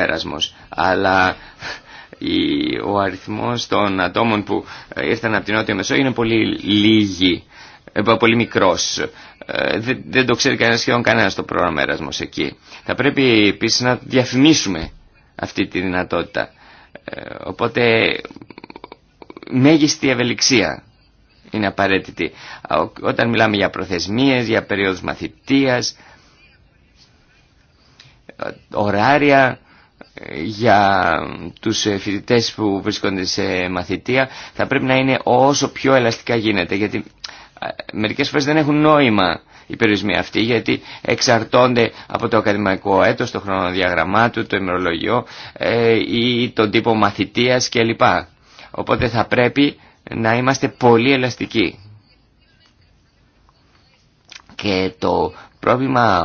πέρασμος αλλά ο αριθμός των ατόμων που ήρθαν από την Νότια μέσο είναι πολύ λίγοι, ε, πολύ μικρός. Ε, δεν το ξέρει κανένα σχεδόν το πρόγραμμα έρασμος εκεί. Θα πρέπει επίσης να διαφημίσουμε αυτή τη δυνατότητα. Ε, οπότε μέγιστη ευελιξία είναι απαραίτητη. Όταν μιλάμε για προθεσμίες, για περίοδους μαθητείας, ωράρια, για τους ε, φοιτητές που βρίσκονται σε μαθητεία θα πρέπει να είναι όσο πιο ελαστικά γίνεται γιατί ε, μερικές φορές δεν έχουν νόημα οι περιορισμοί αυτοί γιατί εξαρτώνται από το ακαδημαϊκό έτος, το χρονοδιαγραμμά του, το ημερολογιό ε, ή τον τύπο μαθητείας κλπ. Οπότε θα πρέπει να είμαστε πολύ ελαστικοί. Και το πρόβλημα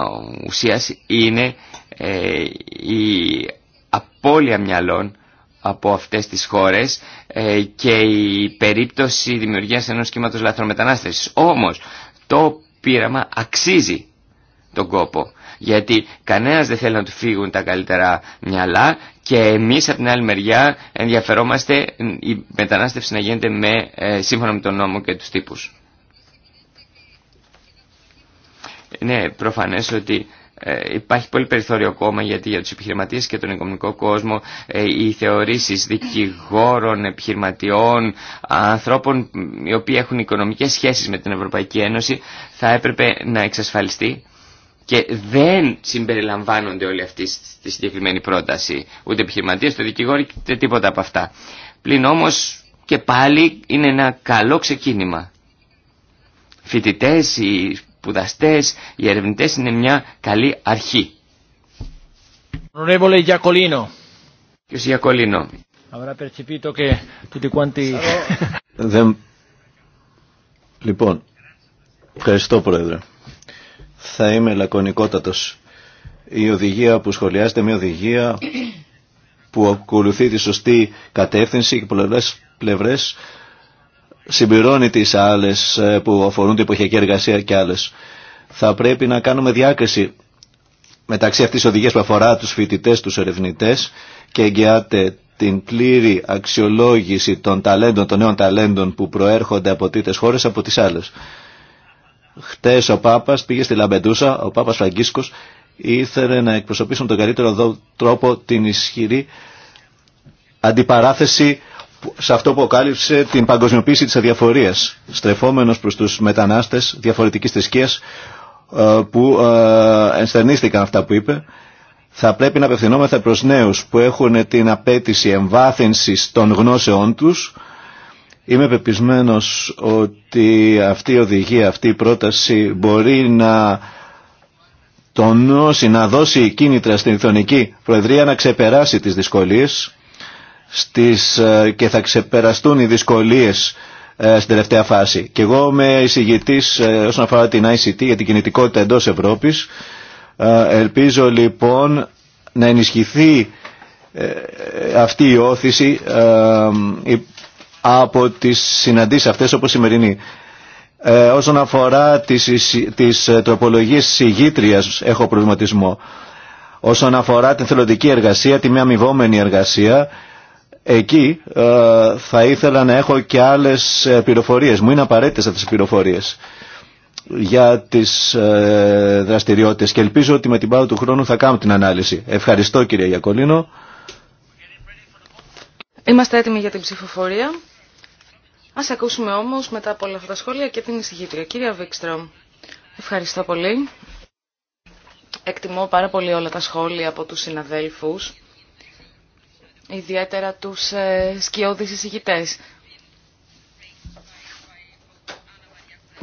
ουσίας είναι η απώλεια μυαλών από αυτές τις χώρες ε, και η περίπτωση δημιουργίας ενός σχήματος λαθρομετανάστευσης. Όμως το πείραμα αξίζει τον κόπο γιατί κανένας δεν θέλει να του φύγουν τα καλύτερα μυαλά και εμείς από την άλλη μεριά ενδιαφερόμαστε η μετανάστευση να γίνεται με, ε, σύμφωνα με τον νόμο και τους τύπους. Ναι, προφανές ότι ε, υπάρχει πολύ περιθώριο ακόμα γιατί για τους επιχειρηματίες και τον οικονομικό κόσμο ε, οι θεωρήσεις δικηγόρων, επιχειρηματιών, ανθρώπων οι οποίοι έχουν οικονομικές σχέσεις με την Ευρωπαϊκή Ένωση θα έπρεπε να εξασφαλιστεί και δεν συμπεριλαμβάνονται όλοι αυτοί στη συγκεκριμένη πρόταση. Ούτε επιχειρηματίε, ούτε δικηγόροι, ούτε τίποτα από αυτά. Πλην όμω και πάλι είναι ένα καλό ξεκίνημα. Φοιτητέ, σπουδαστές, οι ερευνητές είναι μια καλή αρχή. Γιακολίνο. Γιακολίνο. Δεν... Λοιπόν, ευχαριστώ Πρόεδρε. Θα είμαι λακωνικότατος. Η οδηγία που σχολιάζεται μια οδηγία που ακολουθεί τη σωστή κατεύθυνση και πολλές πλευρές συμπληρώνει τις άλλες ε, που αφορούν την εποχιακή εργασία και άλλες. Θα πρέπει να κάνουμε διάκριση μεταξύ αυτής της οδηγίας που αφορά τους φοιτητές, τους ερευνητές και εγγυάται την πλήρη αξιολόγηση των ταλέντων, των νέων ταλέντων που προέρχονται από τίτες χώρες από τις άλλες. Χτες ο Πάπας πήγε στη Λαμπεντούσα, ο Πάπας Φραγκίσκος ήθελε να εκπροσωπήσουν τον καλύτερο τρόπο την ισχυρή αντιπαράθεση σε αυτό που αποκάλυψε την παγκοσμιοποίηση της αδιαφορίας, στρεφόμενος προς τους μετανάστες διαφορετικής θρησκείας ε, που ε, ενστερνίστηκαν αυτά που είπε. Θα πρέπει να απευθυνόμεθα προς νέους που έχουν την απέτηση εμβάθυνσης των γνώσεών τους. Είμαι πεπισμένος ότι αυτή η οδηγία, αυτή η πρόταση μπορεί να τονώσει, να δώσει κίνητρα στην Ιθωνική Προεδρία να ξεπεράσει τις δυσκολίες στις, ε, και θα ξεπεραστούν οι δυσκολίες ε, στην τελευταία φάση. Και εγώ είμαι εισηγητής ε, όσον αφορά την ICT για την κινητικότητα εντός Ευρώπης. Ελπίζω λοιπόν να ενισχυθεί αυτή η όθηση από τις συναντήσεις αυτές όπως σημερινή. όσον αφορά τις, τις τροπολογίες συγγήτριας έχω προβληματισμό. Όσον αφορά την θελοντική εργασία, τη μία αμοιβόμενη εργασία, Εκεί ε, θα ήθελα να έχω και άλλες ε, πληροφορίες. Μου είναι απαραίτητες αυτές οι πληροφορίες για τις ε, δραστηριότητες και ελπίζω ότι με την πάρα του χρόνου θα κάνω την ανάλυση. Ευχαριστώ κύριε Γιακολίνο. Είμαστε έτοιμοι για την ψηφοφορία. Ας ακούσουμε όμως μετά από όλα αυτά τα σχόλια και την εισηγήτρια. Κύριε Βίξτρομ, ευχαριστώ πολύ. Εκτιμώ πάρα πολύ όλα τα σχόλια από τους συναδέλφους ιδιαίτερα τους ε, σκιώδεις εισηγητές.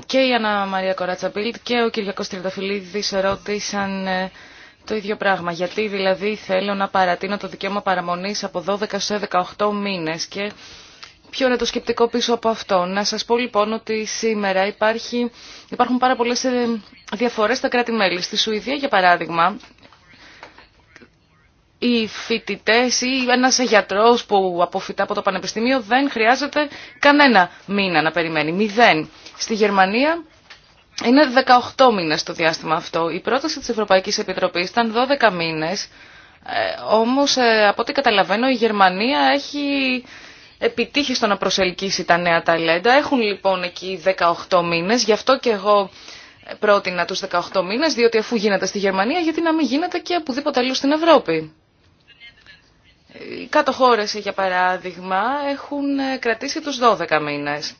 Και η Ανά Μαρία Κοράτσαμπίλτ και ο Κυριακός Τριανταφυλλίδης ρώτησαν ε, το ίδιο πράγμα. Γιατί δηλαδή θέλω να παρατείνω το δικαίωμα παραμονής από 12 σε 18 μήνες και ποιο είναι το σκεπτικό πίσω από αυτό. Να σας πω λοιπόν ότι σήμερα υπάρχει, υπάρχουν πάρα πολλές ε, διαφορές στα κράτη-μέλη. Στη Σουηδία για παράδειγμα οι φοιτητέ ή ένας γιατρός που αποφυτά από το πανεπιστήμιο δεν χρειάζεται κανένα μήνα να περιμένει. Μηδέν. Στη Γερμανία είναι 18 μήνες το διάστημα αυτό. Η ενα γιατρο της Ευρωπαϊκής Επιτροπής ήταν 12 μήνες. Ε, όμως, ε, 18 μηνε ό,τι καταλαβαίνω, η προταση τη ευρωπαικη επιτροπη ηταν 12 μηνε ε ομως ε απο οτι επιτύχει στο να προσελκύσει τα νέα ταλέντα. Έχουν λοιπόν εκεί 18 μήνε, Γι' αυτό και εγώ πρότεινα τους 18 μήνες, διότι αφού γίνεται στη Γερμανία, γιατί να μην γίνεται και οπουδήποτε αλλού στην Ευρώπη. Οι κάτω χώρες, για παράδειγμα, έχουν κρατήσει τους 12 μήνες.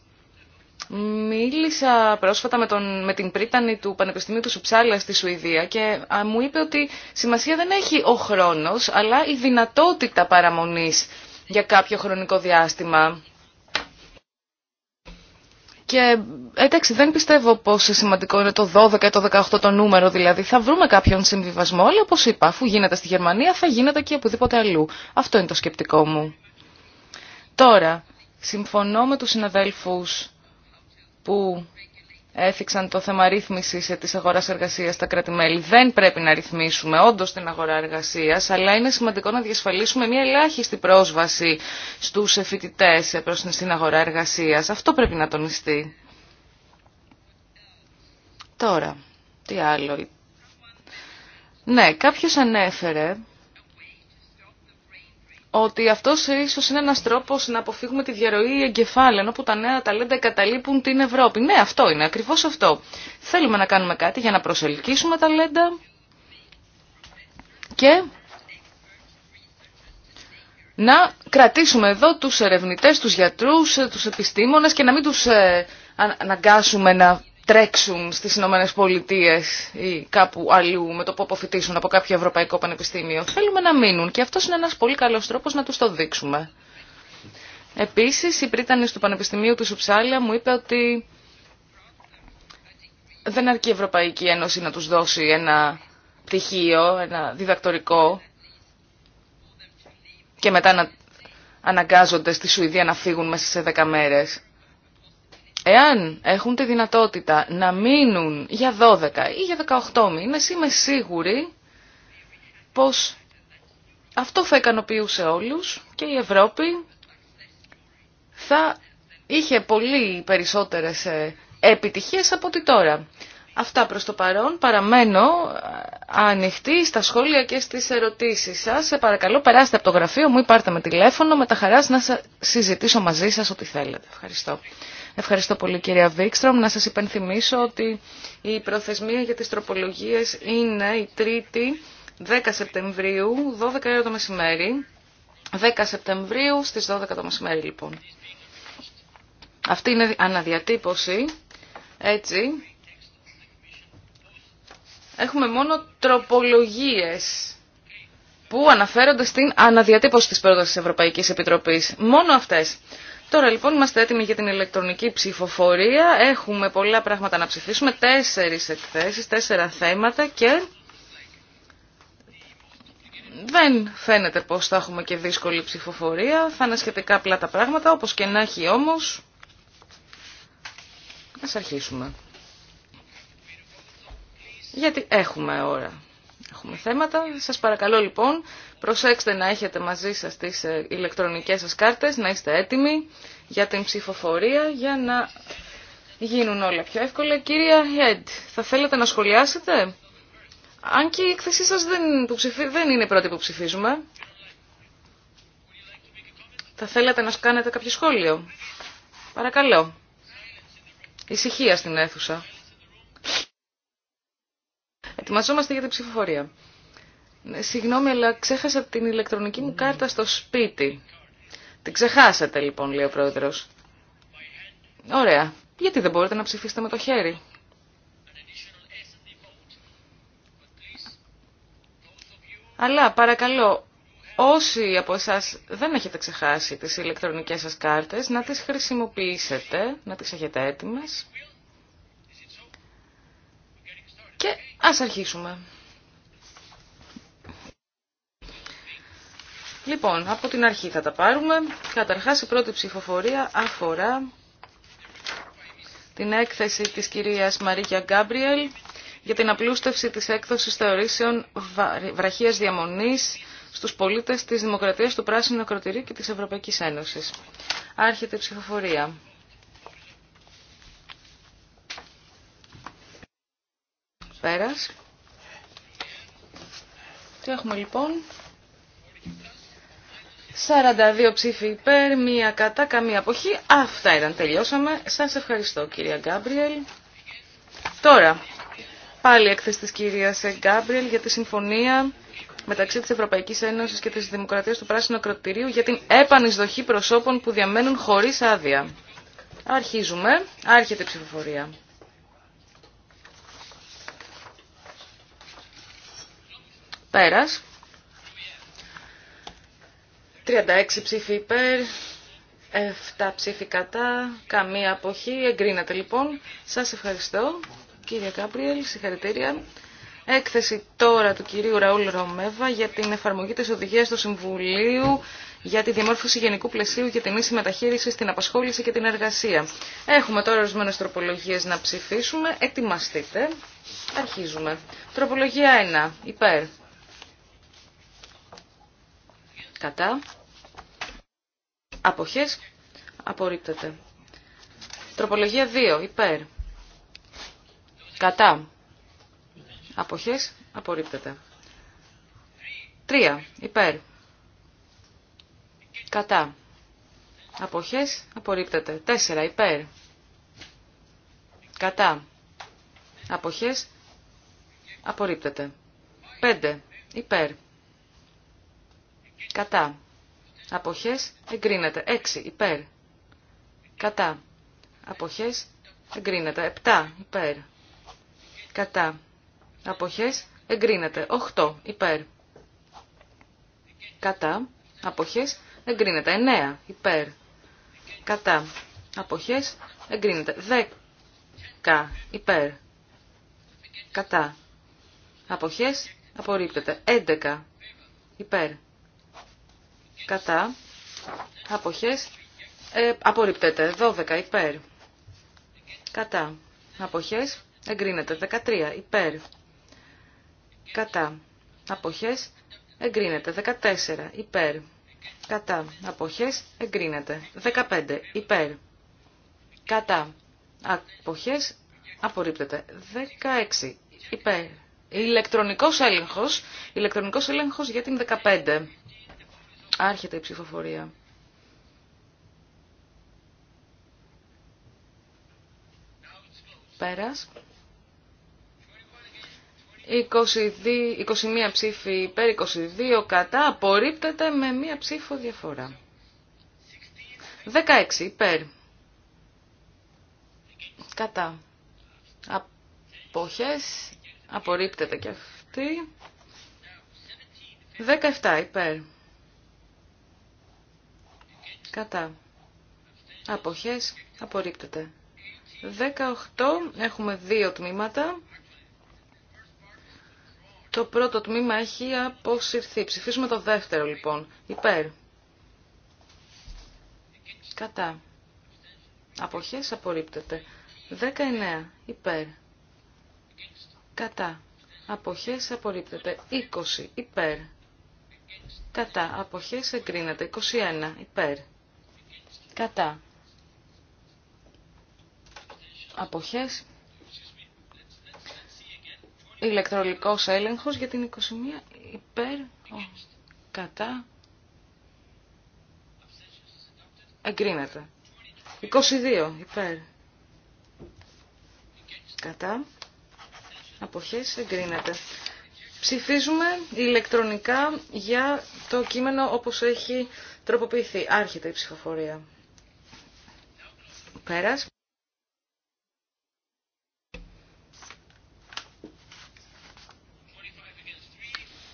Μίλησα πρόσφατα με, τον, με την πρίτανη του Πανεπιστημίου του Σουψάλα στη Σουηδία και μου είπε ότι σημασία δεν έχει ο χρόνος, αλλά η δυνατότητα παραμονής για κάποιο χρονικό διάστημα. Και ε, εντάξει δεν πιστεύω πόσο σημαντικό είναι το 12 ή το 18 το νούμερο δηλαδή. Θα βρούμε κάποιον συμβιβασμό, αλλά όπως είπα, αφού γίνεται στη Γερμανία θα γίνεται και οπουδήποτε αλλού. Αυτό είναι το σκεπτικό μου. Τώρα, συμφωνώ με τους συναδέλφους που Έφυξαν το θέμα ρύθμιση ε, τη αγορά εργασία στα κράτη-μέλη. Δεν πρέπει να ρυθμίσουμε όντω την αγορά εργασία, αλλά είναι σημαντικό να διασφαλίσουμε μια ελάχιστη πρόσβαση στου φοιτητέ ε, προ την αγορά εργασία. Αυτό πρέπει να τονιστεί. Τώρα, τι άλλο. Ναι, κάποιο ανέφερε ότι αυτό ίσως είναι ένας τρόπος να αποφύγουμε τη διαρροή εγκεφάλαιων όπου τα νέα ταλέντα εγκαταλείπουν την Ευρώπη. Ναι, αυτό είναι, ακριβώς αυτό. Θέλουμε να κάνουμε κάτι για να προσελκύσουμε ταλέντα και να κρατήσουμε εδώ τους ερευνητές, τους γιατρούς, τους επιστήμονες και να μην τους ε, αναγκάσουμε να τρέξουν στις Ηνωμένε Πολιτείε ή κάπου αλλού με το που αποφυτίσουν από κάποιο ευρωπαϊκό πανεπιστήμιο. Θέλουμε να μείνουν και αυτό είναι ένας πολύ καλός τρόπος να τους το δείξουμε. Επίσης, η πρίτανης του Πανεπιστημίου του Σουψάλια μου είπε ότι δεν αρκεί η Ευρωπαϊκή Ένωση να τους δώσει ένα πτυχίο, ένα διδακτορικό και μετά να αναγκάζονται στη Σουηδία να φύγουν μέσα σε δέκα μέρες. Εάν έχουν τη δυνατότητα να μείνουν για 12 ή για 18 μήνες, είμαι σίγουρη πως αυτό θα ικανοποιούσε όλους και η Ευρώπη θα είχε πολύ περισσότερες ε, επιτυχίες από ότι τώρα. Αυτά προς το παρόν. Παραμένω ε, ανοιχτή στα σχόλια και στις ερωτήσεις σας. Σε παρακαλώ περάστε από το γραφείο μου ή πάρτε με τηλέφωνο. Με τα χαράς να συζητήσω μαζί σας ό,τι θέλετε. Ευχαριστώ. Ευχαριστώ πολύ κυρία Βίξτρομ. Να σας υπενθυμίσω ότι η προθεσμία για τις τροπολογίες είναι η 3η 10 Σεπτεμβρίου, 12 το μεσημέρι. 10 Σεπτεμβρίου στις 12 το μεσημέρι λοιπόν. Αυτή είναι αναδιατύπωση, έτσι. Έχουμε μόνο τροπολογίες που αναφέρονται στην αναδιατύπωση της πρότασης της Ευρωπαϊκής Επιτροπής. Μόνο αυτές. Τώρα λοιπόν είμαστε έτοιμοι για την ηλεκτρονική ψηφοφορία. Έχουμε πολλά πράγματα να ψηφίσουμε. τέσσερι εκθέσει, τέσσερα θέματα και δεν φαίνεται πως θα έχουμε και δύσκολη ψηφοφορία. Θα είναι σχετικά απλά τα πράγματα, όπως και να έχει όμως. Ας αρχίσουμε. Γιατί έχουμε ώρα έχουμε θέματα. Σας παρακαλώ λοιπόν, προσέξτε να έχετε μαζί σας τις ε, ηλεκτρονικές σας κάρτες, να είστε έτοιμοι για την ψηφοφορία, για να γίνουν όλα πιο εύκολα. Κυρία Head, θα θέλετε να σχολιάσετε? Αν και η εκθεσή σας δεν, δεν είναι η πρώτη που ψηφίζουμε. Θα θέλατε να κάνετε κάποιο σχόλιο. Παρακαλώ. Ησυχία στην αίθουσα. Ετοιμαζόμαστε για την ψηφοφορία. Ναι, συγγνώμη, αλλά ξέχασα την ηλεκτρονική μου κάρτα στο σπίτι. Την ξεχάσατε, λοιπόν, λέει ο πρόεδρο. Ωραία. Γιατί δεν μπορείτε να ψηφίσετε με το χέρι. Αλλά παρακαλώ, όσοι από εσά δεν έχετε ξεχάσει τις ηλεκτρονικές σας κάρτες, να τις χρησιμοποιήσετε, να τις έχετε έτοιμες. Και Ας αρχίσουμε. Λοιπόν, από την αρχή θα τα πάρουμε. Καταρχάς η πρώτη ψηφοφορία αφορά την έκθεση της κυρίας Μαρίκια Γκάμπριελ για την απλούστευση της έκδοσης θεωρήσεων βραχίας διαμονής στους πολίτες της Δημοκρατίας του Πράσινου Ακροτηρίου και της Ευρωπαϊκής Ένωσης. Άρχεται η ψηφοφορία. Πέρας. Τι έχουμε λοιπόν. 42 ψήφοι υπέρ, μία κατά, καμία αποχή. Αυτά ήταν. Τελειώσαμε. Σας ευχαριστώ κυρία Γκάμπριελ. Τώρα, πάλι έκθεση της κυρίας Γκάμπριελ για τη συμφωνία μεταξύ της Ευρωπαϊκής Ένωσης και της Δημοκρατίας του Πράσινου Ακροτηρίου για την επανεισδοχή προσώπων που διαμένουν χωρίς άδεια. Αρχίζουμε. Άρχεται η ψηφοφορία. Πέρας. 36 ψήφοι υπέρ, 7 ψήφοι κατά, καμία αποχή. Εγκρίνατε λοιπόν. Σας ευχαριστώ κύριε Κάπριελ, συγχαρητήρια. Έκθεση τώρα του κυρίου Ραούλ Ρομέβα για την εφαρμογή της οδηγίας του Συμβουλίου για τη διαμόρφωση γενικού πλαισίου για την ίση μεταχείριση στην απασχόληση και την εργασία. Έχουμε τώρα ορισμένε τροπολογίε να ψηφίσουμε. Ετοιμαστείτε. Αρχίζουμε. Τροπολογία 1. Υπέρ. Κατά. Αποχές. Απορρίπτεται. Τροπολογία 2. Υπέρ. Κατά. Αποχές. Απορρίπτεται. 3. Υπέρ. Κατά. Αποχές. Απορρίπτεται. 4. Υπέρ. Κατά. Αποχές. Απορρίπτεται. 5. Υπέρ. Κατά. Αποχές εγκρίνεται. 6 υπέρ. Κατά. Αποχές εγκρίνεται. 7 υπέρ. Κατά. Αποχές εγκρίνεται. 8 υπέρ. Κατά. Αποχές εγκρίνεται. 9 υπέρ. Κατά. Αποχές εγκρίνεται. 10 υπέρ. Κατά. Αποχές απορρίπτεται. 11 υπέρ κατά, αποχές, ε, απορρίπτεται. 12 υπέρ, κατά, αποχές, εγκρίνεται. 13 υπέρ, κατά, αποχές, εγκρίνεται. 14 υπέρ, κατά, αποχές, εγκρίνεται. 15 υπέρ, κατά, αποχές, απορρίπτεται. 16 υπέρ, ηλεκτρονικός έλεγχος, ηλεκτρονικός έλεγχος για την 15. Άρχεται η ψηφοφορία. Πέρας. 21 ψήφοι υπέρ 22 κατά απορρίπτεται με μία ψήφο διαφορά. 16 υπέρ. Κατά. Αποχές. Απορρίπτεται και αυτή. 17 υπέρ κατά. Αποχές απορρίπτεται. 18 έχουμε δύο τμήματα. Το πρώτο τμήμα έχει αποσυρθεί. Ψηφίσουμε το δεύτερο λοιπόν. Υπέρ. Κατά. Αποχές απορρίπτεται. 19. Υπέρ. Κατά. Αποχές απορρίπτεται. 20. Υπέρ. Κατά. Αποχές εγκρίνεται. 21. Υπέρ. Κατά. Αποχές. Ηλεκτρολικός έλεγχος για την 21 υπέρ. Κατά. Εγκρίνεται. 22 υπέρ. Κατά. Αποχές εγκρίνεται. Ψηφίζουμε ηλεκτρονικά για το κείμενο όπως έχει τροποποιηθεί. Άρχεται η ψηφοφορία.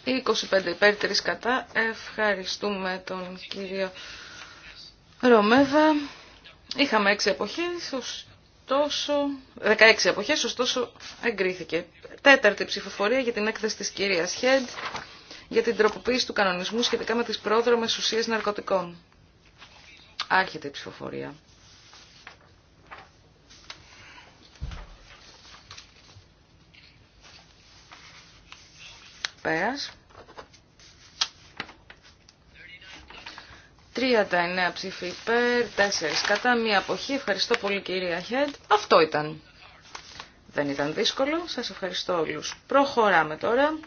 Η 25 υπέρ 3 κατά. Ευχαριστούμε τον κύριο Ρωμέβα. Είχαμε 6 εποχές, ωστόσο... 16 εποχές, ωστόσο εγκρίθηκε. Τέταρτη ψηφοφορία για την έκθεση της κυρίας Χέντ για την τροποποίηση του κανονισμού σχετικά με τις πρόδρομες ουσίες ναρκωτικών. Άρχεται η ψηφοφορία. 39 ψήφοι υπέρ, 4 κατά, μία αποχή. Ευχαριστώ πολύ κυρία Χέντ. Αυτό ήταν. Δεν ήταν δύσκολο. Σας ευχαριστώ όλους. Προχωράμε τώρα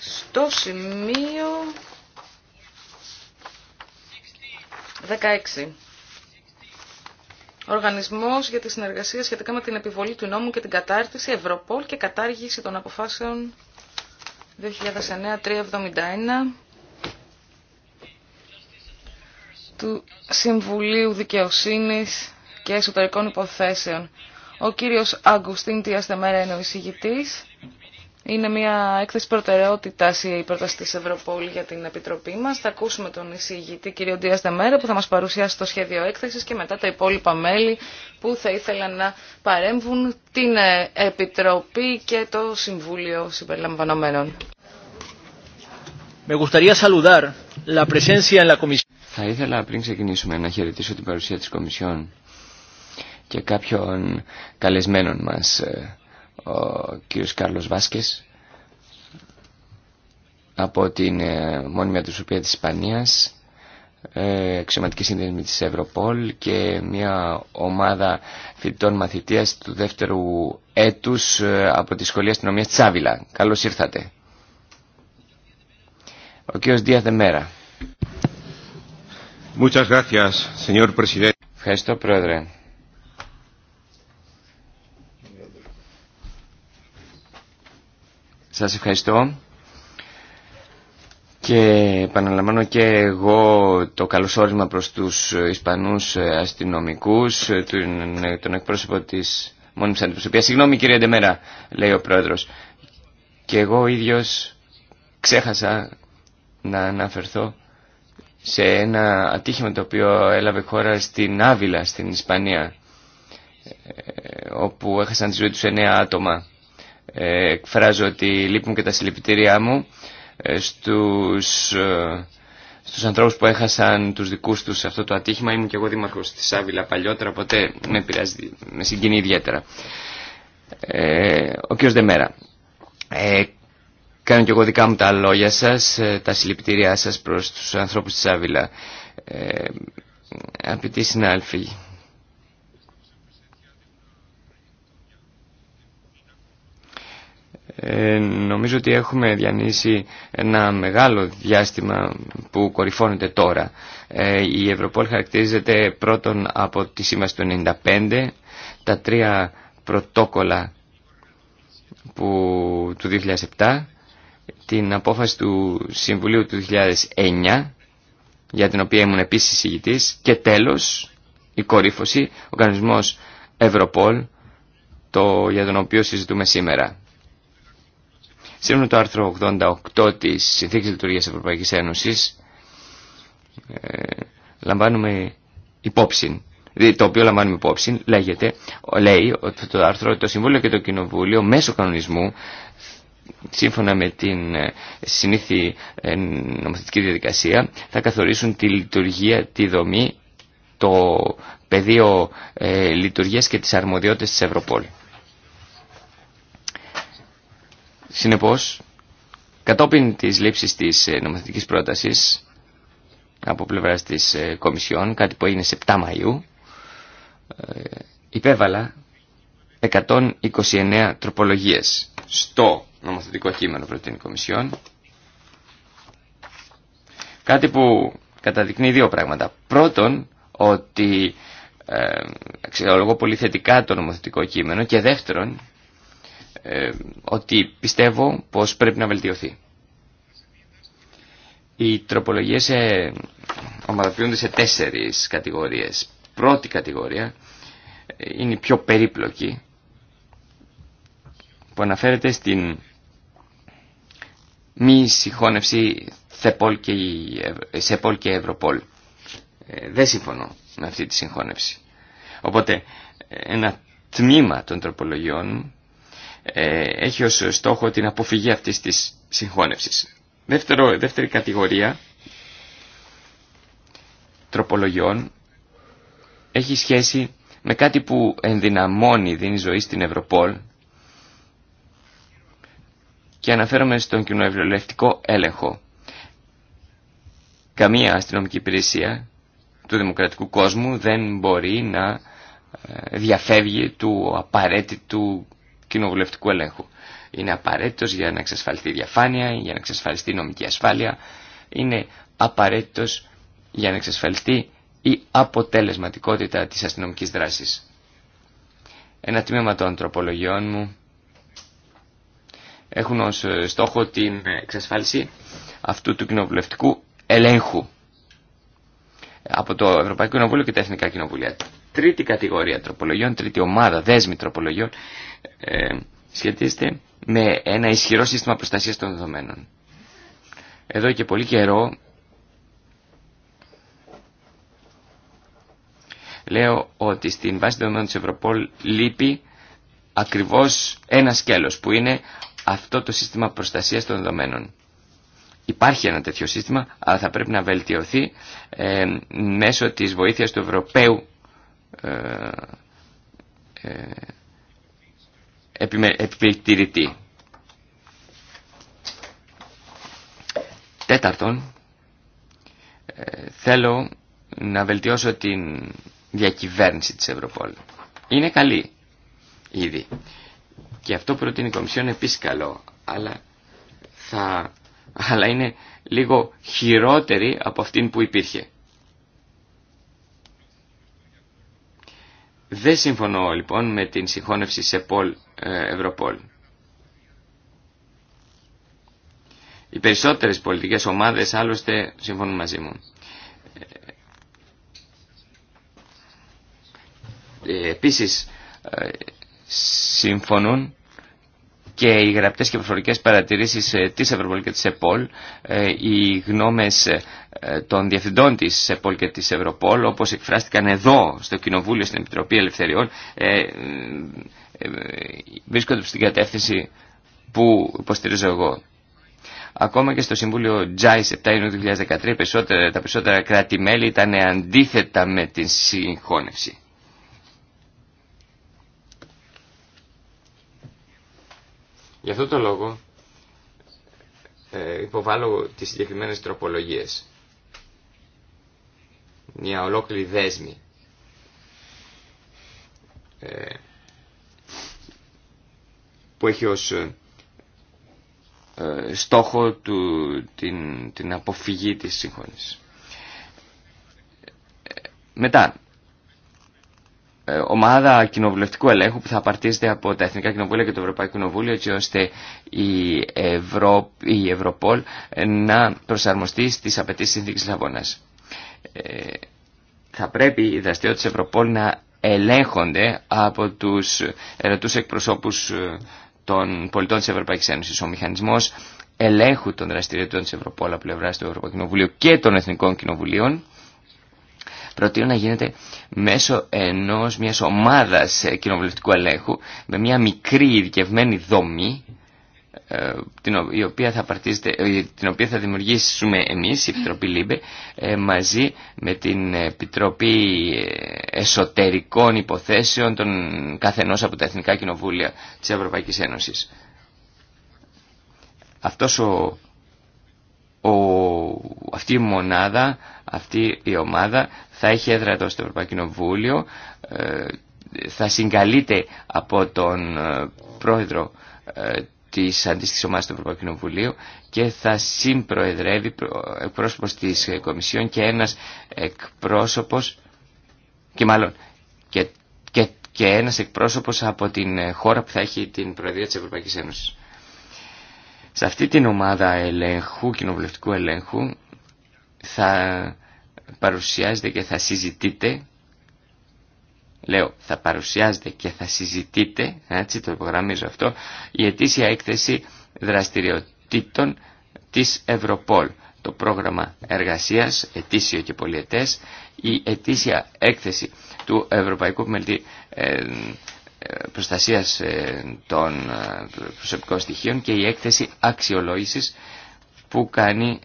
στο σημείο 16. Οργανισμός για τη συνεργασία σχετικά με την επιβολή του νόμου και την κατάρτιση, Ευρωπόλ και κατάργηση των αποφάσεων 2009-371 του Συμβουλίου Δικαιοσύνης και Εσωτερικών Υποθέσεων. Ο κύριος Αγκουστίν Τιαστεμέρα είναι ο εισηγητής. Είναι μια έκθεση προτεραιότητα η πρόταση τη Ευρωπόλη για την Επιτροπή μα. Θα ακούσουμε τον εισηγητή κ. Ντία Δεμέρα που θα μα παρουσιάσει το σχέδιο έκθεση και μετά τα υπόλοιπα μέλη που θα ήθελαν να παρέμβουν την ε, Επιτροπή και το Συμβούλιο Συμπεριλαμβανομένων. Θα ήθελα πριν ξεκινήσουμε να χαιρετήσω την παρουσία τη Κομισιόν και κάποιων καλεσμένων μας ε, ο κύριος Κάρλος Βάσκες από την ε, μόνιμη αντιπροσωπεία της Ισπανίας ε, αξιωματική Σύνδεση της Ευρωπόλ και μια ομάδα φοιτητών μαθητείας του δεύτερου έτους ε, από τη Σχολή Αστυνομίας Τσάβιλα. Καλώς ήρθατε. Ο κύριος Δία Δεμέρα. Muchas gracias, señor Presidente. Ευχαριστώ, Πρόεδρε. Σας ευχαριστώ. Και επαναλαμβάνω και εγώ το καλωσόρισμα προς τους Ισπανούς αστυνομικούς, τον, εκπρόσωπο της μόνιμης αντιπροσωπείας. Συγγνώμη κύριε Ντεμέρα, λέει ο πρόεδρος. Και εγώ ίδιος ξέχασα να αναφερθώ σε ένα ατύχημα το οποίο έλαβε χώρα στην Άβυλα, στην Ισπανία, ε, όπου έχασαν τη ζωή τους εννέα άτομα. Ε, εκφράζω ότι λείπουν και τα συλληπιτήριά μου ε, στους, ε, στους ανθρώπους που έχασαν τους δικούς τους σε αυτό το ατύχημα. Ήμουν και εγώ δήμαρχος της Άβυλα παλιότερα, οπότε με, πειράζει, με συγκινεί ιδιαίτερα. Ε, ο κ. Δεμέρα, κάνω και εγώ δικά μου τα λόγια σας, τα συλληπιτήριά σας προς τους ανθρώπους της Άβυλα. Ε, τι συνάλφη, Ε, νομίζω ότι έχουμε διανύσει ένα μεγάλο διάστημα που κορυφώνεται τώρα. Ε, η Ευρωπόλ χαρακτηρίζεται πρώτον από τη σήμαση του 1995, τα τρία πρωτόκολλα που, του 2007, την απόφαση του Συμβουλίου του 2009, για την οποία ήμουν επίσης ηγητής, και τέλος η κορύφωση, ο κανονισμός Ευρωπόλ, το, για τον οποίο συζητούμε σήμερα. Σύμφωνα με το άρθρο 88 της Συνθήκης Λειτουργίας Ευρωπαϊκής Ένωσης ε, λαμβάνουμε υπόψη, το οποίο λαμβάνουμε υπόψη λέγεται, λέει ότι το άρθρο το Συμβούλιο και το Κοινοβούλιο μέσω κανονισμού σύμφωνα με την ε, συνήθη ε, νομοθετική διαδικασία θα καθορίσουν τη λειτουργία, τη δομή, το πεδίο ε, λειτουργίας και τις αρμοδιότητες της Ευρωπόλη. Συνεπώς, κατόπιν της λήψης της ε, νομοθετικής πρότασης από πλευράς της ε, Κομισιόν, κάτι που έγινε σε 7 Μαΐου, ε, υπέβαλα 129 τροπολογίες στο νομοθετικό κείμενο την Κομισιόν. Κάτι που καταδεικνύει δύο πράγματα. Πρώτον, ότι ε, αξιολογώ πολύ θετικά το νομοθετικό κείμενο και δεύτερον, ε, ότι πιστεύω πως πρέπει να βελτιωθεί. Οι τροπολογίες ε, ομαδοποιούνται σε τέσσερις κατηγορίες. Πρώτη κατηγορία ε, είναι η πιο περίπλοκη που αναφέρεται στην μη συγχώνευση Θεπόλ και Σεπόλ και Ευρωπόλ. Ε, δεν συμφωνώ με αυτή τη συγχώνευση. Οπότε ένα τμήμα των τροπολογιών ε, έχει ως στόχο την αποφυγή αυτής της συγχώνευσης. Δεύτερο, δεύτερη κατηγορία τροπολογιών έχει σχέση με κάτι που ενδυναμώνει, δίνει ζωή στην Ευρωπόλ και αναφέρομαι στον κοινοβουλευτικό έλεγχο. Καμία αστυνομική υπηρεσία του δημοκρατικού κόσμου δεν μπορεί να ε, διαφεύγει του απαραίτητου κοινοβουλευτικού ελέγχου. Είναι απαραίτητος για να εξασφαλιστεί η διαφάνεια, για να εξασφαλιστεί η νομική ασφάλεια. Είναι απαραίτητος για να εξασφαλιστεί η αποτελεσματικότητα της αστυνομικής δράσης. Ένα τμήμα των τροπολογιών μου έχουν ως ε, στόχο την εξασφάλιση αυτού του κοινοβουλευτικού ελέγχου από το Ευρωπαϊκό Κοινοβούλιο και τα Εθνικά Κοινοβουλία τρίτη κατηγορία τροπολογιών, τρίτη ομάδα, δέσμη τροπολογιών, ε, σχετίζεται με ένα ισχυρό σύστημα προστασίας των δεδομένων. Εδώ και πολύ καιρό λέω ότι στην βάση δεδομένων της Ευρωπόλ λείπει ακριβώς ένα σκέλος που είναι αυτό το σύστημα προστασίας των δεδομένων. Υπάρχει ένα τέτοιο σύστημα, αλλά θα πρέπει να βελτιωθεί ε, μέσω της βοήθειας του Ευρωπαίου ε, ε, επιπληκτηρητή. Τέταρτον, ε, θέλω να βελτιώσω την διακυβέρνηση της Ευρωπόλ. Είναι καλή ήδη. Και αυτό που προτείνει η Κομισιόν επίσης καλό, αλλά, θα, αλλά είναι λίγο χειρότερη από αυτήν που υπήρχε. Δεν συμφωνώ λοιπόν με την συγχώνευση σε Πολ ε, Ευρωπόλ. Οι περισσότερες πολιτικές ομάδες άλλωστε συμφωνούν μαζί μου. Ε, επίσης ε, συμφωνούν και οι γραπτές και προφορικές παρατηρήσεις ε, της Ευρωπολ και της ΕΠΟΛ, ε, οι γνώμες ε, των διευθυντών της ΕΠΟΛ και της Ευρωπόλ, όπως εκφράστηκαν εδώ στο Κοινοβούλιο, στην Επιτροπή Ελευθεριών, βρίσκονται στην κατεύθυνση που υποστηρίζω εγώ. Ακόμα και στο Συμβούλιο Τζάι 7 Ιουνίου 2013 τα περισσότερα κράτη-μέλη ήταν αντίθετα με την συγχώνευση. Γι' αυτό το λόγο ε, υποβάλλω τις συγκεκριμένες τροπολογίες. Μια ολόκληρη δέσμη. Ε, που έχει ως ε, στόχο του, την, την αποφυγή της σύγχρονης. Μετά, ε, ομάδα κοινοβουλευτικού ελέγχου που θα απαρτίζεται από τα Εθνικά Κοινοβούλια και το Ευρωπαϊκό Κοινοβούλιο έτσι ώστε η, Ευρω... η Ευρωπόλ ε, να προσαρμοστεί στις απαιτήσεις συνθήκης Λαβώνας. Ε, θα πρέπει οι δραστηριότητες της Ευρωπόλ να ελέγχονται από τους ερωτούς εκπροσώπους ε, των πολιτών της Ευρωπαϊκής Ένωσης. Ο μηχανισμός ελέγχου των δραστηριοτήτων της Ευρωπόλ από πλευρά του Ευρωπαϊκού Κοινοβουλίου και των Εθνικών Κοινοβουλίων προτείνω να γίνεται μέσω ενός μιας ομάδας κοινοβουλευτικού ελέγχου με μια μικρή ειδικευμένη δομή ε, την, οποία θα ε, την οποία θα δημιουργήσουμε εμείς, η Επιτροπή ΛΥΜΠΕ, ε, μαζί με την Επιτροπή Εσωτερικών Υποθέσεων των καθενός από τα Εθνικά Κοινοβούλια της Ευρωπαϊκής Ένωσης. Αυτός ο, αυτή η μονάδα αυτή η ομάδα θα έχει έδρα στο Ευρωπαϊκό ε, θα συγκαλείται από τον ε, πρόεδρο ε, της αντίστοιχης ομάδας του Ευρωπαϊκού Κοινοβουλίου και θα συμπροεδρεύει εκπρόσωπος της Κομισιόν και ένας εκπρόσωπος και μάλλον και, και, και ένας εκπρόσωπος από την χώρα που θα έχει την Προεδρία της Ευρωπαϊκής Ένωσης. Σε αυτή την ομάδα ελέγχου, κοινοβουλευτικού ελέγχου, θα παρουσιάζεται και θα συζητείτε λέω θα παρουσιάζεται και θα συζητείτε έτσι το υπογραμμίζω αυτό η ετήσια έκθεση δραστηριοτήτων της Ευρωπόλ το πρόγραμμα εργασίας ετήσιο και πολιετές η ετήσια έκθεση του Ευρωπαϊκού Μελτή ε, ε, Προστασίας ε, των Προσωπικών Στοιχείων και η έκθεση αξιολόγησης που, κάνει,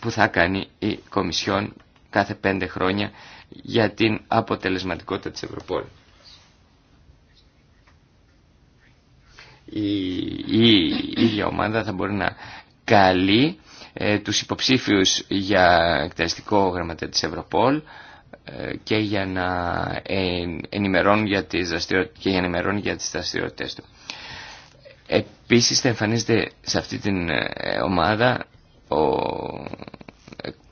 που θα κάνει η Κομισιόν κάθε πέντε χρόνια για την αποτελεσματικότητα της Ευρωπόλ. Η, η ίδια ομάδα θα μπορεί να καλεί ε, τους υποψήφιους για εκτελεστικό γραμματέα της Ευρωπόλ ε, και για να ε, ενημερώνουν για τις, και για ενημερώνουν για τις δραστηριότητες του. Επίσης θα εμφανίζεται σε αυτή την ε, ομάδα ο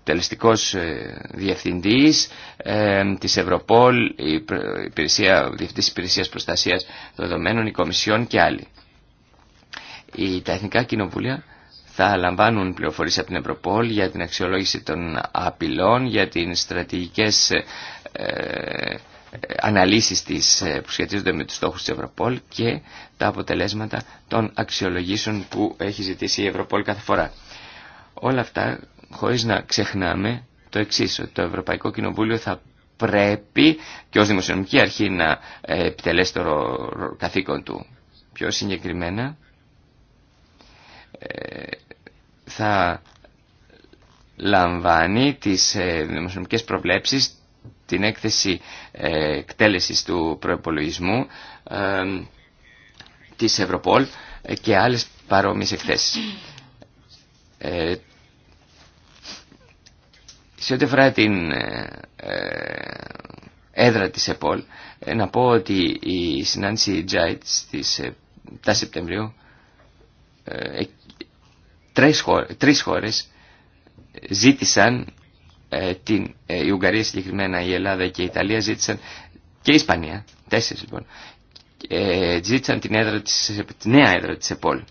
εκτελεστικός ε, διευθυντής ε, της Ευρωπόλ, η υπηρεσία, Διευθυντής Υπηρεσίας Προστασίας Δεδομένων, η Κομισιόν και άλλοι. Η τα Εθνικά Κοινοβούλια θα λαμβάνουν πληροφορίες από την Ευρωπόλ για την αξιολόγηση των απειλών, για τις στρατηγικές ε, ε, αναλύσεις της, ε, που σχετίζονται με τους στόχους της Ευρωπόλ και τα αποτελέσματα των αξιολογήσεων που έχει ζητήσει η Ευρωπόλ κάθε φορά. Όλα αυτά χωρίς να ξεχνάμε το εξής, ότι το Ευρωπαϊκό Κοινοβούλιο θα πρέπει και ως δημοσιονομική αρχή να ε, επιτελέσει το καθήκον του. Πιο συγκεκριμένα ε, θα λαμβάνει τις ε, δημοσιονομικές προβλέψεις την έκθεση εκτέλεσης του προϋπολογισμού της Ευρωπόλ και άλλες παρόμοιες εκθέσεις. Σε ό,τι αφορά την ε, ε, έδρα της ΕΠΟΛ, ε, να πω ότι η συνάντηση Τζάιτ e στις 7 Σεπτεμβρίου, τρεις χώρες ζήτησαν την, η Ουγγαρία συγκεκριμένα, η Ελλάδα και η Ιταλία ζήτησαν και η Ισπανία, τέσσερις λοιπόν, ζήτησαν την, έδρα της, νέα έδρα της ΕΠΟΛ.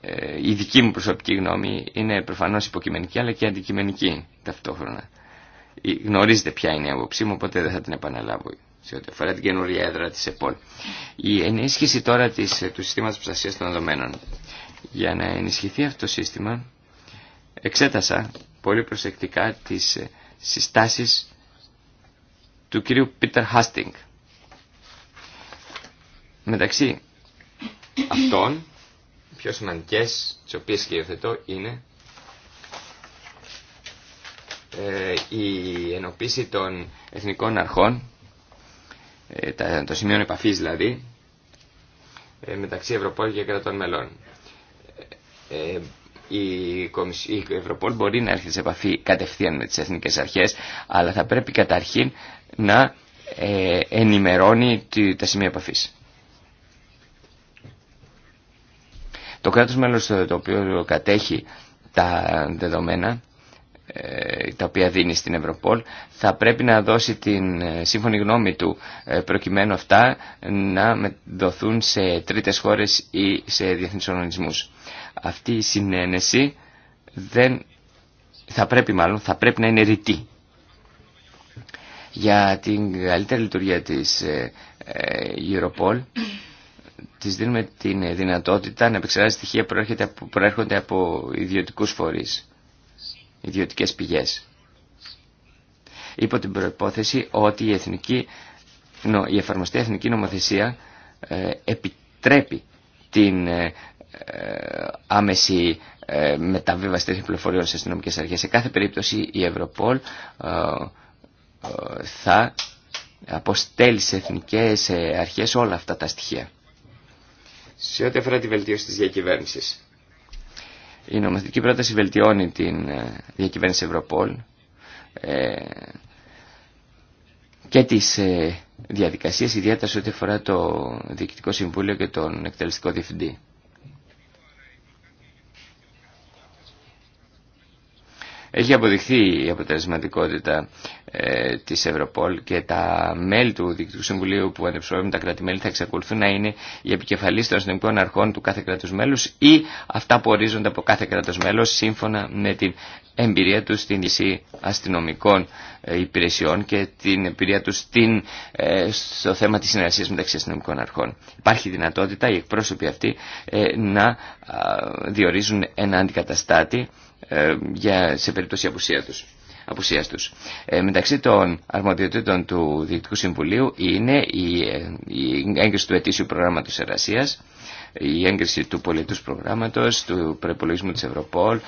Ε, η δική μου προσωπική γνώμη είναι προφανώς υποκειμενική αλλά και αντικειμενική ταυτόχρονα. Γνωρίζετε ποια είναι η άποψή μου, οπότε δεν θα την επαναλάβω σε ό,τι αφορά την καινούργια έδρα της ΕΠΟΛ. Η ενίσχυση τώρα της, του συστήματος προστασία των δεδομένων. Για να ενισχυθεί αυτό το σύστημα, εξέτασα πολύ προσεκτικά τις ε, συστάσεις του κυρίου Πίτερ Χάστινγκ. Μεταξύ αυτών πιο σημαντικές, τις οποίες σκεφτετώ, είναι ε, η ενοποίηση των εθνικών αρχών, ε, των σημείων επαφής δηλαδή, ε, μεταξύ Ευρωπόλ και κρατών μελών. Η Ευρωπόλ μπορεί να έρχεται σε επαφή κατευθείαν με τις εθνικές αρχές, αλλά θα πρέπει καταρχήν να ενημερώνει τα σημεία επαφής. Το κράτος μέλος ε, το οποίο κατέχει τα δεδομένα ε, τα οποία δίνει στην Ευρωπόλ θα πρέπει να δώσει την ε, σύμφωνη γνώμη του προκειμένου αυτά να δοθούν σε τρίτες χώρες ή σε διεθνείς οργανισμούς. Αυτή η συνένεση δεν θα πρέπει μάλλον θα πρέπει να είναι ρητή. Για την καλύτερη λειτουργία της Ευρωπόλ της δίνουμε την δυνατότητα να επεξεργάζει στοιχεία που προέρχονται από ιδιωτικούς φορείς, ιδιωτικές πηγές. Υπό την προϋπόθεση ότι η, εθνική, η εφαρμοστή εθνική νομοθεσία ε, επιτρέπει την ε, ε, άμεση μεταβίβαση τέτοιων πληροφοριών σε αστυνομικέ αρχές. Σε κάθε περίπτωση η Ευρωπόλ θα αποστέλει σε εθνικές αρχές όλα αυτά τα στοιχεία σε ό,τι αφορά τη βελτίωση της διακυβέρνησης. Η νομοθετική πρόταση βελτιώνει την ε, διακυβέρνηση Ευρωπόλ ε, και τις ε, διαδικασίες, ιδιαίτερα σε ό,τι αφορά το Διοικητικό Συμβούλιο και τον Εκτελεστικό Διευθυντή. Έχει αποδειχθεί η αποτελεσματικότητα ε, της Ευρωπόλ και τα μέλη του Διοικητικού Συμβουλίου που αντιπροσωπεύουν τα κράτη-μέλη θα εξακολουθούν να είναι οι επικεφαλής των αστυνομικών αρχών του κάθε κράτους μέλους ή αυτά που ορίζονται από κάθε κράτος μέλος σύμφωνα με την εμπειρία τους στην λυσή αστυνομικών ε, υπηρεσιών και την εμπειρία τους ε, στο θέμα της συνεργασίας μεταξύ αστυνομικών αρχών. Υπάρχει δυνατότητα οι εκπρόσωποι αυτοί ε, να διορίζουν ένα αντικαταστάτη ε, για, σε περίπτωση απουσία τους. Απουσίας τους. Ε, μεταξύ των αρμοδιοτήτων του Διοικητικού Συμβουλίου είναι η, ε, η έγκριση του ετήσιου προγράμματος εργασίας, η έγκριση του πολιτούς προγράμματος, του προπολογισμού της Ευρωπόλ,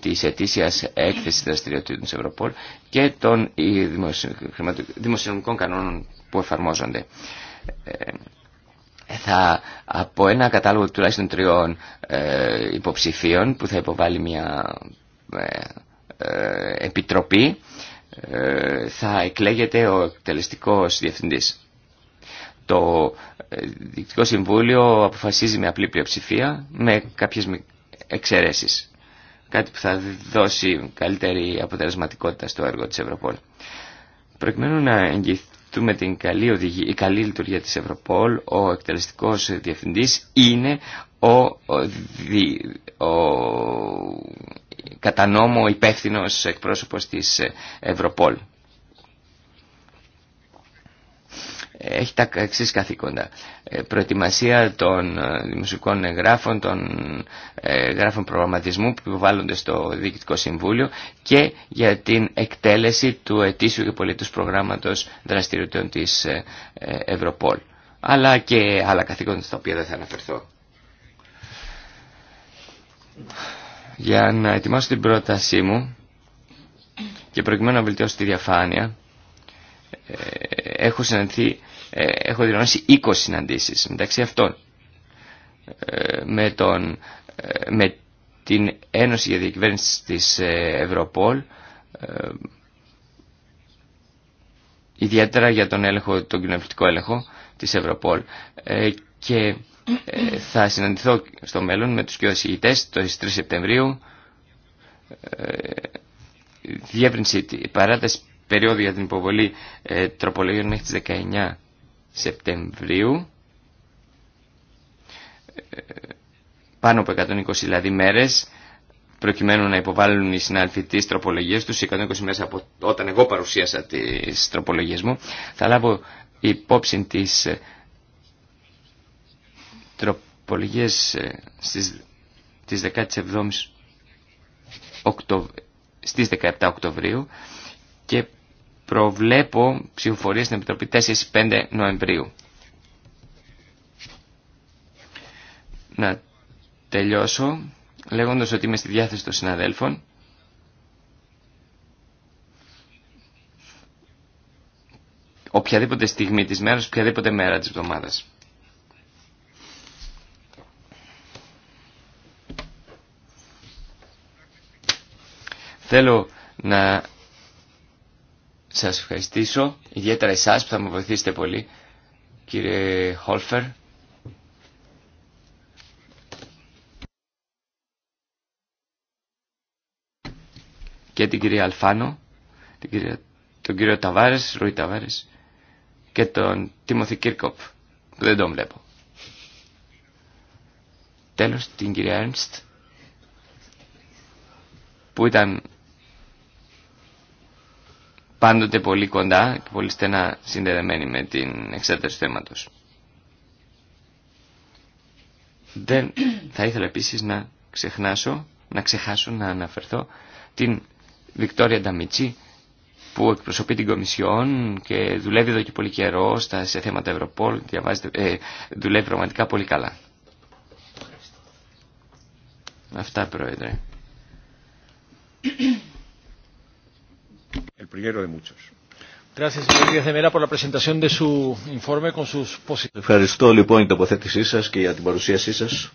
της ετήσιας έκθεσης δραστηριοτήτων της Ευρωπόλ και των δημοσιονομικών κανόνων που εφαρμόζονται θα, από ένα κατάλογο τουλάχιστον τριών ε, υποψηφίων που θα υποβάλει μια ε, ε, επιτροπή θα εκλέγεται ο εκτελεστικός διευθυντής. Το Διοικητικό Συμβούλιο αποφασίζει με απλή πλειοψηφία με κάποιες εξαιρέσεις. Κάτι που θα δώσει καλύτερη αποτελεσματικότητα στο έργο της Ευρωπόλ. Προκειμένου να εγγυηθεί με την καλή, οδηγία, η καλή λειτουργία της Ευρωπόλ, ο εκτελεστικός διευθυντής είναι ο, ο, δι, ο κατά νόμο υπεύθυνος εκπρόσωπος της Ευρωπόλ. έχει τα εξή καθήκοντα. Ε, προετοιμασία των ε, δημοσιοκών εγγράφων, των ε, εγγράφων προγραμματισμού που υποβάλλονται στο Διοικητικό Συμβούλιο και για την εκτέλεση του ετήσιου και πολίτου προγράμματος δραστηριοτήτων της Ευρωπόλ. Αλλά και άλλα καθήκοντα στα οποία δεν θα αναφερθώ. Για να ετοιμάσω την πρότασή μου και προκειμένου να βελτιώσω τη διαφάνεια, έχω συναντηθεί ε, έχω διοργανώσει 20 συναντήσεις μεταξύ αυτών ε, με, τον, ε, με την Ένωση για Διακυβέρνηση της Ευρωπόλ ιδιαίτερα για τον, έλεγχο, τον κοινοβουλευτικό έλεγχο της Ευρωπόλ και θα συναντηθώ στο μέλλον με τους κοιοδησηγητές το 3 Σεπτεμβρίου διεύρυνση παράταση περίοδου για την υποβολή τροπολογίων μέχρι τις 19 Σεπτεμβρίου πάνω από 120 δηλαδή μέρες προκειμένου να υποβάλουν οι συνάδελφοι τι τροπολογίε του, 120 μέρες από όταν εγώ παρουσίασα τι τροπολογίες μου, θα λάβω υπόψη τι ε, τροπολογίε ε, στις 17 Οκτωβρίου. Στις 17 Οκτωβρίου και προβλέπω ψηφοφορία στην Επιτροπή 4-5 Νοεμβρίου. Να τελειώσω λέγοντας ότι είμαι στη διάθεση των συναδέλφων οποιαδήποτε στιγμή της μέρας, οποιαδήποτε μέρα της εβδομάδας. Θέλω να σας ευχαριστήσω, ιδιαίτερα εσάς που θα με βοηθήσετε πολύ, κύριε Χόλφερ. Και την κυρία Αλφάνο, την κυρία, τον κύριο Ταβάρες, Ρουί Ταβάρες και τον Τίμωθη Κίρκοπ, που δεν τον βλέπω. Τέλος, την κυρία Έρνστ, που ήταν πάντοτε πολύ κοντά και πολύ στενά συνδεδεμένη με την εξέταση του θέματος. Δεν θα ήθελα επίσης να ξεχνάσω, να ξεχάσω να αναφερθώ την Βικτόρια Νταμίτσι που εκπροσωπεί την Κομισιόν και δουλεύει εδώ και πολύ καιρό στα, σε θέματα Ευρωπόλ, ε, δουλεύει πραγματικά πολύ καλά. Αυτά, Πρόεδρε. Ευχαριστώ λοιπόν για την τοποθέτησή σα και για την παρουσίασή σα.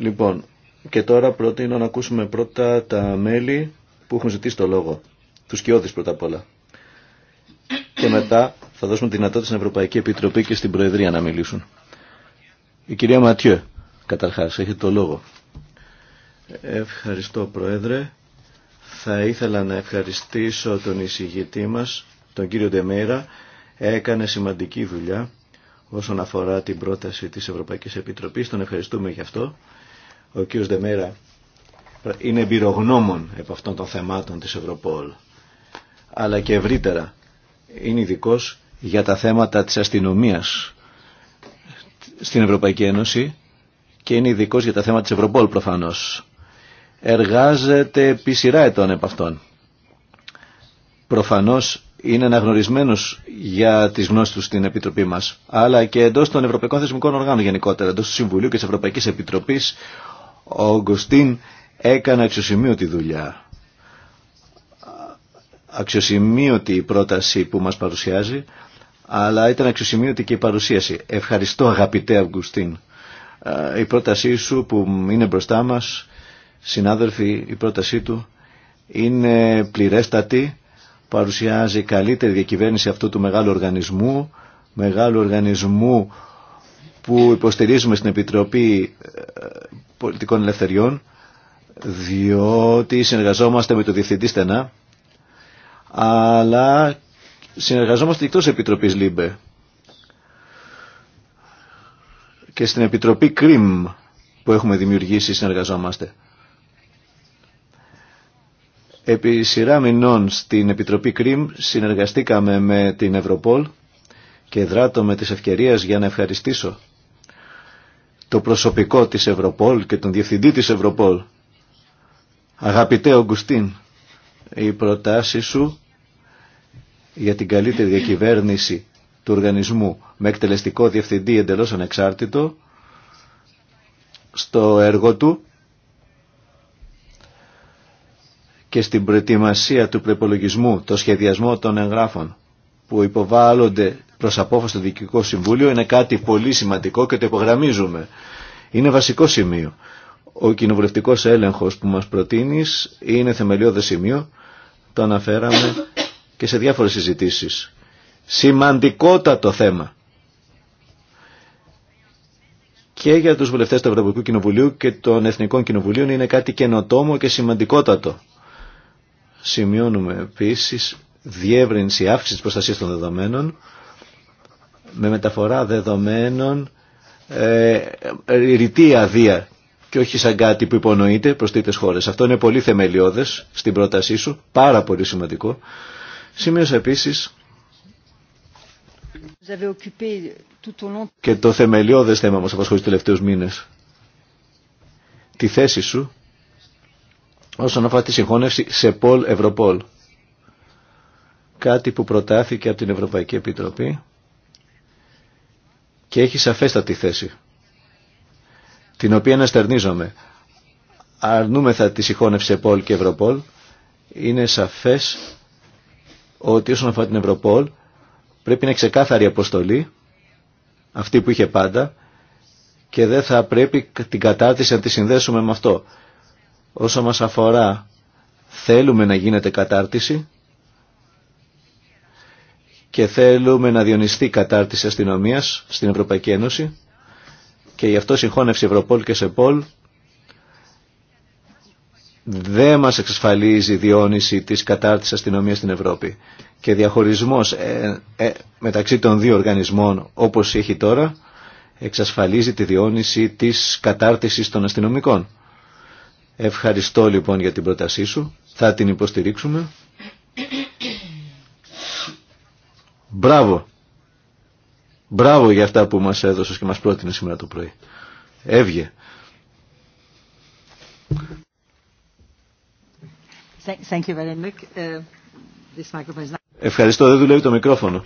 Λοιπόν, και τώρα προτείνω να ακούσουμε πρώτα τα μέλη που έχουν ζητήσει το λόγο. του σκιώδεις πρώτα απ' όλα. Και μετά θα δώσουμε τη δυνατότητα στην Ευρωπαϊκή Επιτροπή και στην Προεδρία να μιλήσουν. Η κυρία Ματιέ, καταρχά, έχει το λόγο. Ευχαριστώ Πρόεδρε. Θα ήθελα να ευχαριστήσω τον εισηγητή μας, τον κύριο Ντεμέρα. Έκανε σημαντική δουλειά όσον αφορά την πρόταση της Ευρωπαϊκής Επιτροπής. Τον ευχαριστούμε γι' αυτό. Ο κύριος Ντεμέρα είναι εμπειρογνώμων από αυτών των θεμάτων της Ευρωπόλ. Αλλά και ευρύτερα είναι ειδικό για τα θέματα της αστυνομίας στην Ευρωπαϊκή Ένωση και είναι ειδικό για τα θέματα της Ευρωπόλ προφανώς εργάζεται επί σειρά ετών επ' αυτών. Προφανώς είναι αναγνωρισμένος για τις γνώσεις του στην Επιτροπή μας, αλλά και εντός των Ευρωπαϊκών Θεσμικών Οργάνων γενικότερα, εντός του Συμβουλίου και της Ευρωπαϊκής Επιτροπής, ο Γκοστίν έκανε αξιοσημείωτη δουλειά. Αξιοσημείωτη η πρόταση που μας παρουσιάζει, αλλά ήταν αξιοσημείωτη και η παρουσίαση. Ευχαριστώ αγαπητέ Αυγουστίν. Ε, η πρότασή σου που είναι μπροστά μας Συνάδελφοι, η πρότασή του είναι πληρέστατη, παρουσιάζει καλύτερη διακυβέρνηση αυτού του μεγάλου οργανισμού, μεγάλου οργανισμού που υποστηρίζουμε στην Επιτροπή ε, Πολιτικών Ελευθεριών, διότι συνεργαζόμαστε με το Διευθυντή στενά, αλλά συνεργαζόμαστε εκτός Επιτροπής ΛΥΜΠΕ και στην Επιτροπή ΚΡΙΜ που έχουμε δημιουργήσει συνεργαζόμαστε. Επί σειρά μηνών στην Επιτροπή ΚΡΙΜ συνεργαστήκαμε με την Ευρωπόλ και δράτω με τις ευκαιρίες για να ευχαριστήσω το προσωπικό της Ευρωπόλ και τον διευθυντή της Ευρωπόλ. Αγαπητέ Ογκουστίν, η προτάση σου για την καλύτερη διακυβέρνηση του οργανισμού με εκτελεστικό διευθυντή εντελώς ανεξάρτητο στο έργο του και στην προετοιμασία του προπολογισμού, το σχεδιασμό των εγγράφων που υποβάλλονται προς απόφαση στο Διοικητικό Συμβούλιο είναι κάτι πολύ σημαντικό και το υπογραμμίζουμε. Είναι βασικό σημείο. Ο κοινοβουλευτικό έλεγχος που μας προτείνει είναι θεμελιώδες σημείο. Το αναφέραμε και σε διάφορες συζητήσει. Σημαντικότατο θέμα. Και για τους βουλευτές του Ευρωπαϊκού Κοινοβουλίου και των Εθνικών Κοινοβουλίων είναι κάτι καινοτόμο και σημαντικότατο Σημειώνουμε επίσης διεύρυνση αύξηση της προστασίας των δεδομένων με μεταφορά δεδομένων ε, ε, ρητή αδεία και όχι σαν κάτι που υπονοείται προς τρίτες χώρες. Αυτό είναι πολύ θεμελιώδες στην πρότασή σου, πάρα πολύ σημαντικό. Σημείωσα επίσης και το θεμελιώδες θέμα μας απασχολεί τους τελευταίους μήνες. Τη θέση σου όσον αφορά τη συγχώνευση σε Πολ Ευρωπόλ. Κάτι που προτάθηκε από την Ευρωπαϊκή Επιτροπή και έχει σαφέστατη θέση, την οποία αναστερνίζομαι. Αρνούμεθα τη συγχώνευση Πολ και Ευρωπόλ. Είναι σαφές ότι όσον αφορά την Ευρωπόλ πρέπει να ξεκάθαρη αποστολή, αυτή που είχε πάντα, και δεν θα πρέπει την κατάρτιση να τη συνδέσουμε με αυτό. Όσο μας αφορά, θέλουμε να γίνεται κατάρτιση και θέλουμε να διονυστεί κατάρτιση αστυνομίας στην Ευρωπαϊκή Ένωση και γι' αυτό συγχώνευση Ευρωπόλ και Σεπόλ δεν μας εξασφαλίζει διόνυση της κατάρτισης αστυνομίας στην Ευρώπη. Και διαχωρισμός ε, ε, μεταξύ των δύο οργανισμών όπως έχει τώρα εξασφαλίζει τη διόνυση της κατάρτισης των αστυνομικών. Ευχαριστώ λοιπόν για την πρότασή σου. Θα την υποστηρίξουμε. Μπράβο. Μπράβο για αυτά που μας έδωσες και μας πρότεινε σήμερα το πρωί. Έβγε. Ευχαριστώ, δεν δουλεύει το μικρόφωνο.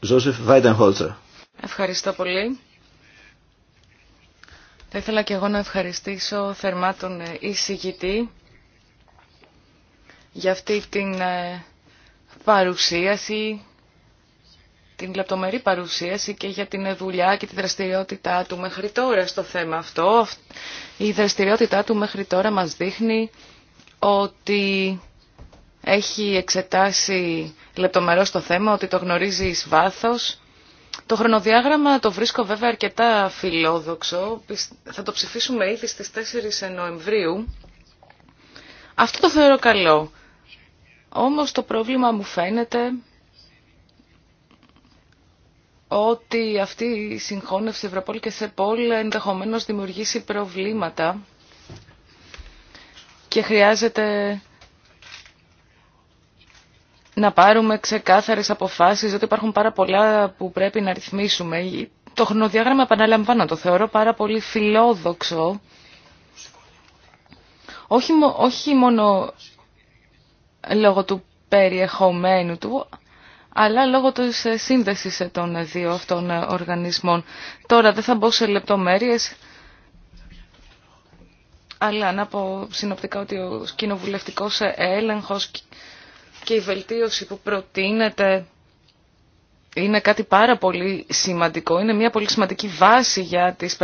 Ζώσεφ Βάιντεν Χόλτσα. Ευχαριστώ πολύ. Θα ήθελα και εγώ να ευχαριστήσω θερμά τον ε, εισηγητή για αυτή την ε, παρουσίαση, την λεπτομερή παρουσίαση και για την ε, δουλειά και τη δραστηριότητά του μέχρι τώρα στο θέμα αυτό. Η δραστηριότητά του μέχρι τώρα μας δείχνει ότι έχει εξετάσει λεπτομερώς το θέμα, ότι το γνωρίζει βάθος το χρονοδιάγραμμα το βρίσκω βέβαια αρκετά φιλόδοξο. Θα το ψηφίσουμε ήδη στις 4 Νοεμβρίου. Αυτό το θεωρώ καλό. Όμως το πρόβλημα μου φαίνεται ότι αυτή η συγχώνευση Ευρωπόλ και Σεπόλ ενδεχομένως δημιουργήσει προβλήματα και χρειάζεται να πάρουμε ξεκάθαρες αποφάσεις, ότι υπάρχουν πάρα πολλά που πρέπει να ρυθμίσουμε. Το χρονοδιάγραμμα, επαναλαμβάνω, το θεωρώ πάρα πολύ φιλόδοξο. Όχι, όχι μόνο λόγω του περιεχομένου του, αλλά λόγω της σύνδεσης των δύο αυτών οργανισμών. Τώρα δεν θα μπω σε λεπτομέρειες, αλλά να πω συνοπτικά ότι ο κοινοβουλευτικός έλεγχος και η βελτίωση που προτείνεται είναι κάτι πάρα πολύ σημαντικό. Είναι μια πολύ σημαντική βάση για τις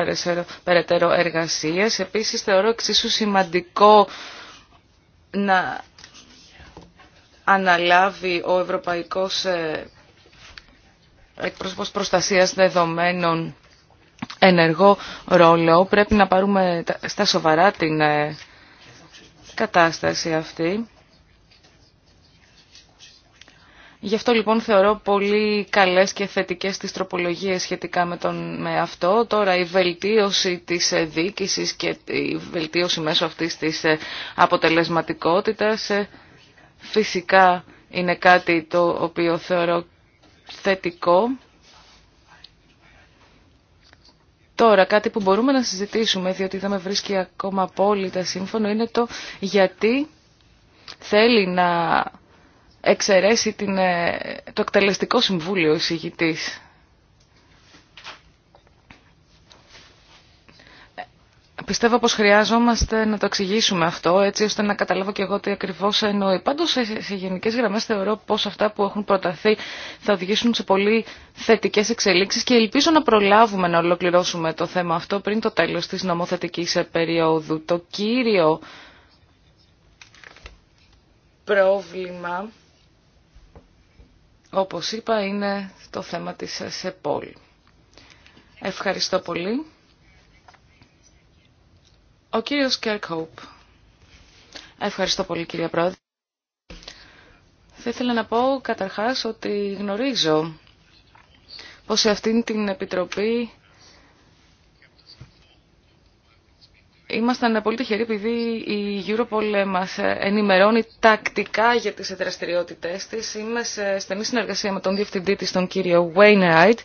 περαιτέρω εργασίες. Επίσης θεωρώ εξίσου σημαντικό να αναλάβει ο Ευρωπαϊκός ε, Εκπρόσωπος Προστασίας Δεδομένων ενεργό ρόλο. Πρέπει να πάρουμε στα σοβαρά την ε, κατάσταση αυτή. Γι' αυτό λοιπόν θεωρώ πολύ καλές και θετικές τις τροπολογίες σχετικά με, τον, με αυτό. Τώρα η βελτίωση της ε, δίκησης και η βελτίωση μέσω αυτής της ε, αποτελεσματικότητας ε, φυσικά είναι κάτι το οποίο θεωρώ θετικό. Τώρα, κάτι που μπορούμε να συζητήσουμε, διότι δεν με βρίσκει ακόμα απόλυτα σύμφωνο, είναι το γιατί θέλει να εξαιρέσει την, ε, το εκτελεστικό συμβούλιο εισηγητής. Πιστεύω πως χρειάζομαστε να το εξηγήσουμε αυτό, έτσι ώστε να καταλάβω και εγώ τι ακριβώς εννοεί. Πάντως, σε γενικές γραμμές θεωρώ πως αυτά που έχουν προταθεί θα οδηγήσουν σε πολύ θετικές εξελίξεις και ελπίζω να προλάβουμε να ολοκληρώσουμε το θέμα αυτό πριν το τέλος της νομοθετικής περίοδου. Το κύριο πρόβλημα όπως είπα, είναι το θέμα της ΕΣΕΠΟΛ. Ευχαριστώ πολύ. Ο κύριος Κέρκοπ. Ευχαριστώ πολύ κύριε Πρόεδρε. Θα ήθελα να πω καταρχάς ότι γνωρίζω πως σε αυτήν την Επιτροπή Ήμασταν πολύ τυχεροί επειδή η Europol μας ενημερώνει τακτικά για τις δραστηριότητε της. Είμαι σε στενή συνεργασία με τον διευθυντή της, τον κύριο Wainwright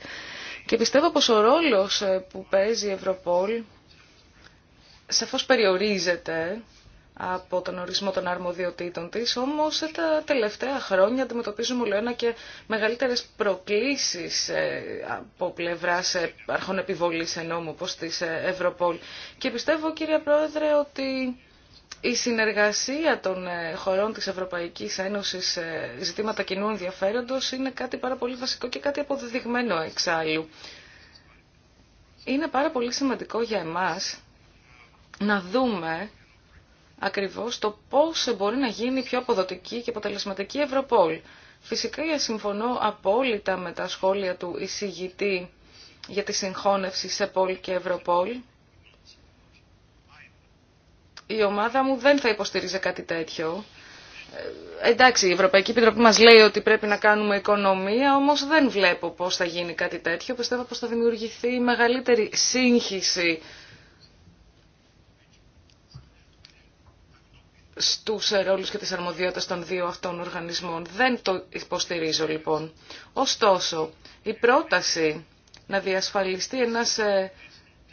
και πιστεύω πως ο ρόλος που παίζει η Europol σαφώς περιορίζεται από τον ορισμό των αρμοδιοτήτων της, όμως τα τελευταία χρόνια αντιμετωπίζουμε όλο ένα και μεγαλύτερες προκλήσεις ε, από πλευράς ε, αρχών επιβολής ενόμου, όπως της ε, Ευρωπόλ. Και πιστεύω, κύριε Πρόεδρε, ότι η συνεργασία των χωρών της Ευρωπαϊκής Ένωσης σε ζητήματα κοινού ενδιαφέροντος είναι κάτι πάρα πολύ βασικό και κάτι αποδεδειγμένο εξάλλου. Είναι πάρα πολύ σημαντικό για εμάς να δούμε ακριβώς το πώς μπορεί να γίνει πιο αποδοτική και αποτελεσματική Ευρωπόλ. Φυσικά ε, συμφωνώ απόλυτα με τα σχόλια του εισηγητή για τη συγχώνευση σε Πολ και Ευρωπόλ. Η ομάδα μου δεν θα υποστηρίζει κάτι τέτοιο. Ε, εντάξει, η Ευρωπαϊκή Επιτροπή μας λέει ότι πρέπει να κάνουμε οικονομία, όμως δεν βλέπω πώς θα γίνει κάτι τέτοιο. Πιστεύω πως θα δημιουργηθεί μεγαλύτερη σύγχυση στους ρόλου και τις αρμοδιότητες των δύο αυτών οργανισμών. Δεν το υποστηρίζω λοιπόν. Ωστόσο, η πρόταση να διασφαλιστεί ένα ε,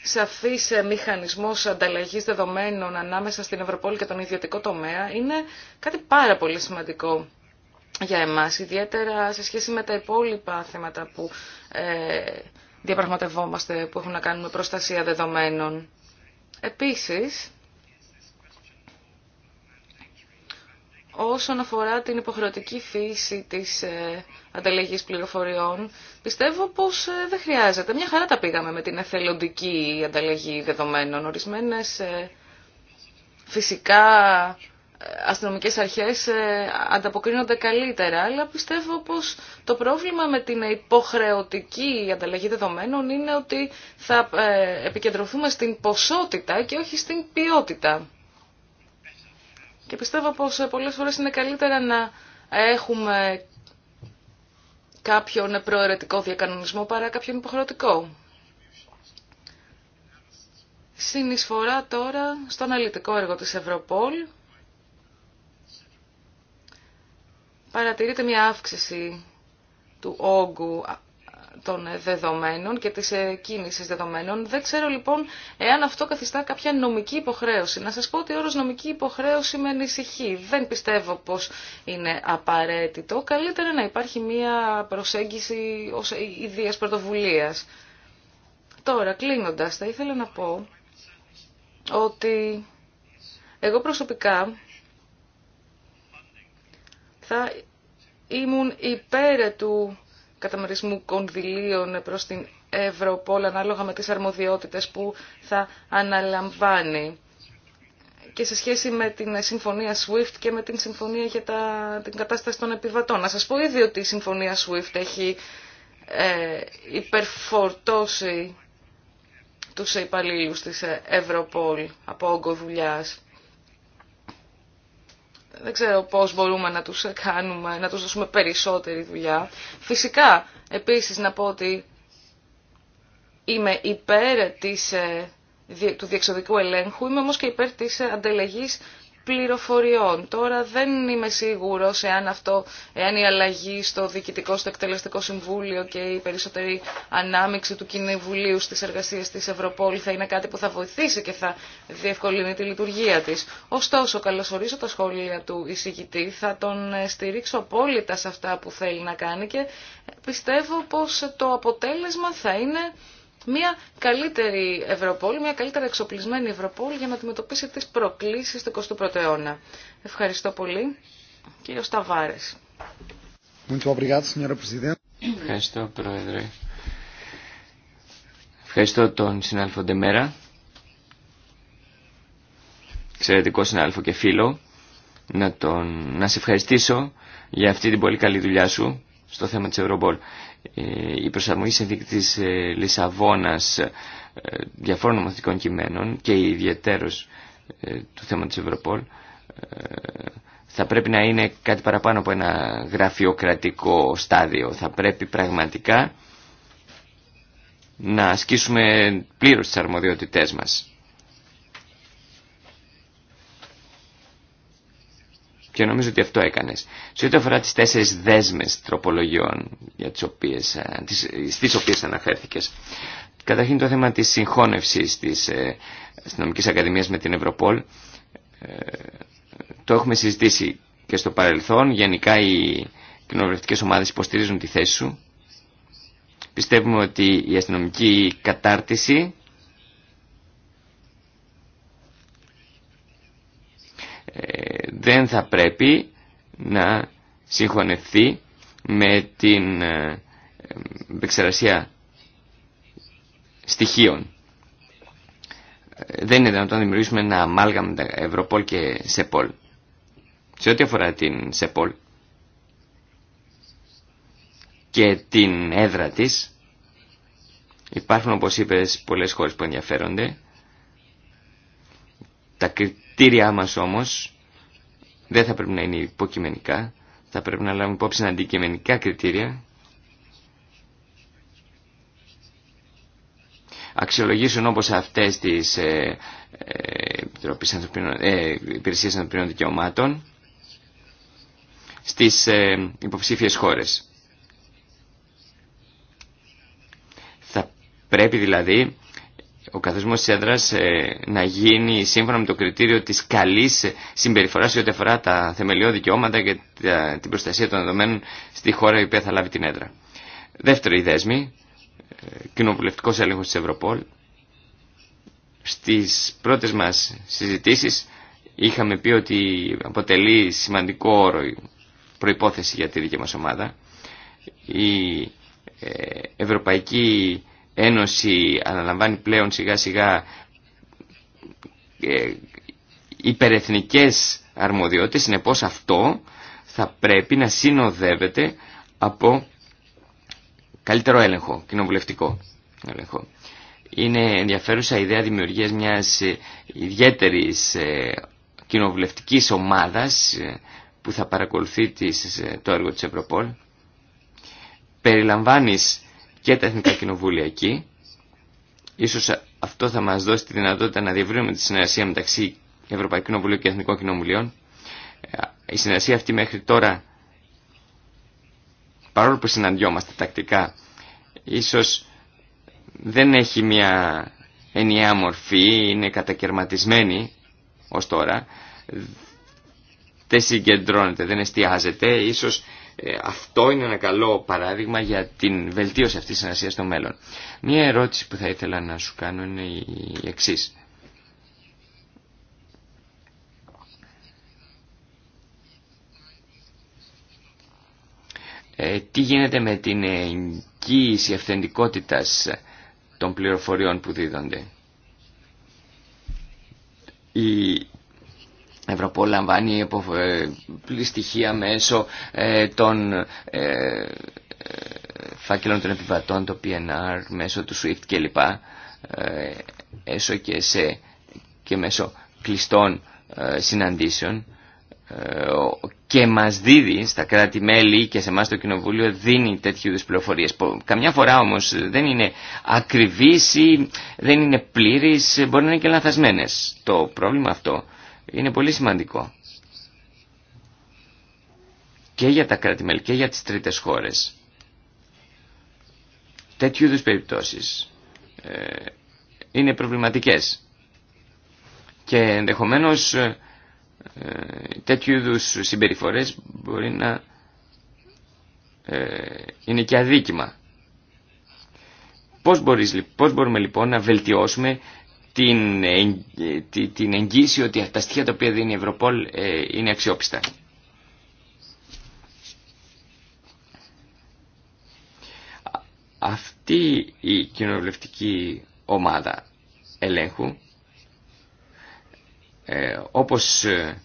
σαφή ε, μηχανισμός ανταλλαγής δεδομένων ανάμεσα στην Ευρωπόλη και τον ιδιωτικό τομέα είναι κάτι πάρα πολύ σημαντικό για εμάς, ιδιαίτερα σε σχέση με τα υπόλοιπα θέματα που ε, διαπραγματευόμαστε, που έχουν να κάνουν με προστασία δεδομένων. Επίσης, όσον αφορά την υποχρεωτική φύση της ε, ανταλλαγής πληροφοριών, πιστεύω πως ε, δεν χρειάζεται. Μια χαρά τα πήγαμε με την εθελοντική ανταλλαγή δεδομένων. Ορισμένες ε, φυσικά αστυνομικές αρχές ανταποκρίνονται καλύτερα, αλλά πιστεύω πως το πρόβλημα με την υποχρεωτική ανταλλαγή δεδομένων είναι ότι θα επικεντρωθούμε στην ποσότητα και όχι στην ποιότητα. Και πιστεύω πως ε, πολλές φορές είναι καλύτερα να έχουμε κάποιον προαιρετικό διακανονισμό παρά κάποιον υποχρεωτικό. Συνεισφορά τώρα στο αναλυτικό έργο της Ευρωπόλ. Παρατηρείται μια αύξηση του όγκου των ε, δεδομένων και της ε, κίνησης δεδομένων. Δεν ξέρω λοιπόν εάν αυτό καθιστά κάποια νομική υποχρέωση. Να σας πω ότι ο όρος νομική υποχρέωση με ανησυχεί. Δεν πιστεύω πως είναι απαραίτητο. Καλύτερα να υπάρχει μια προσέγγιση ω ιδίας πρωτοβουλίας. Τώρα, κλείνοντας, θα ήθελα να πω ότι εγώ προσωπικά θα ήμουν υπέρ του καταμερισμού κονδυλίων προς την Ευρωπόλ ανάλογα με τις αρμοδιότητες που θα αναλαμβάνει και σε σχέση με την συμφωνία SWIFT και με την συμφωνία για τα, την κατάσταση των επιβατών. Να σας πω ήδη ότι η συμφωνία SWIFT έχει ε, υπερφορτώσει τους υπαλλήλους της Ευρωπόλ από όγκο δουλειάς δεν ξέρω πώς μπορούμε να τους κάνουμε, να τους δώσουμε περισσότερη δουλειά. Φυσικά, επίσης να πω ότι είμαι υπέρ της, ε, του διεξοδικού ελέγχου, είμαι όμως και υπέρ της ε, αντελεγής πληροφοριών. Τώρα δεν είμαι σίγουρος εάν, αυτό, εάν η αλλαγή στο Διοικητικό, στο Εκτελεστικό Συμβούλιο και η περισσότερη ανάμειξη του Κοινοβουλίου στις εργασίες της Ευρωπόλη θα είναι κάτι που θα βοηθήσει και θα διευκολύνει τη λειτουργία της. Ωστόσο, καλωσορίζω τα σχόλια του εισηγητή, θα τον στηρίξω απόλυτα σε αυτά που θέλει να κάνει και πιστεύω πως το αποτέλεσμα θα είναι μια καλύτερη Ευρωπόλη, μια καλύτερα εξοπλισμένη Ευρωπόλη για να αντιμετωπίσει τις προκλήσεις του 21ου αιώνα. Ευχαριστώ πολύ. Κύριο Σταβάρες. Ευχαριστώ, Πρόεδρε. Ευχαριστώ τον συνάδελφο Ντεμέρα, εξαιρετικό συνάδελφο και φίλο, να, τον, να σε ευχαριστήσω για αυτή την πολύ καλή δουλειά σου στο θέμα της Ευρωπόλη. Ε, η προσαρμογή συνθήκη της ε, Λισαβόνας ε, διαφόρων νομοθετικών κειμένων και ιδιαιτέρως του θέματος Ευρωπόλ θα πρέπει να είναι κάτι παραπάνω από ένα γραφειοκρατικό στάδιο. Θα πρέπει πραγματικά να ασκήσουμε πλήρως τις αρμοδιότητές μας. Και νομίζω ότι αυτό έκανες. Σε ό,τι αφορά τι τέσσερι δέσμες τροπολογιών για τις οποίες, ε, στις οποίες Καταρχήν το θέμα της συγχώνευσης της ε, αστυνομική Ακαδημίας με την Ευρωπόλ. Ε, το έχουμε συζητήσει και στο παρελθόν. Γενικά οι κοινοβουλευτικές ομάδες υποστηρίζουν τη θέση σου. Πιστεύουμε ότι η αστυνομική κατάρτιση δεν θα πρέπει να συγχωνευτεί με την ε, ε, επεξεργασία στοιχείων. Ε, δεν είναι δυνατόν να δημιουργήσουμε ένα αμάλγαμα με τα Ευρωπόλ και Σεπόλ. Σε ό,τι αφορά την Σεπόλ και την έδρα της, υπάρχουν όπως είπες πολλές χώρες που ενδιαφέρονται. Τα κριτήριά μας όμως δεν θα πρέπει να είναι υποκειμενικά, θα πρέπει να λάβουμε υπόψη αντικειμενικά κριτήρια. Αξιολογήσουν όπως αυτές τις ε, ε, ε υπηρεσίες ανθρωπινών δικαιωμάτων στις ε, υποψήφιες χώρες. Θα πρέπει δηλαδή ο καθεσμός της έδρας ε, να γίνει σύμφωνα με το κριτήριο της καλής συμπεριφοράς ό,τι αφορά τα θεμελιώδη δικαιώματα και την προστασία των δεδομένων στη χώρα η οποία θα λάβει την έδρα. Δεύτερη δέσμη, ε, κοινοβουλευτικός έλεγχος της Ευρωπόλ. Στις πρώτες μας συζητήσεις είχαμε πει ότι αποτελεί σημαντικό όρο προϋπόθεση για τη δική μας ομάδα. Η ε, Ευρωπαϊκή Ένωση αναλαμβάνει πλέον σιγά σιγά ε, υπερεθνικές αρμοδιότητες, συνεπώς αυτό θα πρέπει να συνοδεύεται από καλύτερο έλεγχο, κοινοβουλευτικό έλεγχο. Είναι ενδιαφέρουσα ιδέα δημιουργίας μιας ε, ιδιαίτερης ε, κοινοβουλευτικής ομάδας που θα παρακολουθεί το έργο της Ευρωπόλ. Περιλαμβάνεις και τα Εθνικά Κοινοβούλια εκεί. Ίσως αυτό θα μας δώσει τη δυνατότητα να διευρύνουμε τη συνεργασία μεταξύ Ευρωπαϊκού Κοινοβουλίου και Εθνικών Κοινοβουλίων. Ε, η συνεργασία αυτή μέχρι τώρα, παρόλο που συναντιόμαστε τακτικά, ίσως δεν έχει μια ενιαία μορφή, είναι κατακαιρματισμένη ως τώρα, δεν συγκεντρώνεται, δεν εστιάζεται, ίσως ε, αυτό είναι ένα καλό παράδειγμα για την βελτίωση αυτής της ανασίας στο μέλλον. Μία ερώτηση που θα ήθελα να σου κάνω είναι η εξής. Ε, τι γίνεται με την εγγύηση αυθεντικότητας των πληροφοριών που δίδονται. Η Ευρωπόλ λαμβάνει ε, στοιχεία μέσω ε, των ε, φάκελων των επιβατών, το PNR, μέσω του SWIFT κλπ. Έσω και, σε, και μέσω κλειστών συναντήσεων και μας δίδει στα κράτη-μέλη και σε εμά το Κοινοβούλιο δίνει τέτοιου είδους πληροφορίες. Καμιά φορά όμως δεν είναι ακριβής ή δεν είναι πλήρης, μπορεί να είναι και λαθασμένες Το πρόβλημα αυτό είναι πολύ σημαντικό. Και για τα κρατη και για τις τρίτες χώρες. Τέτοιου είδου περιπτώσεις ε, είναι προβληματικές. Και ενδεχομένως ε, ε τέτοιου είδου συμπεριφορές μπορεί να ε, είναι και αδίκημα. Πώς, μπορείς, πώς μπορούμε λοιπόν να βελτιώσουμε την, την εγγύηση ότι τα στοιχεία τα οποία δίνει η Ευρωπόλ ε, είναι αξιόπιστα. Αυτή η κοινοβουλευτική ομάδα ελέγχου, ε, όπως ε,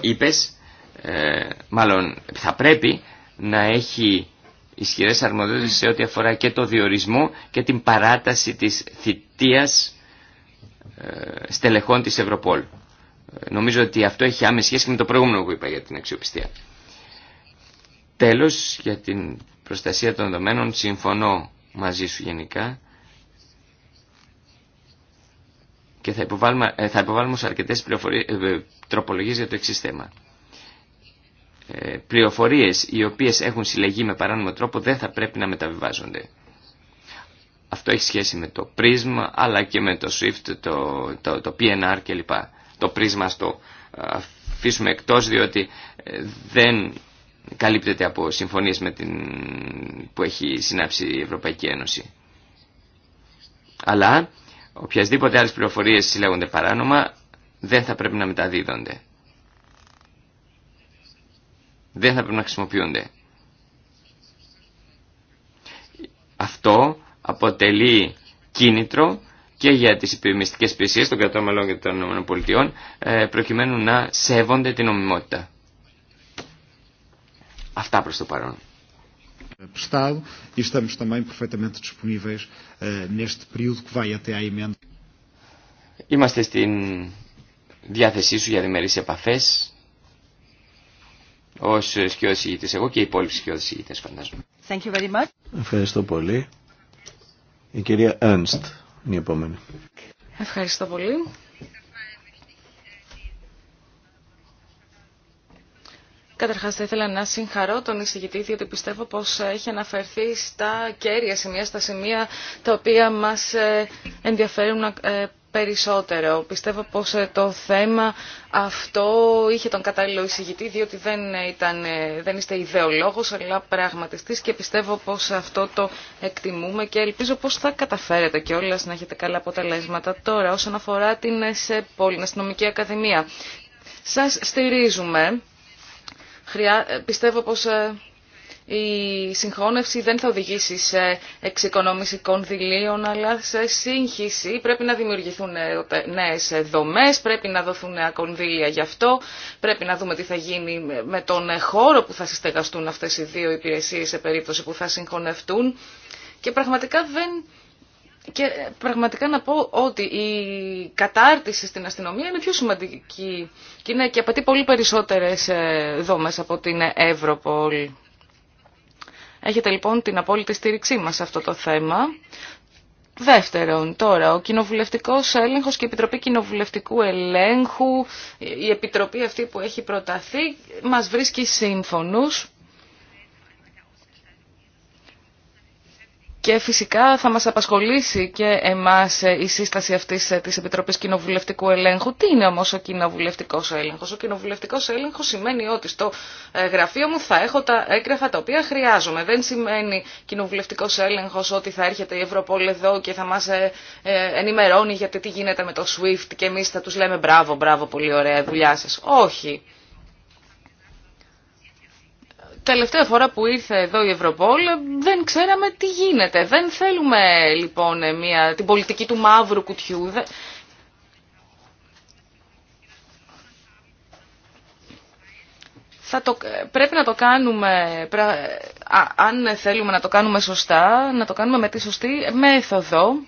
είπες, μάλλον θα πρέπει να έχει ισχυρές αρμοδιότητες σε ό,τι αφορά και το διορισμό και την παράταση της θητείας ε, στελεχών της Ευρωπόλ. Ε, νομίζω ότι αυτό έχει άμεση σχέση με το προηγούμενο που είπα για την αξιοπιστία. Τέλος, για την προστασία των δεδομένων, συμφωνώ μαζί σου γενικά και θα υποβάλουμε, ε, θα υποβάλουμε σε αρκετές τροπολογίες για το εξής θέμα. Ε, πληροφορίες οι οποίες έχουν συλλεγεί με παράνομο τρόπο δεν θα πρέπει να μεταβιβάζονται. Αυτό έχει σχέση με το Prism αλλά και με το SWIFT, το, το, το PNR κλπ. Το Prism το ε, αφήσουμε εκτός διότι ε, δεν καλύπτεται από συμφωνίες με την, που έχει συνάψει η Ευρωπαϊκή Ένωση. Αλλά οποιασδήποτε άλλες πληροφορίες συλλέγονται παράνομα δεν θα πρέπει να μεταδίδονται δεν θα πρέπει να χρησιμοποιούνται. Αυτό αποτελεί κίνητρο και για τις υπηρεμιστικές υπηρεσίες των κρατών μελών και των ΗΠΑ ε, προκειμένου να σέβονται την ομιμότητα. Αυτά προς το παρόν. Ε, Είμαστε στην διάθεσή σου για διμερείς επαφές ως σκιώδης ηγητής. Εγώ και οι υπόλοιποι σκιώδης ηγητές φαντάζομαι. Ευχαριστώ πολύ. Η κυρία Ernst είναι η επόμενη. Ευχαριστώ πολύ. Καταρχάς θα ήθελα να συγχαρώ τον εισηγητή διότι πιστεύω πως έχει αναφερθεί στα κέρια σημεία, στα σημεία τα οποία μας ε, ενδιαφέρουν ε, περισσότερο. Πιστεύω πως ε, το θέμα αυτό είχε τον κατάλληλο εισηγητή, διότι δεν, ε, ήταν, ε, δεν είστε ιδεολόγος, αλλά πραγματιστής και πιστεύω πως αυτό το εκτιμούμε και ελπίζω πως θα καταφέρετε κιόλας να έχετε καλά αποτελέσματα. Τώρα, όσον αφορά την ΣΕΠΟΛ, την Αστυνομική Ακαδημία, σας στηρίζουμε. Πιστεύω πως η συγχώνευση δεν θα οδηγήσει σε εξοικονόμηση κονδυλίων αλλά σε σύγχυση. Πρέπει να δημιουργηθούν ε, νέες δομές, πρέπει να δοθούν νέα κονδύλια γι' αυτό, πρέπει να δούμε τι θα γίνει με τον χώρο που θα συστεγαστούν αυτές οι δύο υπηρεσίες σε περίπτωση που θα συγχωνευτούν και πραγματικά δεν... Και πραγματικά να πω ότι η κατάρτιση στην αστυνομία είναι πιο σημαντική και, είναι και απαιτεί πολύ περισσότερες ε, δόμες από την Ευρωπόλη. Έχετε λοιπόν την απόλυτη στήριξή μας σε αυτό το θέμα. Δεύτερον, τώρα, ο κοινοβουλευτικό έλεγχο και η Επιτροπή Κοινοβουλευτικού Ελέγχου, η επιτροπή αυτή που έχει προταθεί, μας βρίσκει σύμφωνους Και φυσικά θα μας απασχολήσει και εμάς η σύσταση αυτής της Επιτροπής Κοινοβουλευτικού Ελέγχου. Τι είναι όμως ο κοινοβουλευτικός έλεγχος. Ο κοινοβουλευτικός έλεγχος σημαίνει ότι στο ε, γραφείο μου θα έχω τα έγγραφα τα οποία χρειάζομαι. Δεν σημαίνει κοινοβουλευτικός έλεγχος ότι θα έρχεται η Ευρωπόλη εδώ και θα μας ε, ε, ενημερώνει γιατί τι γίνεται με το SWIFT και εμείς θα τους λέμε μπράβο, μπράβο, πολύ ωραία δουλειά σας. Όχι τελευταία φορά που ήρθε εδώ η Ευρωπόλ δεν ξέραμε τι γίνεται. Δεν θέλουμε λοιπόν μια, την πολιτική του μαύρου κουτιού. Θα πρέπει να το κάνουμε, αν θέλουμε να το κάνουμε σωστά, να το κάνουμε με τη σωστή μέθοδο.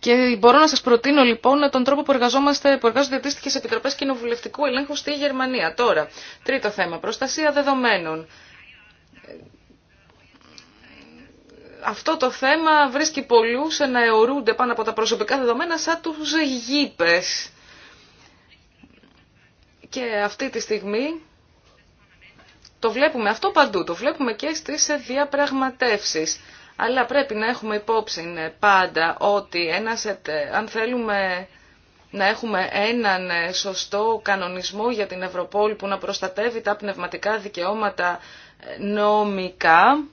Και μπορώ να σας προτείνω λοιπόν τον τρόπο που, εργαζόμαστε, που εργάζονται αντίστοιχες επιτροπές κοινοβουλευτικού ελέγχου στη Γερμανία. Τώρα, τρίτο θέμα, προστασία δεδομένων. Αυτό το θέμα βρίσκει πολλούς να αιωρούνται πάνω από τα προσωπικά δεδομένα σαν του γήπε. Και αυτή τη στιγμή το βλέπουμε αυτό παντού, το βλέπουμε και στις διαπραγματεύσεις. Αλλά πρέπει να έχουμε υπόψη ε, πάντα ότι ένας, ε, αν θέλουμε να έχουμε έναν ε, σωστό κανονισμό για την Ευρωπόλη που να προστατεύει τα πνευματικά δικαιώματα νομικά,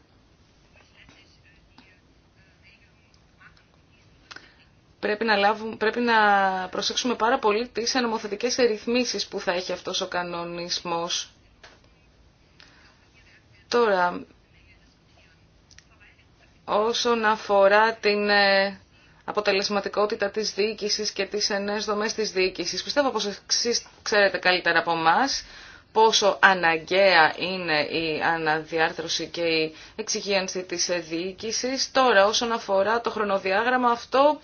πρέπει να, λάβουμε, πρέπει να προσέξουμε πάρα πολύ τις νομοθετικές ρυθμίσεις που θα έχει αυτός ο κανονισμός. Τώρα, όσον αφορά την ε, αποτελεσματικότητα της διοίκησης και τις ενές δομές της διοίκησης. Πιστεύω πως εσείς ξέρετε καλύτερα από εμά πόσο αναγκαία είναι η αναδιάρθρωση και η εξυγίανση της ε, διοίκησης. Τώρα όσον αφορά το χρονοδιάγραμμα αυτό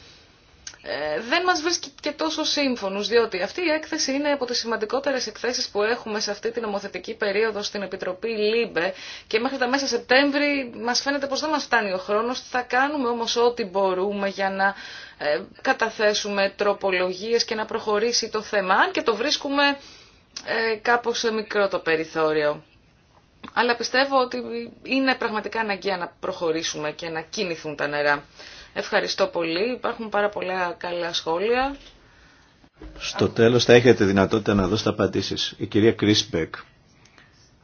ε, δεν μας βρίσκει και τόσο σύμφωνους, διότι αυτή η έκθεση είναι από τις σημαντικότερες εκθέσεις που έχουμε σε αυτή την νομοθετική περίοδο στην Επιτροπή ΛΥΜΠΕ και μέχρι τα μέσα Σεπτέμβρη μας φαίνεται πως δεν μας φτάνει ο χρόνος, θα κάνουμε όμως ό,τι μπορούμε για να ε, καταθέσουμε τροπολογίες και να προχωρήσει το θέμα, αν και το βρίσκουμε ε, κάπως σε μικρό το περιθώριο. Αλλά πιστεύω ότι είναι πραγματικά αναγκαία να προχωρήσουμε και να κινηθούν τα νερά. Ευχαριστώ πολύ. Υπάρχουν πάρα πολλά καλά σχόλια. Στο τέλος θα έχετε δυνατότητα να δώσετε απαντήσεις. Η κυρία Κρίσμπεκ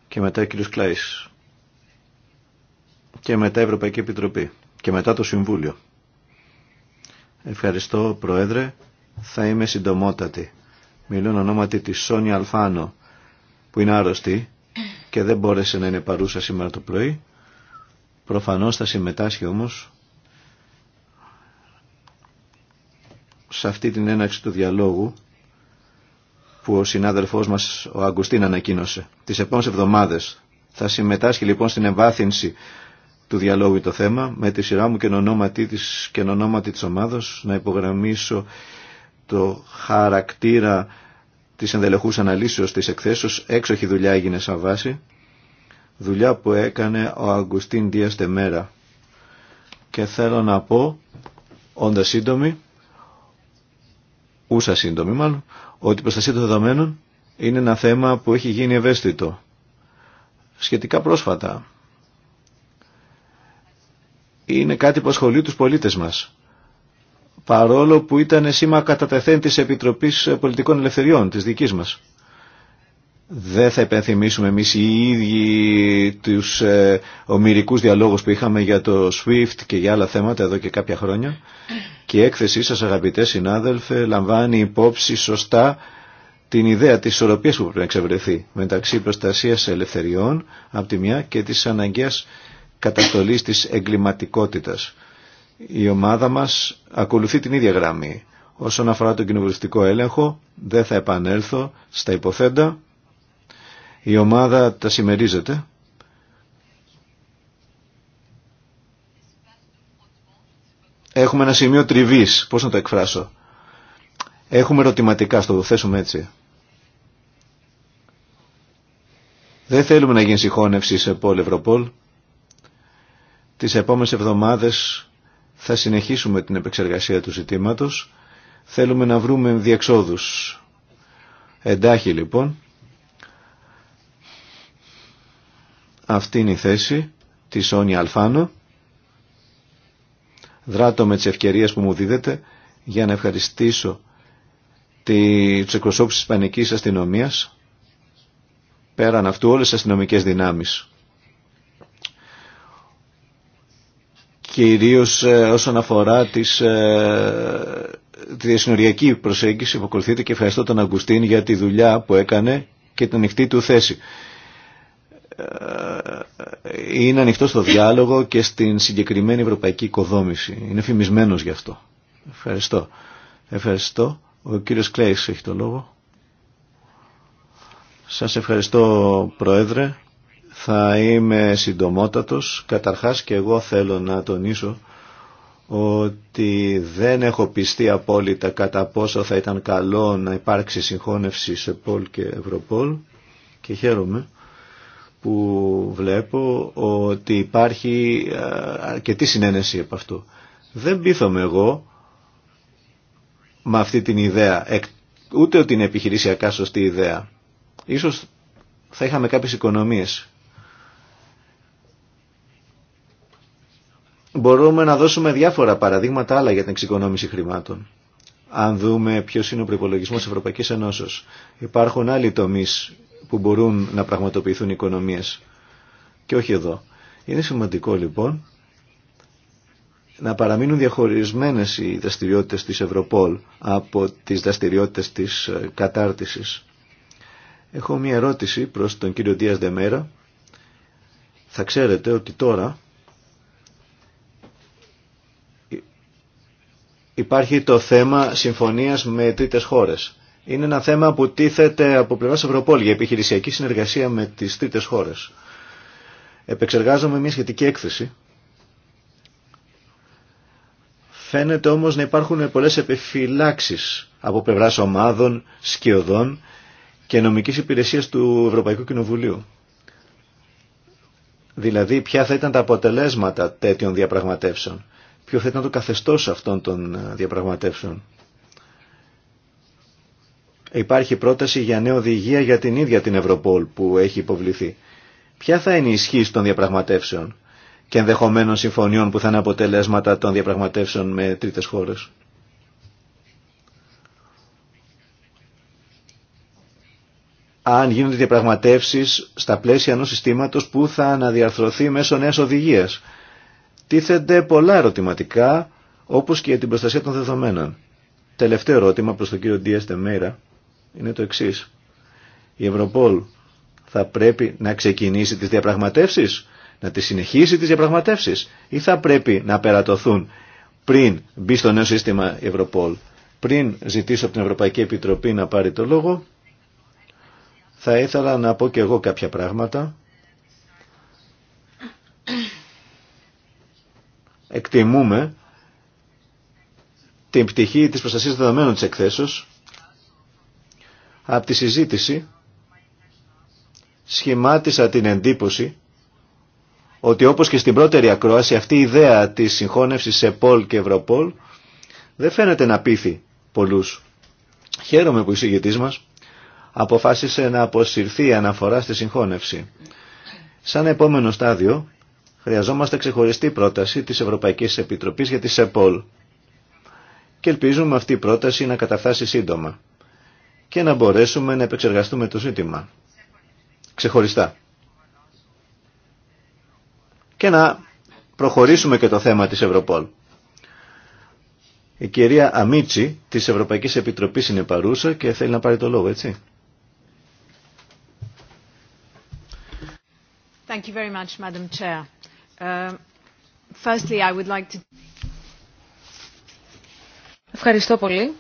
και μετά ο κύριος Κλάης και μετά η Ευρωπαϊκή Επιτροπή και μετά το Συμβούλιο. Ευχαριστώ Πρόεδρε. Θα είμαι συντομότατη. Μιλούν ονόματι της Σόνια Αλφάνο που είναι άρρωστη και δεν μπόρεσε να είναι παρούσα σήμερα το πρωί. Προφανώς θα συμμετάσχει όμως σε αυτή την έναξη του διαλόγου που ο συνάδελφός μας ο Αγκουστίν ανακοίνωσε. Τις επόμενες εβδομάδες θα συμμετάσχει λοιπόν στην εμβάθυνση του διαλόγου το θέμα με τη σειρά μου και ονόματι της, και ομάδος να υπογραμμίσω το χαρακτήρα της ενδελεχούς αναλύσεως της εκθέσεως έξοχη δουλειά έγινε σαν βάση δουλειά που έκανε ο Αγκουστίν Δίας Τεμέρα και θέλω να πω όντας σύντομη ούσα σύντομη μάλλον, ότι η προστασία των δεδομένων είναι ένα θέμα που έχει γίνει ευαίσθητο. Σχετικά πρόσφατα. Είναι κάτι που ασχολεί τους πολίτες μας. Παρόλο που ήταν σήμα κατατεθέν της Επιτροπής Πολιτικών Ελευθεριών, της δικής μας δεν θα υπενθυμίσουμε εμείς οι ίδιοι τους ε, ομοιρικούς διαλόγους που είχαμε για το SWIFT και για άλλα θέματα εδώ και κάποια χρόνια και η έκθεσή σας αγαπητέ συνάδελφε λαμβάνει υπόψη σωστά την ιδέα της ισορροπίας που πρέπει να εξευρεθεί μεταξύ προστασίας ελευθεριών από τη μια και της αναγκαίας καταστολής της εγκληματικότητας. Η ομάδα μας ακολουθεί την ίδια γραμμή. Όσον αφορά τον κοινοβουλευτικό έλεγχο, δεν θα επανέλθω στα υποθέντα η ομάδα τα συμμερίζεται. Έχουμε ένα σημείο τριβής, πώς να το εκφράσω. Έχουμε ερωτηματικά, στο θέσουμε έτσι. Δεν θέλουμε να γίνει συγχώνευση σε πόλευρο Ευρωπόλ. Τις επόμενες εβδομάδες θα συνεχίσουμε την επεξεργασία του ζητήματος. Θέλουμε να βρούμε διεξόδους. Εντάχει λοιπόν Αυτή είναι η θέση της Σόνια Αλφάνο. Δράτω με τις ευκαιρίες που μου δίδεται για να ευχαριστήσω τους εκπροσώπους της Ισπανικής Αστυνομίας, πέραν αυτού όλες τις αστυνομικές δυνάμεις. Κυρίως ε, όσον αφορά τις, ε, τη διασυνοριακή προσέγγιση που ακολουθείται και ευχαριστώ τον Αγκουστίν για τη δουλειά που έκανε και την ανοιχτή του θέση. Ε, ε, ε, είναι ανοιχτό στο διάλογο και στην συγκεκριμένη ευρωπαϊκή οικοδόμηση. Είναι φημισμένος γι' αυτό. Ευχαριστώ. Ευχαριστώ. Ο κύριος Κλέη έχει το λόγο. Σα ευχαριστώ Πρόεδρε. Θα είμαι συντομότατος. Καταρχάς και εγώ θέλω να τονίσω ότι δεν έχω πιστεί απόλυτα κατά πόσο θα ήταν καλό να υπάρξει συγχώνευση σε Πολ και Ευρωπόλ και χαίρομαι που βλέπω ότι υπάρχει ε, αρκετή συνένεση από αυτού. Δεν πείθομαι εγώ με αυτή την ιδέα, ούτε ότι είναι επιχειρησιακά σωστή ιδέα. Ίσως θα είχαμε κάποιες οικονομίες. Μπορούμε να δώσουμε διάφορα παραδείγματα άλλα για την εξοικονόμηση χρημάτων. Αν δούμε ποιος είναι ο προπολογισμό της Ευρωπαϊκής Ενώσεως. υπάρχουν άλλοι τομεί που μπορούν να πραγματοποιηθούν οικονομίες και όχι εδώ. Είναι σημαντικό λοιπόν να παραμείνουν διαχωρισμένες οι δραστηριότητες της Ευρωπόλ από τις δραστηριότητες της ε, κατάρτισης. Έχω μία ερώτηση προς τον κύριο Δίας Δεμέρα. Θα ξέρετε ότι τώρα υπάρχει το θέμα συμφωνίας με τρίτες χώρες είναι ένα θέμα που τίθεται από πλευρά Ευρωπόλ για επιχειρησιακή συνεργασία με τις τρίτες χώρες. Επεξεργάζομαι μια σχετική έκθεση. Φαίνεται όμως να υπάρχουν πολλές επιφυλάξεις από πλευρά ομάδων, σκιωδών και νομικής υπηρεσίας του Ευρωπαϊκού Κοινοβουλίου. Δηλαδή ποια θα ήταν τα αποτελέσματα τέτοιων διαπραγματεύσεων. Ποιο θα ήταν το καθεστώς αυτών των διαπραγματεύσεων υπάρχει πρόταση για νέα οδηγία για την ίδια την Ευρωπόλ που έχει υποβληθεί. Ποια θα είναι η ισχύ των διαπραγματεύσεων και ενδεχομένων συμφωνιών που θα είναι αποτελέσματα των διαπραγματεύσεων με τρίτες χώρες. Αν γίνονται διαπραγματεύσεις στα πλαίσια ενός συστήματος που θα αναδιαρθρωθεί μέσω νέας οδηγίας. Τίθενται πολλά ερωτηματικά όπως και για την προστασία των δεδομένων. Τελευταίο ερώτημα προς τον κύριο Ντίας Τεμέρα είναι το εξή. Η Ευρωπόλ θα πρέπει να ξεκινήσει τις διαπραγματεύσεις, να τις συνεχίσει τις διαπραγματεύσεις ή θα πρέπει να περατωθούν πριν μπει στο νέο σύστημα η Ευρωπόλ. Πριν ζητήσω από την Ευρωπαϊκή Επιτροπή να πάρει το λόγο, θα ήθελα να πω και εγώ κάποια πράγματα. Εκτιμούμε την πτυχή της προστασίας δεδομένων της εκθέσεως από τη συζήτηση σχημάτισα την εντύπωση ότι όπως και στην πρώτερη ακρόαση αυτή η ιδέα της συγχώνευσης σε Πολ και Ευρωπόλ δεν φαίνεται να πείθει πολλούς. Χαίρομαι που η μας αποφάσισε να αποσυρθεί η αναφορά στη συγχώνευση. Σαν επόμενο στάδιο χρειαζόμαστε ξεχωριστή πρόταση της Ευρωπαϊκής Επιτροπής για τη ΣΕΠΟΛ και ελπίζουμε αυτή η πρόταση να καταφτάσει σύντομα και να μπορέσουμε να επεξεργαστούμε το ζήτημα ξεχωριστά. Και να προχωρήσουμε και το θέμα της Ευρωπόλ. Η κυρία Αμίτσι της Ευρωπαϊκής Επιτροπής είναι παρούσα και θέλει να πάρει το λόγο, έτσι. Thank you very much, Madam Chair. Uh, firstly, I would like to... Ευχαριστώ πολύ.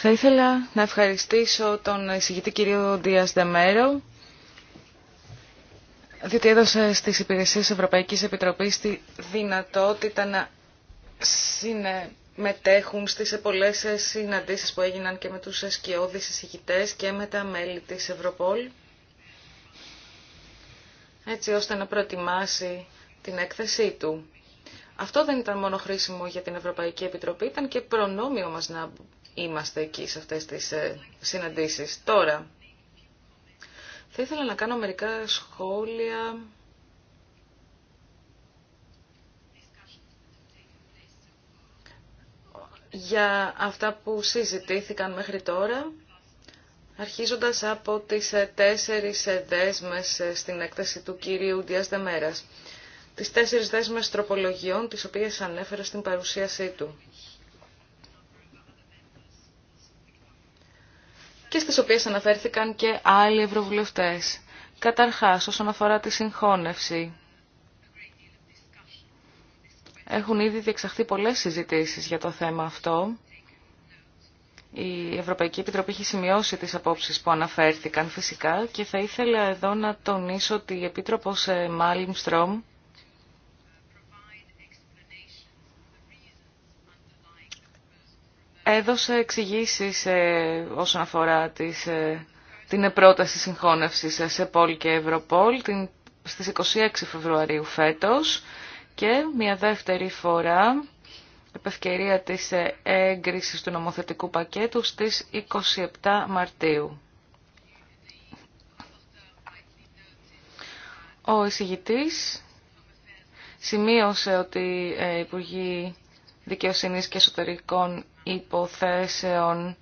Θα ήθελα να ευχαριστήσω τον εισηγητή κύριο Ντίας Δεμέρο, διότι έδωσε στις υπηρεσίες Ευρωπαϊκής Επιτροπής τη δυνατότητα να συμμετέχουν στις πολλές συναντήσεις που έγιναν και με τους ασκιώδεις εισηγητές και με τα μέλη της Ευρωπόλ, έτσι ώστε να προετοιμάσει την έκθεσή του. Αυτό δεν ήταν μόνο χρήσιμο για την Ευρωπαϊκή Επιτροπή, ήταν και προνόμιο μας να είμαστε εκεί σε αυτές τις ε, συναντήσεις. Τώρα, θα ήθελα να κάνω μερικά σχόλια... για αυτά που συζητήθηκαν μέχρι τώρα, αρχίζοντας από τις ε, τέσσερις ε, δέσμες στην έκταση του κυρίου Διάς Δεμέρας. Τις τέσσερις δέσμες τροπολογιών, τις οποίες ανέφερα στην παρουσίασή του. και στις οποίες αναφέρθηκαν και άλλοι ευρωβουλευτές. Καταρχάς, όσον αφορά τη συγχώνευση, έχουν ήδη διεξαχθεί πολλές συζητήσεις για το θέμα αυτό. Η Ευρωπαϊκή Επιτροπή έχει σημειώσει τις απόψεις που αναφέρθηκαν φυσικά και θα ήθελα εδώ να τονίσω ότι η Επίτροπος ε, Μάλιμστρομ έδωσε εξηγήσει ε, όσον αφορά ε, την πρόταση συγχώνευσης ε, σε Πολ και Ευρωπόλ την, στις 26 Φεβρουαρίου φέτος και μια δεύτερη φορά επευκαιρία της έγκρισης του νομοθετικού πακέτου στις 27 Μαρτίου. Ο εισηγητής σημείωσε ότι οι Υπουργοί δικαιοσύνης και εσωτερικών υποθέσεων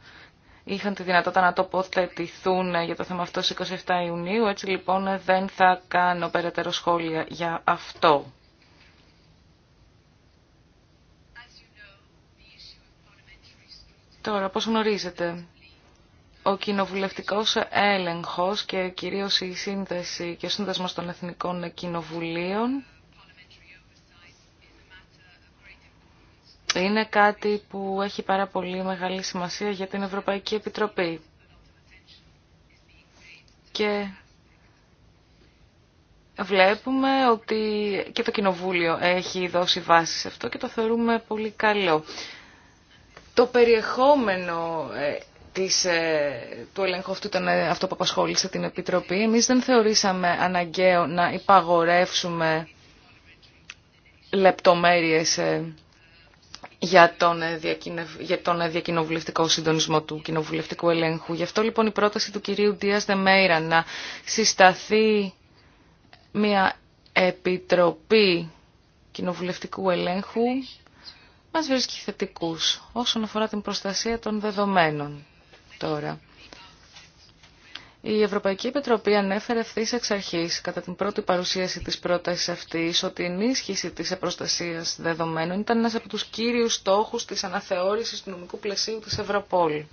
είχαν τη δυνατότητα να τοποθετηθούν για το θέμα αυτό στις 27 Ιουνίου. Έτσι λοιπόν δεν θα κάνω περαιτέρω σχόλια για αυτό. Τώρα, πώς γνωρίζετε, ο κοινοβουλευτικός έλεγχος και κυρίως η σύνδεση και ο σύνδεσμος των εθνικών κοινοβουλίων είναι κάτι που έχει πάρα πολύ μεγάλη σημασία για την Ευρωπαϊκή Επιτροπή. Και βλέπουμε ότι και το Κοινοβούλιο έχει δώσει βάση σε αυτό και το θεωρούμε πολύ καλό. Το περιεχόμενο ε, της, ε, του ελέγχου αυτού ήταν ε, αυτό που απασχόλησε την Επιτροπή. Εμείς δεν θεωρήσαμε αναγκαίο να υπαγορεύσουμε λεπτομέρειες για τον, ε, για τον ε, διακοινοβουλευτικό συντονισμό του κοινοβουλευτικού ελέγχου. Γι' αυτό λοιπόν η πρόταση του κυρίου Ντίας Δεμέιρα να συσταθεί μια επιτροπή κοινοβουλευτικού ελέγχου μας βρίσκει θετικούς όσον αφορά την προστασία των δεδομένων τώρα. Η Ευρωπαϊκή Επιτροπή ανέφερε ευθύ εξ αρχή, κατά την πρώτη παρουσίαση τη πρόταση αυτή, ότι η ενίσχυση τη προστασία δεδομένων ήταν ένα από του κύριου στόχου τη αναθεώρηση του νομικού πλαισίου τη Ευρωπόλ.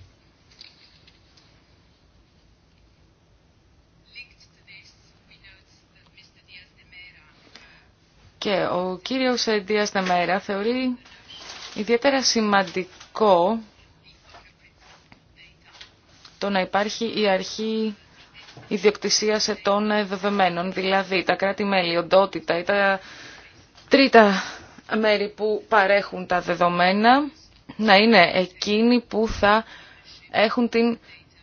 Και ο κύριος Ντίας Δεμέρα θεωρεί ιδιαίτερα σημαντικό το να υπάρχει η αρχή ιδιοκτησία σε των δεδομένων, δηλαδή τα κράτη-μέλη, οντότητα ή τα τρίτα μέρη που παρέχουν τα δεδομένα, να είναι εκείνοι που θα έχουν την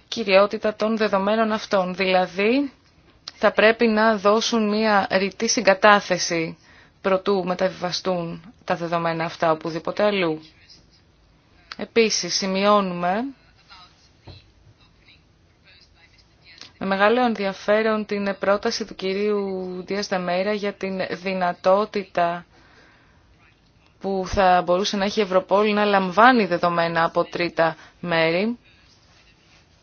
κυριότητα των δεδομένων αυτών. Δηλαδή, θα πρέπει να δώσουν μια ρητή συγκατάθεση προτού μεταβιβαστούν τα δεδομένα αυτά οπουδήποτε αλλού. Επίσης, σημειώνουμε με μεγάλο ενδιαφέρον την πρόταση του κυρίου Δίας Δεμέρα για την δυνατότητα που θα μπορούσε να έχει η Ευρωπόλη να λαμβάνει δεδομένα από τρίτα μέρη.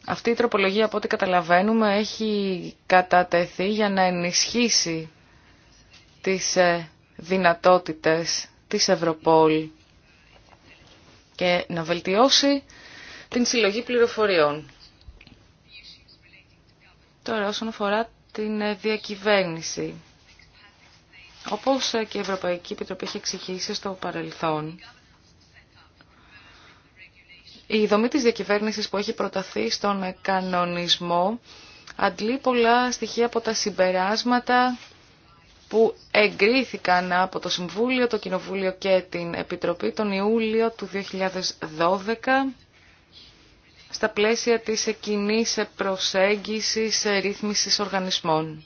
Αυτή η τροπολογία, από ό,τι καταλαβαίνουμε, έχει κατατεθεί για να ενισχύσει τις ε, δυνατότητες της Ευρωπόλη και να βελτιώσει την συλλογή πληροφοριών. Τώρα όσον αφορά την ε, διακυβέρνηση. Όπως ε, και η Ευρωπαϊκή Επιτροπή έχει εξηγήσει στο παρελθόν, η δομή της διακυβέρνησης που έχει προταθεί στον κανονισμό αντλεί πολλά στοιχεία από τα συμπεράσματα που εγκρίθηκαν από το Συμβούλιο, το Κοινοβούλιο και την Επιτροπή τον Ιούλιο του 2012 στα πλαίσια της κοινή προσέγγισης ε, ρύθμισης οργανισμών.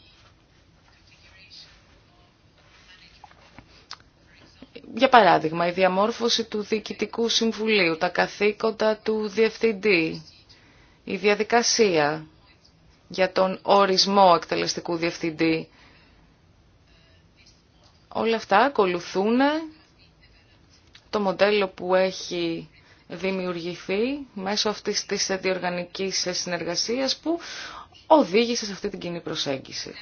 Για παράδειγμα, η διαμόρφωση του Διοικητικού Συμβουλίου, τα καθήκοντα του Διευθυντή, η διαδικασία για τον ορισμό εκτελεστικού Διευθυντή, όλα αυτά ακολουθούν το μοντέλο που έχει δημιουργηθεί μέσω αυτής της οργανικής συνεργασίας που οδήγησε σε αυτή την κοινή προσέγγιση.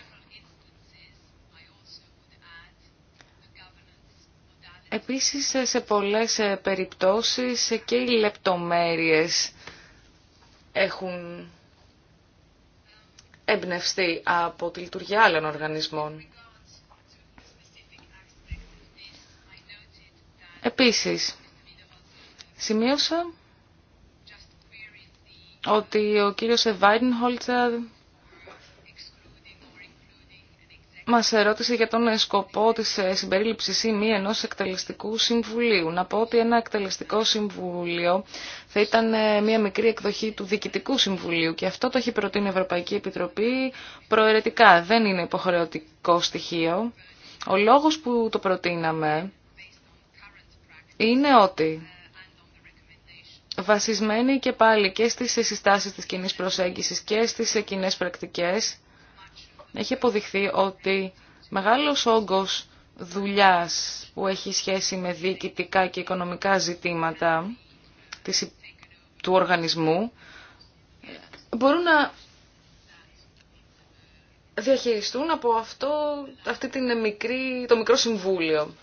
Επίσης σε πολλές περιπτώσεις και οι λεπτομέρειες έχουν εμπνευστεί από τη λειτουργία άλλων οργανισμών. Επίσης, Σημείωσα ότι ο κύριος Εβάιντενχολτσερ μας ερώτησε για τον σκοπό της ε, συμπερίληψης ή μη ενός εκτελεστικού συμβουλίου. Να πω ότι ένα εκτελεστικό συμβούλιο θα ήταν ε, μια μικρή εκδοχή του Διοικητικού Συμβουλίου και αυτό το έχει προτείνει η Ευρωπαϊκή Επιτροπή προαιρετικά. Δεν είναι υποχρεωτικό στοιχείο. Ο λόγος που το προτείναμε είναι ότι βασισμένη και πάλι και στις συστάσεις της κοινή προσέγγισης και στις κοινέ πρακτικές, έχει αποδειχθεί ότι μεγάλος όγκος δουλειάς που έχει σχέση με διοικητικά και οικονομικά ζητήματα του οργανισμού μπορούν να διαχειριστούν από αυτό, αυτή την μικρή, το μικρό συμβούλιο.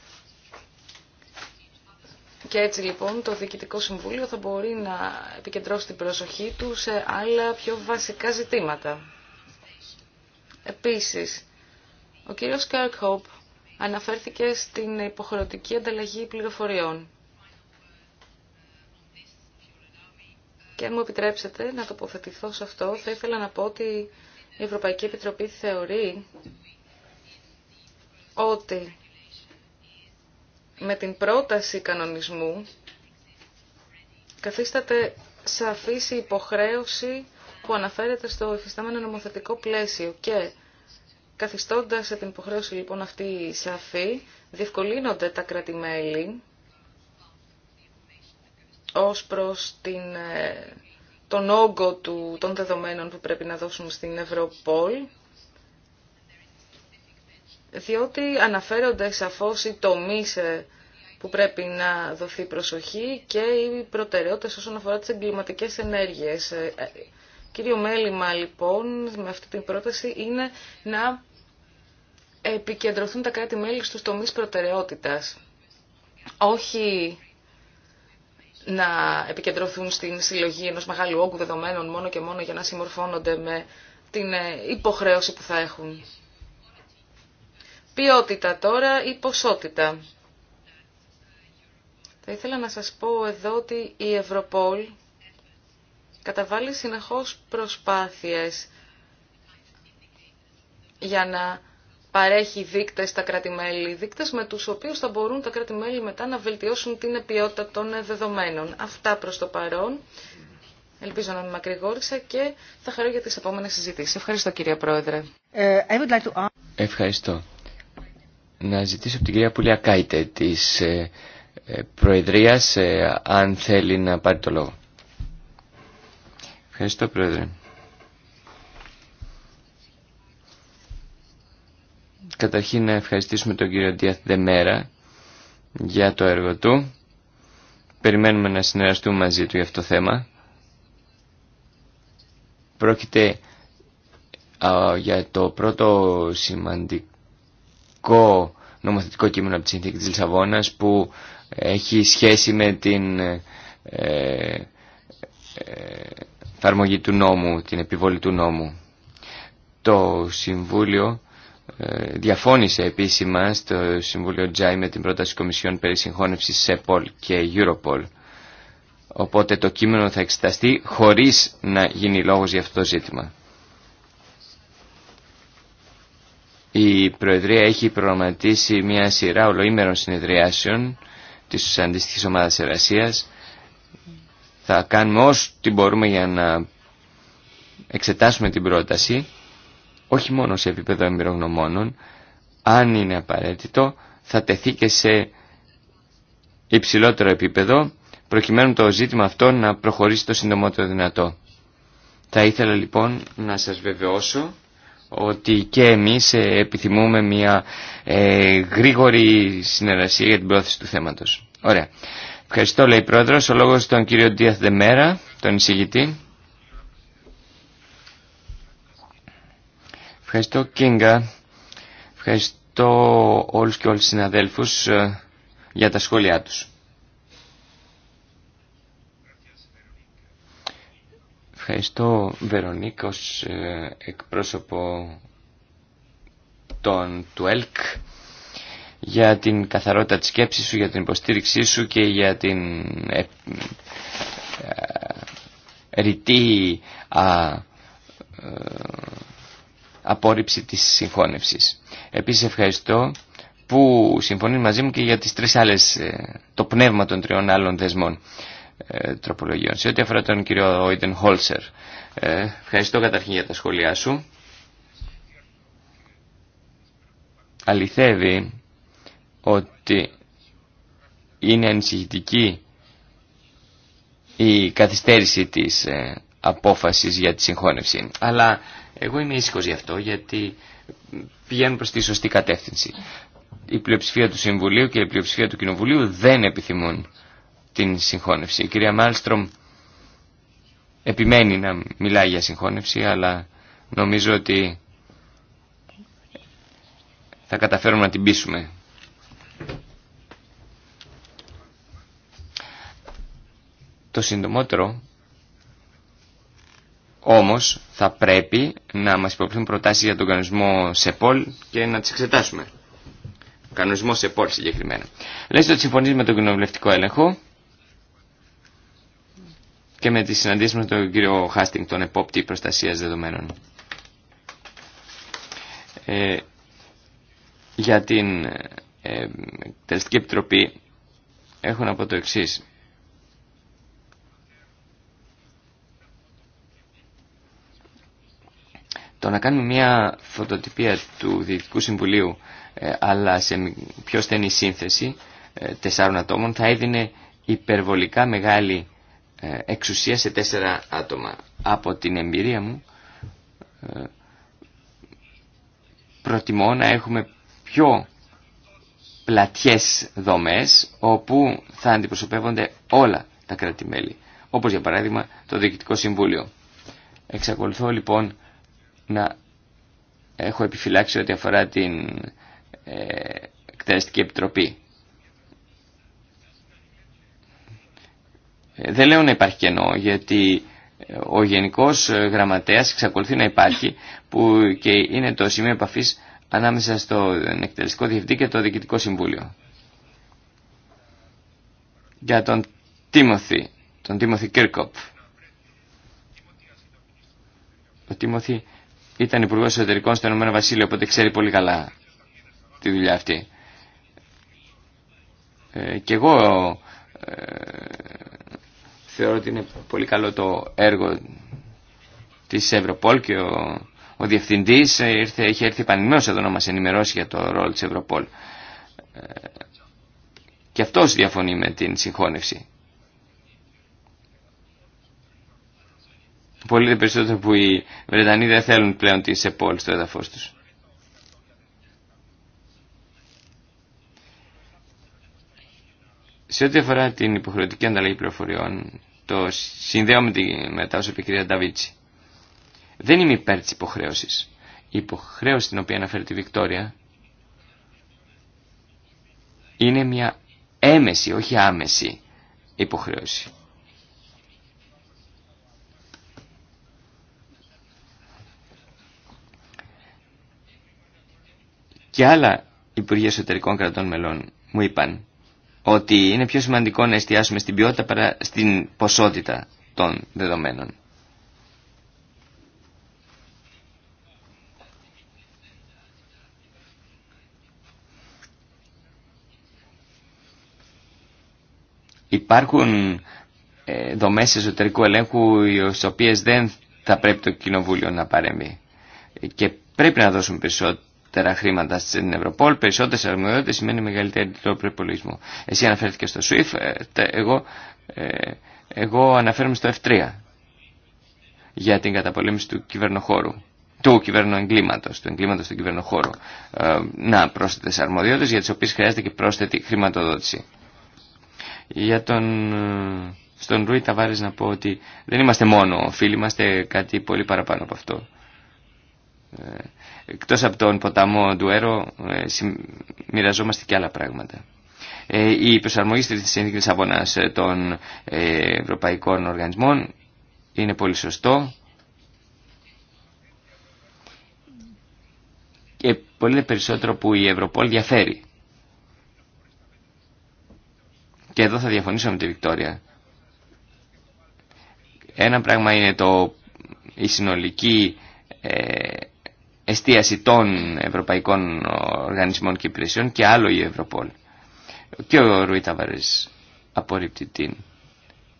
Και έτσι λοιπόν το Διοικητικό Συμβούλιο θα μπορεί να επικεντρώσει την προσοχή του σε άλλα πιο βασικά ζητήματα. Επίσης, ο κύριος Κέρκχοπ αναφέρθηκε στην υποχρεωτική ανταλλαγή πληροφοριών. Και αν μου επιτρέψετε να τοποθετηθώ σε αυτό, θα ήθελα να πω ότι η Ευρωπαϊκή Επιτροπή θεωρεί ότι με την πρόταση κανονισμού καθίσταται σαφής η υποχρέωση που αναφέρεται στο εφιστάμενο νομοθετικό πλαίσιο και καθιστώντας την υποχρέωση λοιπόν αυτή σαφή, διευκολύνονται τα κρατημέλη ως προς την, ε, τον όγκο του, των δεδομένων που πρέπει να δώσουν στην Ευρωπόλ διότι αναφέρονται σαφώς οι τομείς ε, που πρέπει να δοθεί προσοχή και οι προτεραιότητες όσον αφορά τις εγκληματικές ενέργειες. Ε, ε, κύριο μέλημα λοιπόν με αυτή την πρόταση είναι να επικεντρωθούν τα κράτη-μέλη στους τομείς προτεραιότητας. Όχι να επικεντρωθούν στην συλλογή ενός μεγάλου όγκου δεδομένων μόνο και μόνο για να συμμορφώνονται με την υποχρέωση που θα έχουν. Ποιότητα τώρα ή ποσότητα. Θα ήθελα να σας πω εδώ ότι η Ευρωπόλ καταβάλει συνεχώς προσπάθειες για να παρέχει δείκτες στα κράτη-μέλη, δείκτες με τους οποίους θα μπορούν τα κράτη-μέλη μετά να βελτιώσουν την ποιότητα των δεδομένων. Αυτά προς το παρόν. Ελπίζω να μην μακρηγόρησα και θα χαρώ για τις επόμενες συζητήσεις. Ευχαριστώ κύριε Πρόεδρε. Ε, Ευχαριστώ να ζητήσω από την κυρία Πουλιακάιτε της ε, ε, Προεδρίας ε, αν θέλει να πάρει το λόγο. Ευχαριστώ Πρόεδρε. Καταρχήν να ευχαριστήσουμε τον κύριο Ντίαθ για το έργο του. Περιμένουμε να συνεργαστούμε μαζί του για αυτό το θέμα. Πρόκειται για το πρώτο σημαντικό σημαντικό νομοθετικό κείμενο από τη Συνθήκη της Λισαβόνας που έχει σχέση με την ε, ε, εφαρμογή του νόμου, την επιβολή του νόμου. Το Συμβούλιο ε, διαφώνησε επίσημα στο Συμβούλιο Τζάι με την πρόταση Κομισιόν περί συγχώνευσης ΣΕΠΟΛ και Europol. Οπότε το κείμενο θα εξεταστεί χωρίς να γίνει λόγος για αυτό το ζήτημα. Η Προεδρία έχει προγραμματίσει μια σειρά ολοήμερων συνεδριάσεων της αντίστοιχης ομάδας εργασίας. Θα κάνουμε ό,τι μπορούμε για να εξετάσουμε την πρόταση, όχι μόνο σε επίπεδο εμπειρογνωμόνων, αν είναι απαραίτητο, θα τεθεί και σε υψηλότερο επίπεδο, προκειμένου το ζήτημα αυτό να προχωρήσει το συντομότερο δυνατό. Θα ήθελα λοιπόν να σας βεβαιώσω ότι και εμείς ε, επιθυμούμε μια ε, γρήγορη συνεργασία για την πρόθεση του θέματος. Ωραία. Ευχαριστώ, λέει η Πρόεδρος. Ο λόγος στον κύριο Ντίαθ Δεμέρα, τον εισηγητή. Ευχαριστώ, Κίνγκα. Ευχαριστώ όλους και όλους τους συναδέλφους ε, για τα σχόλιά τους. Ευχαριστώ Βερονίκ ως ε, εκπρόσωπο των, του ΕΛΚ για την καθαρότητα της σκέψης σου, για την υποστήριξή σου και για την ε, ε ρητή ε, απόρριψη της συγχώνευσης. Επίσης ευχαριστώ που συμφωνεί μαζί μου και για τις τρεις άλλες, το πνεύμα των τριών άλλων δεσμών. Ε, τροπολογιών. Σε ό,τι αφορά τον κύριο Όιντεν Χόλσερ, ε, ευχαριστώ καταρχήν για τα σχόλιά σου. Αληθεύει ότι είναι ανησυχητική η καθυστέρηση της ε, απόφασης για τη συγχώνευση. Αλλά εγώ είμαι ήσυχο γι' αυτό γιατί πηγαίνουν προς τη σωστή κατεύθυνση. Η πλειοψηφία του Συμβουλίου και η πλειοψηφία του Κοινοβουλίου δεν επιθυμούν την συγχώνευση. Η κυρία Μάλστρομ επιμένει να μιλάει για συγχώνευση, αλλά νομίζω ότι θα καταφέρουμε να την πείσουμε. Το συντομότερο όμως θα πρέπει να μας υποπληθούν προτάσεις για τον κανονισμό ΣΕΠΟΛ και να τις εξετάσουμε. Κανονισμό ΣΕΠΟΛ συγκεκριμένα. Λέει ότι συμφωνείς με τον κοινοβουλευτικό έλεγχο και με τη συναντήση με τον κύριο Χάστινγκ, τον επόπτη προστασία δεδομένων. Ε, για την ε, Τελεστική Επιτροπή έχω να πω το εξή. Το να κάνουμε μια φωτοτυπία του Διοικητικού Συμβουλίου ε, αλλά σε πιο στενή σύνθεση ε, τεσσάρων ατόμων θα έδινε υπερβολικά μεγάλη ε, εξουσία σε τέσσερα άτομα. Από την εμπειρία μου ε, προτιμώ να έχουμε πιο πλατιές δομές όπου θα αντιπροσωπεύονται όλα τα κράτη-μέλη. Όπως για παράδειγμα το Διοικητικό Συμβούλιο. Εξακολουθώ λοιπόν να έχω επιφυλάξει ό,τι αφορά την ε, Εκτελεστική Επιτροπή. Δεν λέω να υπάρχει κενό, γιατί ε, ο Γενικός ε, Γραμματέας εξακολουθεί να υπάρχει που και είναι το σημείο επαφής ανάμεσα στο ε, εκτελεστικό διευθυντή και το διοικητικό συμβούλιο. Για τον Τίμωθη, τον Τίμωθη Κίρκοπ. Ο Τίμωθη ήταν υπουργό εσωτερικών στο Ηνωμένο οπότε ξέρει πολύ καλά τη δουλειά αυτή. Ε, και εγώ θεωρώ ότι είναι πολύ καλό το έργο της Ευρωπόλ και ο, ο διευθυντής ε, ήρθε, έχει έρθει επανειλημμένως εδώ να μας ενημερώσει για το ρόλο της Ευρωπόλ. Ε, και αυτός διαφωνεί με την συγχώνευση. Πολύ περισσότερο που οι Βρετανοί δεν θέλουν πλέον τη ΕΠΟΛ στο έδαφος τους. Σε ό,τι αφορά την υποχρεωτική ανταλλαγή πληροφοριών, το συνδέω με, τη, με τα όσα είπε η κυρία Νταβίτσι. Δεν είμαι υπέρ τη υποχρέωση. Η υποχρέωση την οποία αναφέρει τη Βικτόρια είναι μια έμεση, όχι άμεση υποχρέωση. Και άλλα Υπουργεία Εσωτερικών Κρατών Μελών μου είπαν ότι είναι πιο σημαντικό να εστιάσουμε στην ποιότητα παρά στην ποσότητα των δεδομένων. Υπάρχουν ε, δομές εσωτερικού ελέγχου στις οποίες δεν θα πρέπει το Κοινοβούλιο να παρέμβει και πρέπει να δώσουν περισσότερο περισσότερα χρήματα στην Ευρωπόλ, περισσότερε αρμοδιότητε σημαίνει μεγαλύτερη το προπολογισμό. Εσύ αναφέρθηκε στο SWIFT, ε, εγώ, ε, εγώ αναφέρομαι στο F3 για την καταπολέμηση του κυβερνοχώρου, του κυβερνοεγκλήματο, του εγκλήματο του κυβερνοχώρου. Ε, να, πρόσθετε αρμοδιότητε για τι οποίε χρειάζεται και πρόσθετη χρηματοδότηση. Για τον, ε, στον Ρουί Ταβάρης να πω ότι δεν είμαστε μόνο φίλοι, είμαστε κάτι πολύ παραπάνω από αυτό. Ε, Εκτός από τον ποταμό Ντουέρο ε, μοιραζόμαστε και άλλα πράγματα. Ε, η προσαρμογή στη συνθήκες της Αβωνάς των ε, ευρωπαϊκών οργανισμών είναι πολύ σωστό. Και πολύ περισσότερο που η Ευρωπόλ διαφέρει. Και εδώ θα διαφωνήσω με τη Βικτόρια. Ένα πράγμα είναι το, η συνολική εστίαση των ευρωπαϊκών οργανισμών και υπηρεσιών και άλλο η Ευρωπόλ. Και ο Ρουί Ταβαρές απορρίπτει την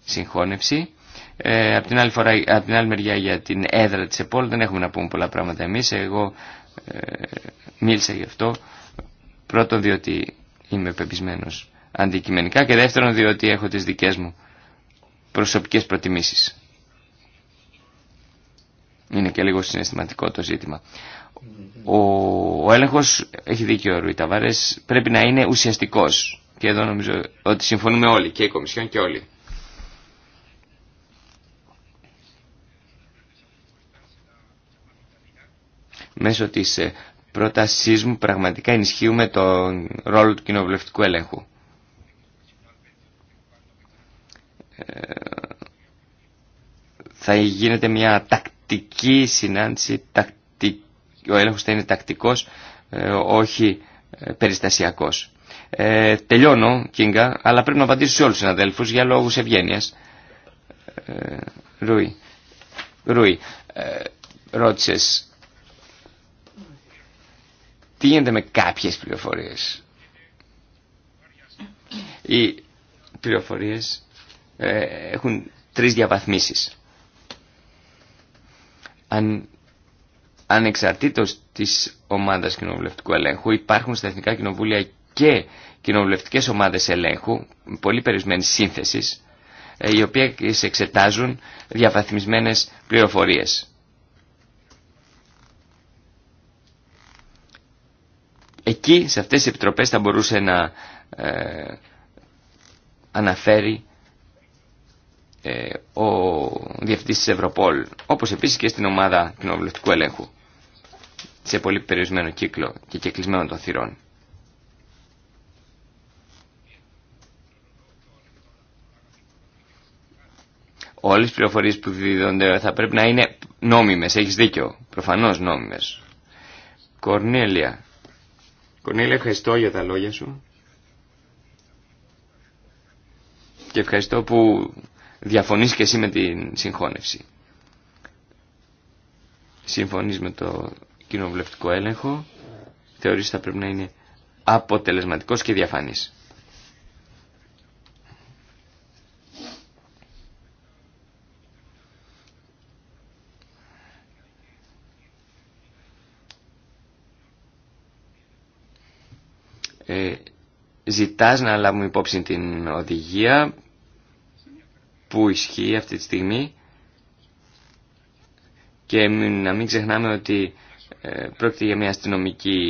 συγχώνευση. Ε, από, την άλλη φορά, από την άλλη μεριά για την έδρα της ΕΠΟΛ δεν έχουμε να πούμε πολλά πράγματα εμείς. Εγώ ε, μίλησα γι' αυτό. Πρώτον διότι είμαι πεπισμένος αντικειμενικά και δεύτερον διότι έχω τις δικές μου προσωπικές προτιμήσεις. Είναι και λίγο συναισθηματικό το ζήτημα. Ο, ο έλεγχος, έχει δίκιο ο Ρουί Ταβάρες, πρέπει να είναι ουσιαστικός. Και εδώ νομίζω ότι συμφωνούμε όλοι, και η Κομισιόν και όλοι. Μέσω της ε, πρότασής μου πραγματικά ενισχύουμε τον ρόλο του κοινοβουλευτικού ελέγχου. Ε, θα γίνεται μια τακτική τακτική συνάντηση, ο έλεγχος θα είναι τακτικός, ε, όχι ε, περιστασιακός. Ε, τελειώνω, Κίνγκα, αλλά πρέπει να απαντήσω σε όλους τους συναδέλφους για λόγους ευγένειας. Ε, Ρουί, ρώτησε. τι γίνεται με κάποιες πληροφορίες. Οι πληροφορίες έχουν τρεις διαβαθμίσεις αν, ανεξαρτήτως της ομάδας κοινοβουλευτικού ελέγχου υπάρχουν στα Εθνικά Κοινοβούλια και κοινοβουλευτικές ομάδες ελέγχου, πολύ περισμένη σύνθεση, ε, οι οποίες εξετάζουν διαβαθμισμένες πληροφορίες. Εκεί, σε αυτές τις επιτροπές, θα μπορούσε να ε, αναφέρει ε, ο διευθυντής της Ευρωπόλ, όπως επίσης και στην ομάδα κοινοβουλευτικού ελέγχου, σε πολύ περιορισμένο κύκλο και κεκλεισμένο των θυρών. Όλες οι πληροφορίες που δίδονται θα πρέπει να είναι νόμιμες, έχεις δίκιο, προφανώς νόμιμες. Κορνέλια. Κορνέλια, ευχαριστώ για τα λόγια σου. Και ευχαριστώ που διαφωνείς και εσύ με την συγχώνευση. Συμφωνείς με το κοινοβουλευτικό έλεγχο, θεωρείς θα πρέπει να είναι αποτελεσματικός και διαφανής. Ε, ζητάς να λάβουμε υπόψη την οδηγία που ισχύει αυτή τη στιγμή και να μην ξεχνάμε ότι ε, πρόκειται για μια αστυνομική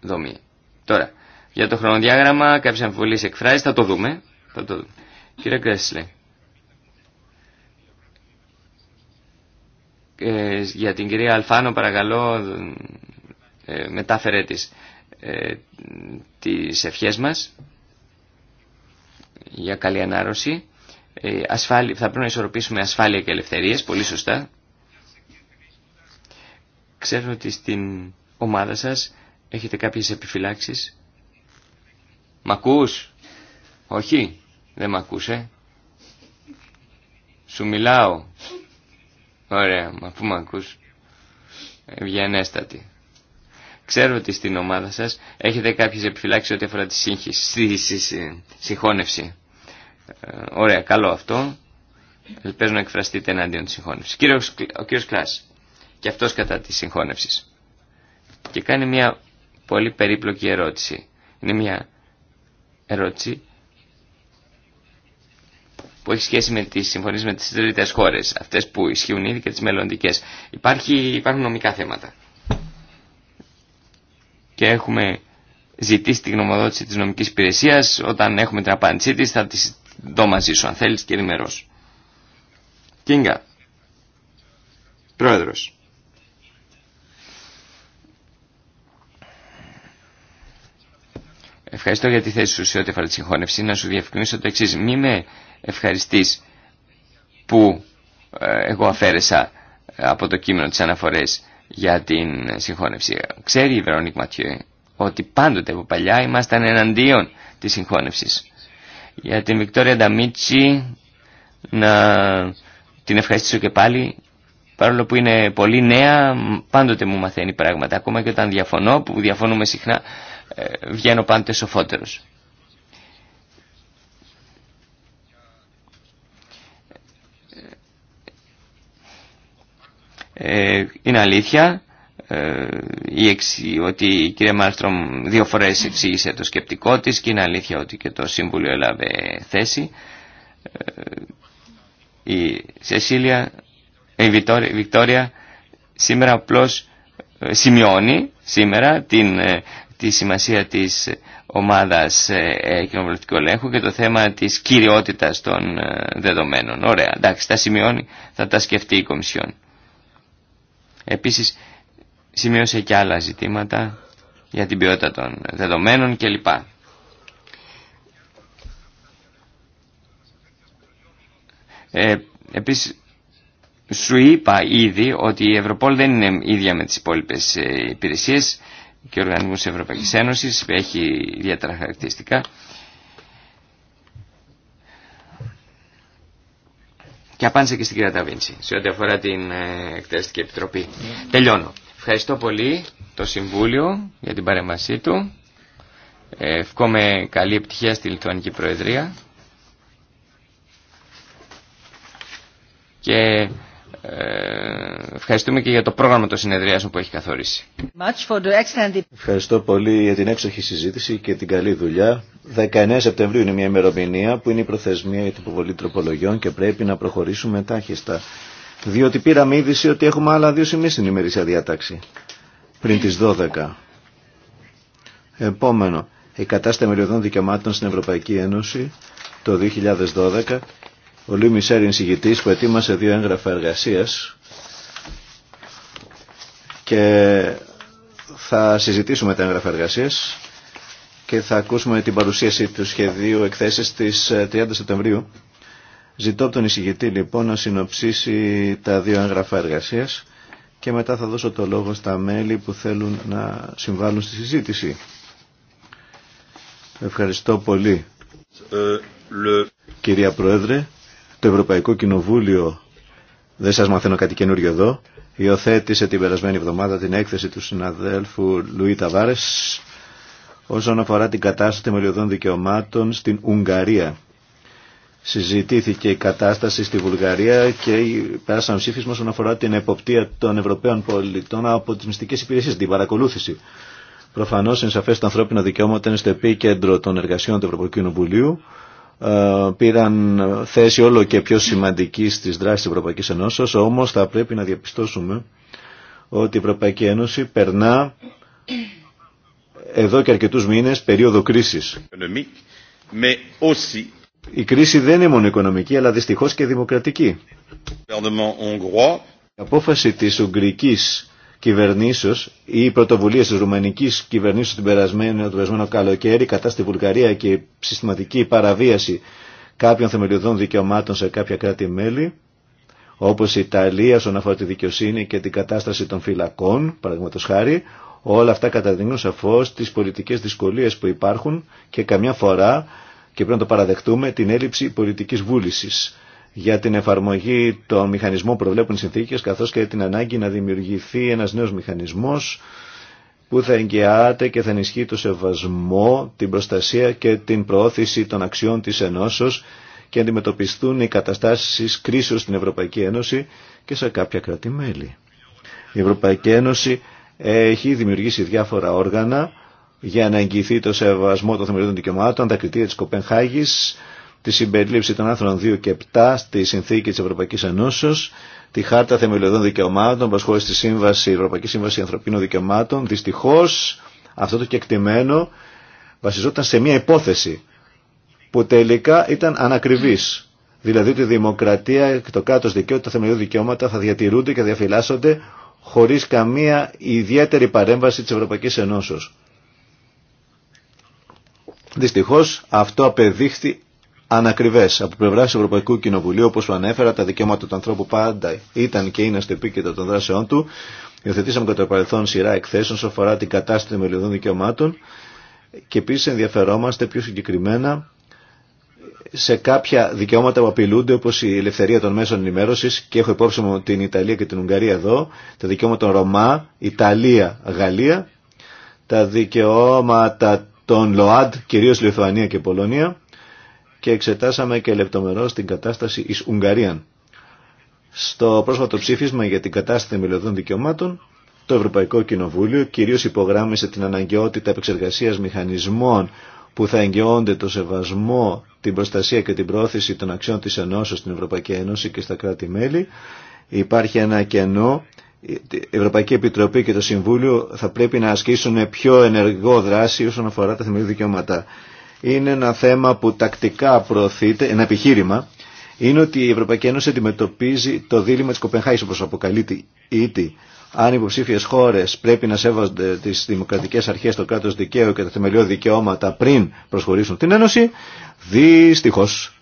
δομή. Τώρα, για το χρονοδιάγραμμα κάποιες αμφιβολίες εκφράζει, θα το δούμε. Θα το δούμε. Κύριε Κρέσλε, ε, για την κυρία Αλφάνο παρακαλώ ε, μετάφερε της ε, τις ευχές μας για καλή ανάρρωση. Ε, ασφάλι θα πρέπει να ισορροπήσουμε ασφάλεια και ελευθερίες, πολύ σωστά. Ξέρω ότι στην ομάδα σας έχετε κάποιες επιφυλάξεις. Μ' ακούς? Όχι, δεν μ' ακούσε. Σου μιλάω. Ωραία, μα πού μ' ακούς. Ευγενέστατη. Ξέρω ότι στην ομάδα σας έχετε κάποιες επιφυλάξεις ό,τι αφορά τη σύγχυση, συγχώνευση. Ε, ωραία, καλό αυτό. Ελπίζω να εκφραστείτε εναντίον τη συγχώνευση. ο κύριο Κλά και αυτό κατά τη συγχώνευση. Και κάνει μια πολύ περίπλοκη ερώτηση. Είναι μια ερώτηση που έχει σχέση με τι συμφωνίε με τι τρίτε χώρε, αυτέ που ισχύουν ήδη και τι μελλοντικέ. υπάρχουν νομικά θέματα. Και έχουμε ζητήσει τη γνωμοδότηση τη νομική υπηρεσία όταν έχουμε την απάντησή τη. θα, σου αν θέλεις και Κίνγκα, πρόεδρος. Ευχαριστώ για τη θέση σου σε ό,τι αφορά τη συγχώνευση. Να σου διευκρινίσω το εξή. Μη με ευχαριστείς που ε, εγώ αφαίρεσα ε, από το κείμενο τις αναφορές για την συγχώνευση. Ξέρει η Βερονίκ ότι πάντοτε από παλιά ήμασταν εναντίον της συγχώνευσης για την Βικτόρια Νταμίτσι να την ευχαριστήσω και πάλι. Παρόλο που είναι πολύ νέα, πάντοτε μου μαθαίνει πράγματα. Ακόμα και όταν διαφωνώ, που διαφωνούμε συχνά, ε, βγαίνω πάντοτε σοφότερος. Ε, είναι αλήθεια ε, ότι η κυρία Μάλστρομ δύο φορές εξήγησε το σκεπτικό της και είναι αλήθεια ότι και το Σύμβουλιο έλαβε θέση. Ε, η Σεσίλια, η Βικτόρια σήμερα απλώς ε, σημειώνει σήμερα την, τη σημασία της ομάδας κοινοβουλευτικού ελέγχου και το θέμα της κυριότητας των δεδομένων. Ωραία, εντάξει, τα σημειώνει, θα τα σκεφτεί η Κομισιόν. Επίσης, σημείωσε και άλλα ζητήματα για την ποιότητα των δεδομένων κλπ. Ε, επίσης, σου είπα ήδη ότι η Ευρωπόλ δεν είναι ίδια με τις υπόλοιπες ε, υπηρεσίες και οργανισμούς της Ευρωπαϊκής Ένωσης, έχει ιδιαίτερα χαρακτηριστικά. Και απάντησα και στην κυρία Ταβίνση σε ό,τι αφορά την ε, εκτελεστική επιτροπή. Ναι. Τελειώνω. Ευχαριστώ πολύ το Συμβούλιο για την παρέμβασή του. Ε, ευχόμαι καλή επιτυχία στη Λιθουανική Προεδρία. Και ε, ευχαριστούμε και για το πρόγραμμα των συνεδριάσεων που έχει καθορίσει. Ευχαριστώ πολύ για την έξοχη συζήτηση και την καλή δουλειά. 19 Σεπτεμβρίου είναι μια ημερομηνία που είναι η προθεσμία για την υποβολή τροπολογιών και πρέπει να προχωρήσουμε τάχιστα διότι πήραμε είδηση ότι έχουμε άλλα δύο σημεία στην ημερήσια διάταξη πριν τις 12. Επόμενο, η κατάσταση μεριωδών δικαιωμάτων στην Ευρωπαϊκή Ένωση το 2012. Ο Μισέρ είναι συγητής που ετοίμασε δύο έγγραφα εργασίας και θα συζητήσουμε τα έγγραφα εργασίας και θα ακούσουμε την παρουσίαση του σχεδίου εκθέσεις της 30 ε, Σεπτεμβρίου Ζητώ από τον εισηγητή λοιπόν να συνοψίσει τα δύο έγγραφα εργασία και μετά θα δώσω το λόγο στα μέλη που θέλουν να συμβάλλουν στη συζήτηση. Ευχαριστώ πολύ. Ε, Κυρία Πρόεδρε, το Ευρωπαϊκό Κοινοβούλιο, δεν σας μαθαίνω κάτι καινούριο εδώ, υιοθέτησε την περασμένη εβδομάδα την έκθεση του συναδέλφου Λουί Ταβάρες όσον αφορά την κατάσταση μελιωδών δικαιωμάτων στην Ουγγαρία συζητήθηκε η κατάσταση στη Βουλγαρία και πέρασαν ψήφισμα όσον αφορά την εποπτεία των Ευρωπαίων πολιτών από τι μυστικέ υπηρεσίε, την παρακολούθηση. Προφανώ είναι σαφέ τα ανθρώπινα δικαιώματα είναι στο επίκεντρο των εργασιών του Ευρωπαϊκού Κοινοβουλίου. Ε, πήραν θέση όλο και πιο σημαντική στι δράσει τη Ευρωπαϊκή Ένωση, όμω θα πρέπει να διαπιστώσουμε ότι η Ευρωπαϊκή Ένωση περνά εδώ και αρκετού μήνε περίοδο κρίση. Η κρίση δεν είναι μόνο οικονομική, αλλά δυστυχώς και δημοκρατική. Η απόφαση της Ουγγρικής κυβερνήσεως ή η πρωτοβουλίε της Ρουμανικής κυβερνήσεως την περασμένη, το περασμένο καλοκαίρι κατά στη Βουλγαρία και η συστηματική παραβίαση κάποιων θεμελιωδών δικαιωμάτων σε κάποια κράτη-μέλη, όπως η Ιταλία στον αφορά τη δικαιοσύνη και την κατάσταση των φυλακών, παραδείγματος χάρη, όλα αυτά καταδεικνύουν σαφώς τις πολιτικές δυσκολίες που υπάρχουν και καμιά φορά και πρέπει να το παραδεχτούμε την έλλειψη πολιτικής βούλησης για την εφαρμογή των μηχανισμών που προβλέπουν οι συνθήκες καθώς και την ανάγκη να δημιουργηθεί ένας νέος μηχανισμός που θα εγκαιάται και θα ενισχύει το σεβασμό, την προστασία και την προώθηση των αξιών της Ενώσεως και αντιμετωπιστούν οι καταστάσεις κρίσεως στην Ευρωπαϊκή Ένωση και σε κάποια κράτη-μέλη. Η Ευρωπαϊκή Ένωση έχει δημιουργήσει διάφορα όργανα για να εγγυηθεί το σεβασμό των θεμελιωδών δικαιωμάτων, τα κριτήρια τη Κοπενχάγη, τη συμπερίληψη των άνθρωπων 2 και 7 στη Συνθήκη τη Ευρωπαϊκή Ενώσεω, τη Χάρτα Θεμελιωδών Δικαιωμάτων, που στη Σύμβαση, Ευρωπαϊκή Σύμβαση Ανθρωπίνων Δικαιωμάτων. δυστυχώ, αυτό το κεκτημένο βασιζόταν σε μια υπόθεση που τελικά ήταν ανακριβή, Δηλαδή ότι η δημοκρατία και το κράτο δικαίου, τα θεμελιώδη δικαιώματα θα διατηρούνται και διαφυλάσσονται χωρί καμία ιδιαίτερη παρέμβαση τη Ευρωπαϊκή Ενώσεω. Δυστυχώ αυτό απεδείχθη ανακριβέ από πλευρά του Ευρωπαϊκού Κοινοβουλίου όπως ανέφερα τα δικαιώματα του ανθρώπου πάντα ήταν και είναι στο επίκεντρο των δράσεών του. Υιοθετήσαμε κατά το παρελθόν σειρά εκθέσεων σε αφορά την κατάσταση των μελιωδών δικαιωμάτων και επίση ενδιαφερόμαστε πιο συγκεκριμένα σε κάποια δικαιώματα που απειλούνται όπω η ελευθερία των μέσων ενημέρωση και έχω υπόψη μου την Ιταλία και την Ουγγαρία εδώ, τα δικαιώματα των Ρωμά, Ιταλία, Γαλλία, τα δικαιώματα των ΛΟΑΔ, κυρίως Λιθουανία και Πολωνία, και εξετάσαμε και λεπτομερώς την κατάσταση εις Ουγγαρία. Στο πρόσφατο ψήφισμα για την κατάσταση μελωδών δικαιωμάτων, το Ευρωπαϊκό Κοινοβούλιο κυρίως υπογράμμισε την αναγκαιότητα επεξεργασίας μηχανισμών που θα εγγυώνται το σεβασμό, την προστασία και την πρόθεση των αξιών της Ενώσης στην Ευρωπαϊκή Ένωση και στα κράτη-μέλη. Υπάρχει ένα κενό η Ευρωπαϊκή Επιτροπή και το Συμβούλιο θα πρέπει να ασκήσουν πιο ενεργό δράση όσον αφορά τα θεμελιώδη δικαιώματα. Είναι ένα θέμα που τακτικά προωθείται, ένα επιχείρημα, είναι ότι η Ευρωπαϊκή Ένωση αντιμετωπίζει το δίλημα της Κοπενχάης όπως αποκαλείται ίτη. Αν οι υποψήφιες χώρες πρέπει να σέβονται τις δημοκρατικές αρχές, το κράτος δικαίου και τα θεμελιώδη δικαιώματα πριν προσχωρήσουν την Ένωση, δυστυχώς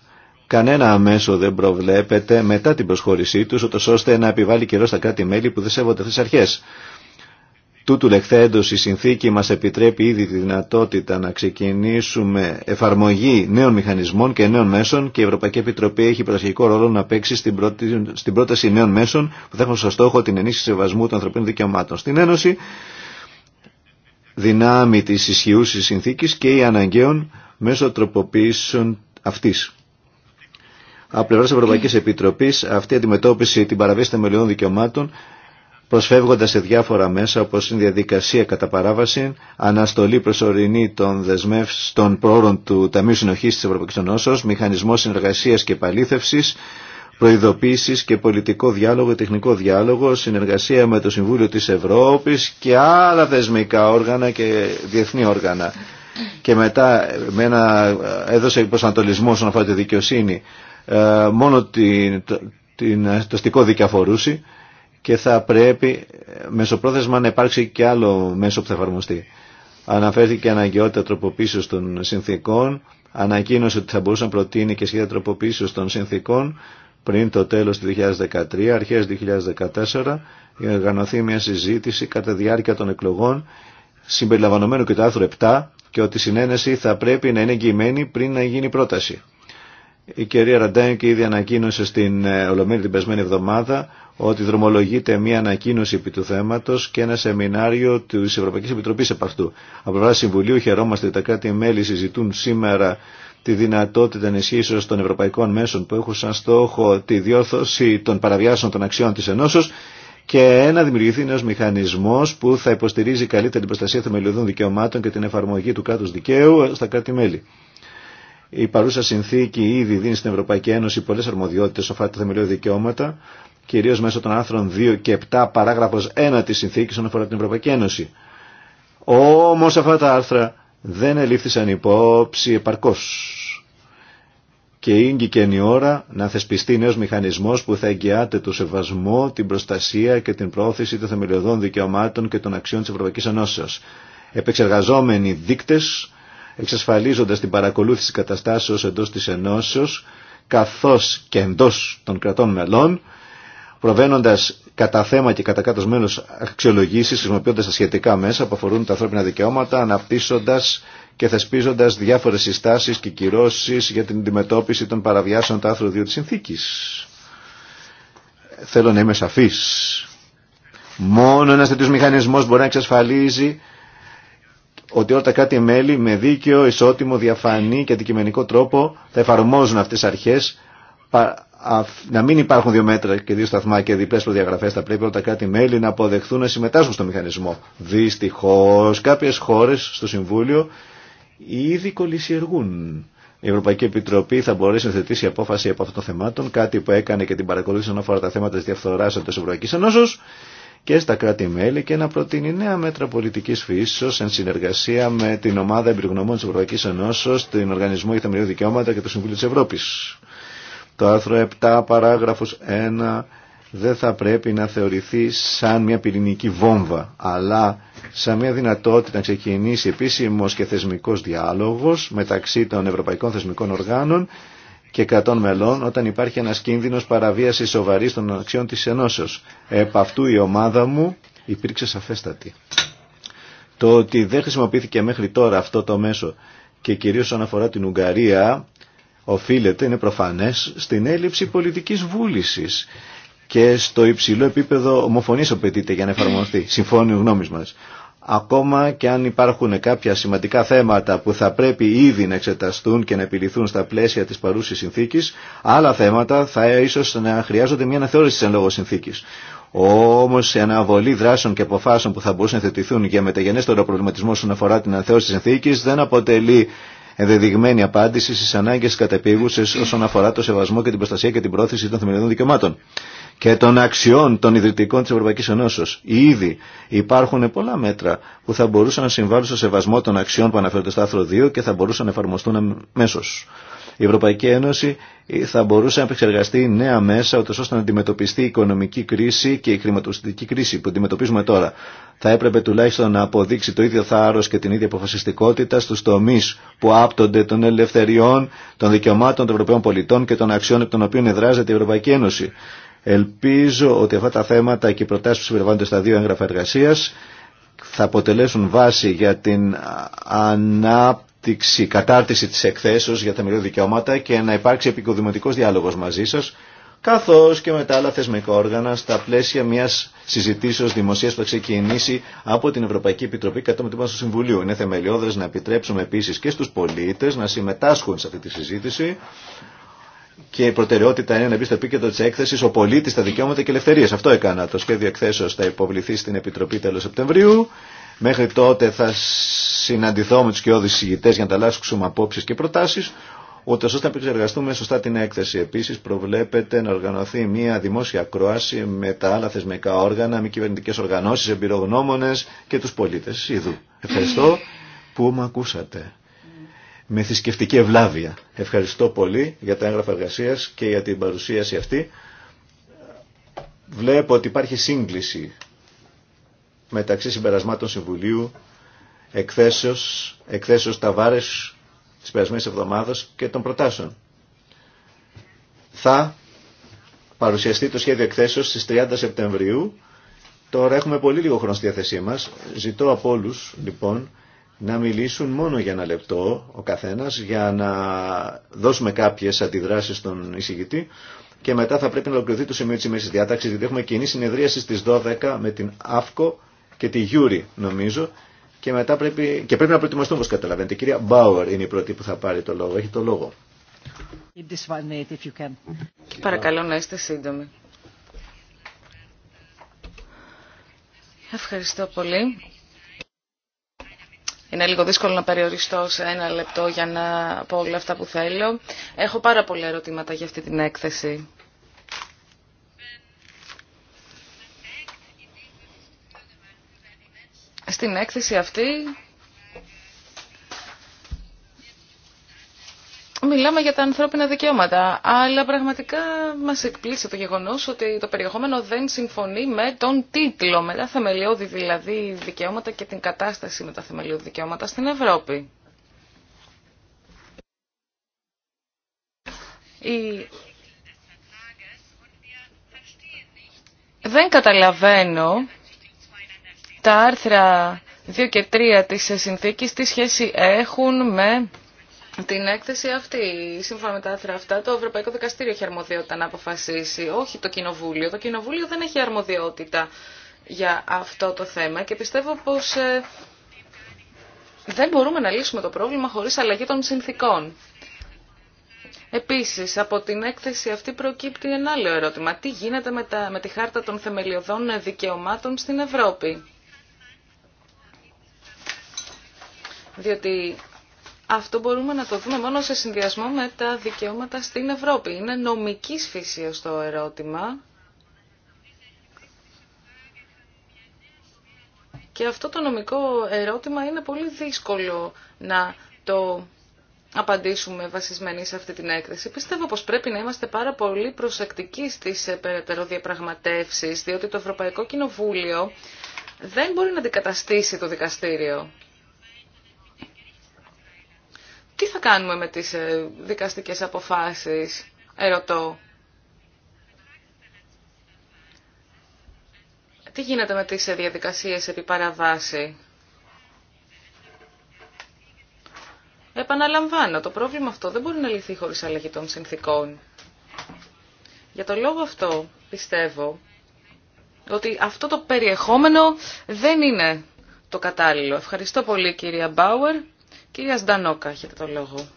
Κανένα αμέσω δεν προβλέπεται μετά την προσχώρησή τους, ώστε να επιβάλλει καιρό στα κράτη-μέλη που δεν σέβονται αυτές τις αρχές. Τούτου λεχθέντος η συνθήκη μας επιτρέπει ήδη τη δυνατότητα να ξεκινήσουμε εφαρμογή νέων μηχανισμών και νέων μέσων και η Ευρωπαϊκή Επιτροπή έχει πρωταρχικό ρόλο να παίξει στην, στην πρόταση νέων μέσων που θα έχουν στο στόχο την ενίσχυση σεβασμού των ανθρωπίνων δικαιωμάτων. Στην Ένωση, δυνάμει της ισχυούσης συνθήκης και η αναγκαίων μέσω τροποποίησεων αυτής. Από πλευρά Ευρωπαϊκή Επιτροπή, αυτή η αντιμετώπιση την παραβίαση των μελιών δικαιωμάτων προσφεύγοντα σε διάφορα μέσα όπω είναι διαδικασία κατά παράβαση, αναστολή προσωρινή των δεσμεύσεων των πρόωρων του Ταμείου συνοχή τη Ευρωπαϊκή Ενώσεω, μηχανισμό συνεργασία και επαλήθευση, προειδοποίηση και πολιτικό διάλογο, τεχνικό διάλογο, συνεργασία με το Συμβούλιο τη Ευρώπη και άλλα δεσμικά όργανα και διεθνή όργανα. Και μετά με έδωσε προσανατολισμό όσον αφορά τη δικαιοσύνη ε, μόνο την, την, το αστικό δικαφορούσι και θα πρέπει μεσοπρόθεσμα να υπάρξει και άλλο μέσο που θα εφαρμοστεί. Αναφέρθηκε αναγκαιότητα τροποποίηση των συνθήκων, ανακοίνωσε ότι θα μπορούσε να προτείνει και σχέδια τροποποίηση των συνθήκων πριν το τέλο του 2013, αρχές 2014, για να οργανωθεί μια συζήτηση κατά διάρκεια των εκλογών συμπεριλαμβανομένου και το άρθρου 7 και ότι η συνένεση θα πρέπει να είναι εγγυημένη πριν να γίνει πρόταση. Η κυρία Ραντάιν ήδη ανακοίνωσε στην ε, Ολομέλη την περσμένη εβδομάδα ότι δρομολογείται μια ανακοίνωση επί του θέματο και ένα σεμινάριο τη Ευρωπαϊκή Επιτροπή επ' αυτού. Από πλευρά Συμβουλίου χαιρόμαστε ότι τα κράτη-μέλη συζητούν σήμερα τη δυνατότητα ενισχύσεω των ευρωπαϊκών μέσων που έχουν σαν στόχο τη διόρθωση των παραβιάσεων των αξιών τη Ενώσεω και ένα δημιουργηθεί νέο μηχανισμό που θα υποστηρίζει καλύτερη την προστασία θεμελιωδών δικαιωμάτων και την εφαρμογή του κράτου δικαίου στα κράτη-μέλη. Η παρούσα συνθήκη ήδη δίνει στην Ευρωπαϊκή Ένωση πολλέ αρμοδιότητε αφορά τα θεμελιώδη δικαιώματα, κυρίω μέσω των άρθρων 2 και 7, παράγραφο 1 τη συνθήκη όσον αφορά την Ευρωπαϊκή Ένωση. Όμω αυτά τα άρθρα δεν ελήφθησαν υπόψη επαρκώ. Και ήγγει η ώρα να θεσπιστεί νέο μηχανισμό που θα εγγυάται το σεβασμό, την προστασία και την πρόθεση των θεμελιωδών δικαιωμάτων και των αξιών τη Ευρωπαϊκή Ενώσεω. Επεξεργαζόμενοι δείκτε εξασφαλίζοντας την παρακολούθηση καταστάσεως εντός της ενώσεως, καθώς και εντός των κρατών μελών, προβαίνοντας κατά θέμα και κατά κάτω μέλος αξιολογήσεις, χρησιμοποιώντας τα σχετικά μέσα που αφορούν τα ανθρώπινα δικαιώματα, αναπτύσσοντας και θεσπίζοντας διάφορες συστάσεις και κυρώσεις για την αντιμετώπιση των παραβιάσεων του άρθρου 2 της συνθήκης. Θέλω να είμαι σαφής. Μόνο ένας τέτοιος μηχανισμός μπορεί να εξασφαλίζει ότι όλα τα κράτη-μέλη με δίκαιο, ισότιμο, διαφανή και αντικειμενικό τρόπο θα εφαρμόζουν αυτές τις αρχές να μην υπάρχουν δύο μέτρα και δύο σταθμά και διπλές προδιαγραφές θα πρέπει όλα τα κράτη-μέλη να αποδεχθούν να συμμετάσχουν στο μηχανισμό. Δυστυχώ, κάποιες χώρες στο Συμβούλιο ήδη κολλησιεργούν. Η Ευρωπαϊκή Επιτροπή θα μπορέσει να θετήσει απόφαση από αυτό των θεμάτων, κάτι που έκανε και την παρακολούθηση αναφορά τα θέματα τη διαφθορά Ευρωπαϊκή Ενώσεω και στα κράτη-μέλη και να προτείνει νέα μέτρα πολιτικής φύσεω εν συνεργασία με την ομάδα εμπειρογνωμών τη Ευρωπαϊκή Ενώσεω, την Οργανισμό για τα Δικαιώματα και το Συμβούλιο της Ευρώπης. Το άρθρο 7 παράγραφο 1 δεν θα πρέπει να θεωρηθεί σαν μια πυρηνική βόμβα, αλλά σαν μια δυνατότητα να ξεκινήσει επίσημος και θεσμικός διάλογος μεταξύ των ευρωπαϊκών θεσμικών οργάνων και 100 μελών όταν υπάρχει ένας κίνδυνος παραβίασης σοβαρής των αξιών της ενώσεως. Επ' αυτού η ομάδα μου υπήρξε σαφέστατη. Το ότι δεν χρησιμοποιήθηκε μέχρι τώρα αυτό το μέσο και κυρίως όσον αφορά την Ουγγαρία οφείλεται, είναι προφανές, στην έλλειψη πολιτικής βούλησης και στο υψηλό επίπεδο ομοφωνής απαιτείται για να εφαρμοστεί. Συμφώνει ο γνώμης μας ακόμα και αν υπάρχουν κάποια σημαντικά θέματα που θα πρέπει ήδη να εξεταστούν και να επιληθούν στα πλαίσια της παρούσης συνθήκης, άλλα θέματα θα ίσως να χρειάζονται μια αναθεώρηση τη εν λόγω συνθήκης. Όμω η αναβολή δράσεων και αποφάσεων που θα μπορούσαν να θετηθούν για μεταγενέστερο προβληματισμό όσον αφορά την αναθεώρηση τη συνθήκη δεν αποτελεί ενδεδειγμένη απάντηση στι ανάγκε κατεπίγουσε όσον αφορά το σεβασμό και την προστασία και την πρόθεση των θεμελιωδών δικαιωμάτων και των αξιών των ιδρυτικών της Ευρωπαϊκής Ενώσεως. Ήδη υπάρχουν πολλά μέτρα που θα μπορούσαν να συμβάλλουν στο σεβασμό των αξιών που αναφέρονται στο άθρο 2 και θα μπορούσαν να εφαρμοστούν μέσως. Η Ευρωπαϊκή Ένωση θα μπορούσε να επεξεργαστεί νέα μέσα ώστε να αντιμετωπιστεί η οικονομική κρίση και η χρηματοπιστική κρίση που αντιμετωπίζουμε τώρα. Θα έπρεπε τουλάχιστον να αποδείξει το ίδιο θάρρο και την ίδια αποφασιστικότητα στου τομεί που άπτονται των ελευθεριών, των δικαιωμάτων των Ευρωπαίων πολιτών και των αξιών από των οποίων εδράζεται η Ευρωπαϊκή Ένωση. Ελπίζω ότι αυτά τα θέματα και οι προτάσεις που συμπεριλαμβάνονται στα δύο έγγραφα εργασία θα αποτελέσουν βάση για την ανάπτυξη, κατάρτιση της εκθέσεως για τα μερικά δικαιώματα και να υπάρξει επικοδημοτικός διάλογος μαζί σας καθώς και με τα άλλα θεσμικά όργανα στα πλαίσια μιας συζητήσεως δημοσίας που θα ξεκινήσει από την Ευρωπαϊκή Επιτροπή κατά με του Συμβουλίου. Είναι θεμελιώδες να επιτρέψουμε επίσης και στους πολίτες να συμμετάσχουν σε αυτή τη συζήτηση και η προτεραιότητα είναι να μπει στο επίκεντρο τη έκθεση ο πολίτη, τα δικαιώματα και ελευθερίε. Αυτό έκανα. Το σχέδιο εκθέσεω θα υποβληθεί στην Επιτροπή τέλο Σεπτεμβρίου. Μέχρι τότε θα συναντηθώ με του κοιόδη συγητέ για να ανταλλάσσουμε απόψει και προτάσει, ούτω ώστε να επεξεργαστούμε σωστά την έκθεση. Επίση, προβλέπεται να οργανωθεί μια δημόσια κρόαση με τα άλλα θεσμικά όργανα, μη κυβερνητικέ οργανώσει, εμπειρογνώμονε και του πολίτε. Ευχαριστώ που με ακούσατε με θρησκευτική ευλάβεια. Ευχαριστώ πολύ για τα έγγραφα εργασία και για την παρουσίαση αυτή. Βλέπω ότι υπάρχει σύγκληση μεταξύ συμπερασμάτων Συμβουλίου, εκθέσεως, εκθέσεως ταβάρες της περασμένης εβδομάδας και των προτάσεων. Θα παρουσιαστεί το σχέδιο εκθέσεως στις 30 Σεπτεμβρίου. Τώρα έχουμε πολύ λίγο χρόνο στη διάθεσή μας. Ζητώ από όλους, λοιπόν, να μιλήσουν μόνο για ένα λεπτό ο καθένας για να δώσουμε κάποιες αντιδράσεις στον εισηγητή και μετά θα πρέπει να ολοκληρωθεί το σημείο της ημέρης διάταξης γιατί έχουμε κοινή συνεδρίαση στις 12 με την ΑΦΚΟ και τη Γιούρη νομίζω και, μετά πρέπει, και πρέπει να προετοιμαστούμε όπως καταλαβαίνετε. Η κυρία Μπάουερ είναι η πρώτη που θα πάρει το λόγο. Έχει το λόγο. Και παρακαλώ να είστε σύντομοι. Ευχαριστώ πολύ. Είναι λίγο δύσκολο να περιοριστώ σε ένα λεπτό για να πω όλα αυτά που θέλω. Έχω πάρα πολλά ερωτήματα για αυτή την έκθεση. Στην έκθεση αυτή μιλάμε για τα ανθρώπινα δικαιώματα, αλλά πραγματικά μας εκπλήσει το γεγονός ότι το περιεχόμενο δεν συμφωνεί με τον τίτλο, με τα θεμελιώδη δηλαδή δικαιώματα και την κατάσταση με τα θεμελιώδη δικαιώματα στην Ευρώπη. Δεν καταλαβαίνω τα άρθρα 2 και 3 της συνθήκης, τι σχέση έχουν με την έκθεση αυτή, σύμφωνα με τα άθρα αυτά, το Ευρωπαϊκό Δικαστήριο έχει αρμοδιότητα να αποφασίσει, όχι το Κοινοβούλιο. Το Κοινοβούλιο δεν έχει αρμοδιότητα για αυτό το θέμα και πιστεύω πως ε, δεν μπορούμε να λύσουμε το πρόβλημα χωρίς αλλαγή των συνθήκων. Επίσης, από την έκθεση αυτή προκύπτει ένα άλλο ερώτημα. Τι γίνεται με, τα, με τη Χάρτα των Θεμελιωδών Δικαιωμάτων στην Ευρώπη. Διότι αυτό μπορούμε να το δούμε μόνο σε συνδυασμό με τα δικαιώματα στην Ευρώπη. Είναι νομικής φύσεως το ερώτημα. Και αυτό το νομικό ερώτημα είναι πολύ δύσκολο να το απαντήσουμε βασισμένοι σε αυτή την έκθεση. Πιστεύω πως πρέπει να είμαστε πάρα πολύ προσεκτικοί στις ε, περαιτέρω διαπραγματεύσεις, διότι το Ευρωπαϊκό Κοινοβούλιο δεν μπορεί να αντικαταστήσει το δικαστήριο. Τι θα κάνουμε με τις ε, δικαστικές αποφάσεις, ερωτώ. Τι γίνεται με τις ε, διαδικασίες επί παραβάση. Επαναλαμβάνω, το πρόβλημα αυτό δεν μπορεί να λυθεί χωρίς αλλαγή των συνθήκων. Για τον λόγο αυτό πιστεύω ότι αυτό το περιεχόμενο δεν είναι το κατάλληλο. Ευχαριστώ πολύ κυρία Μπάουερ. Κυρία Στανόκα, έχετε το λόγο.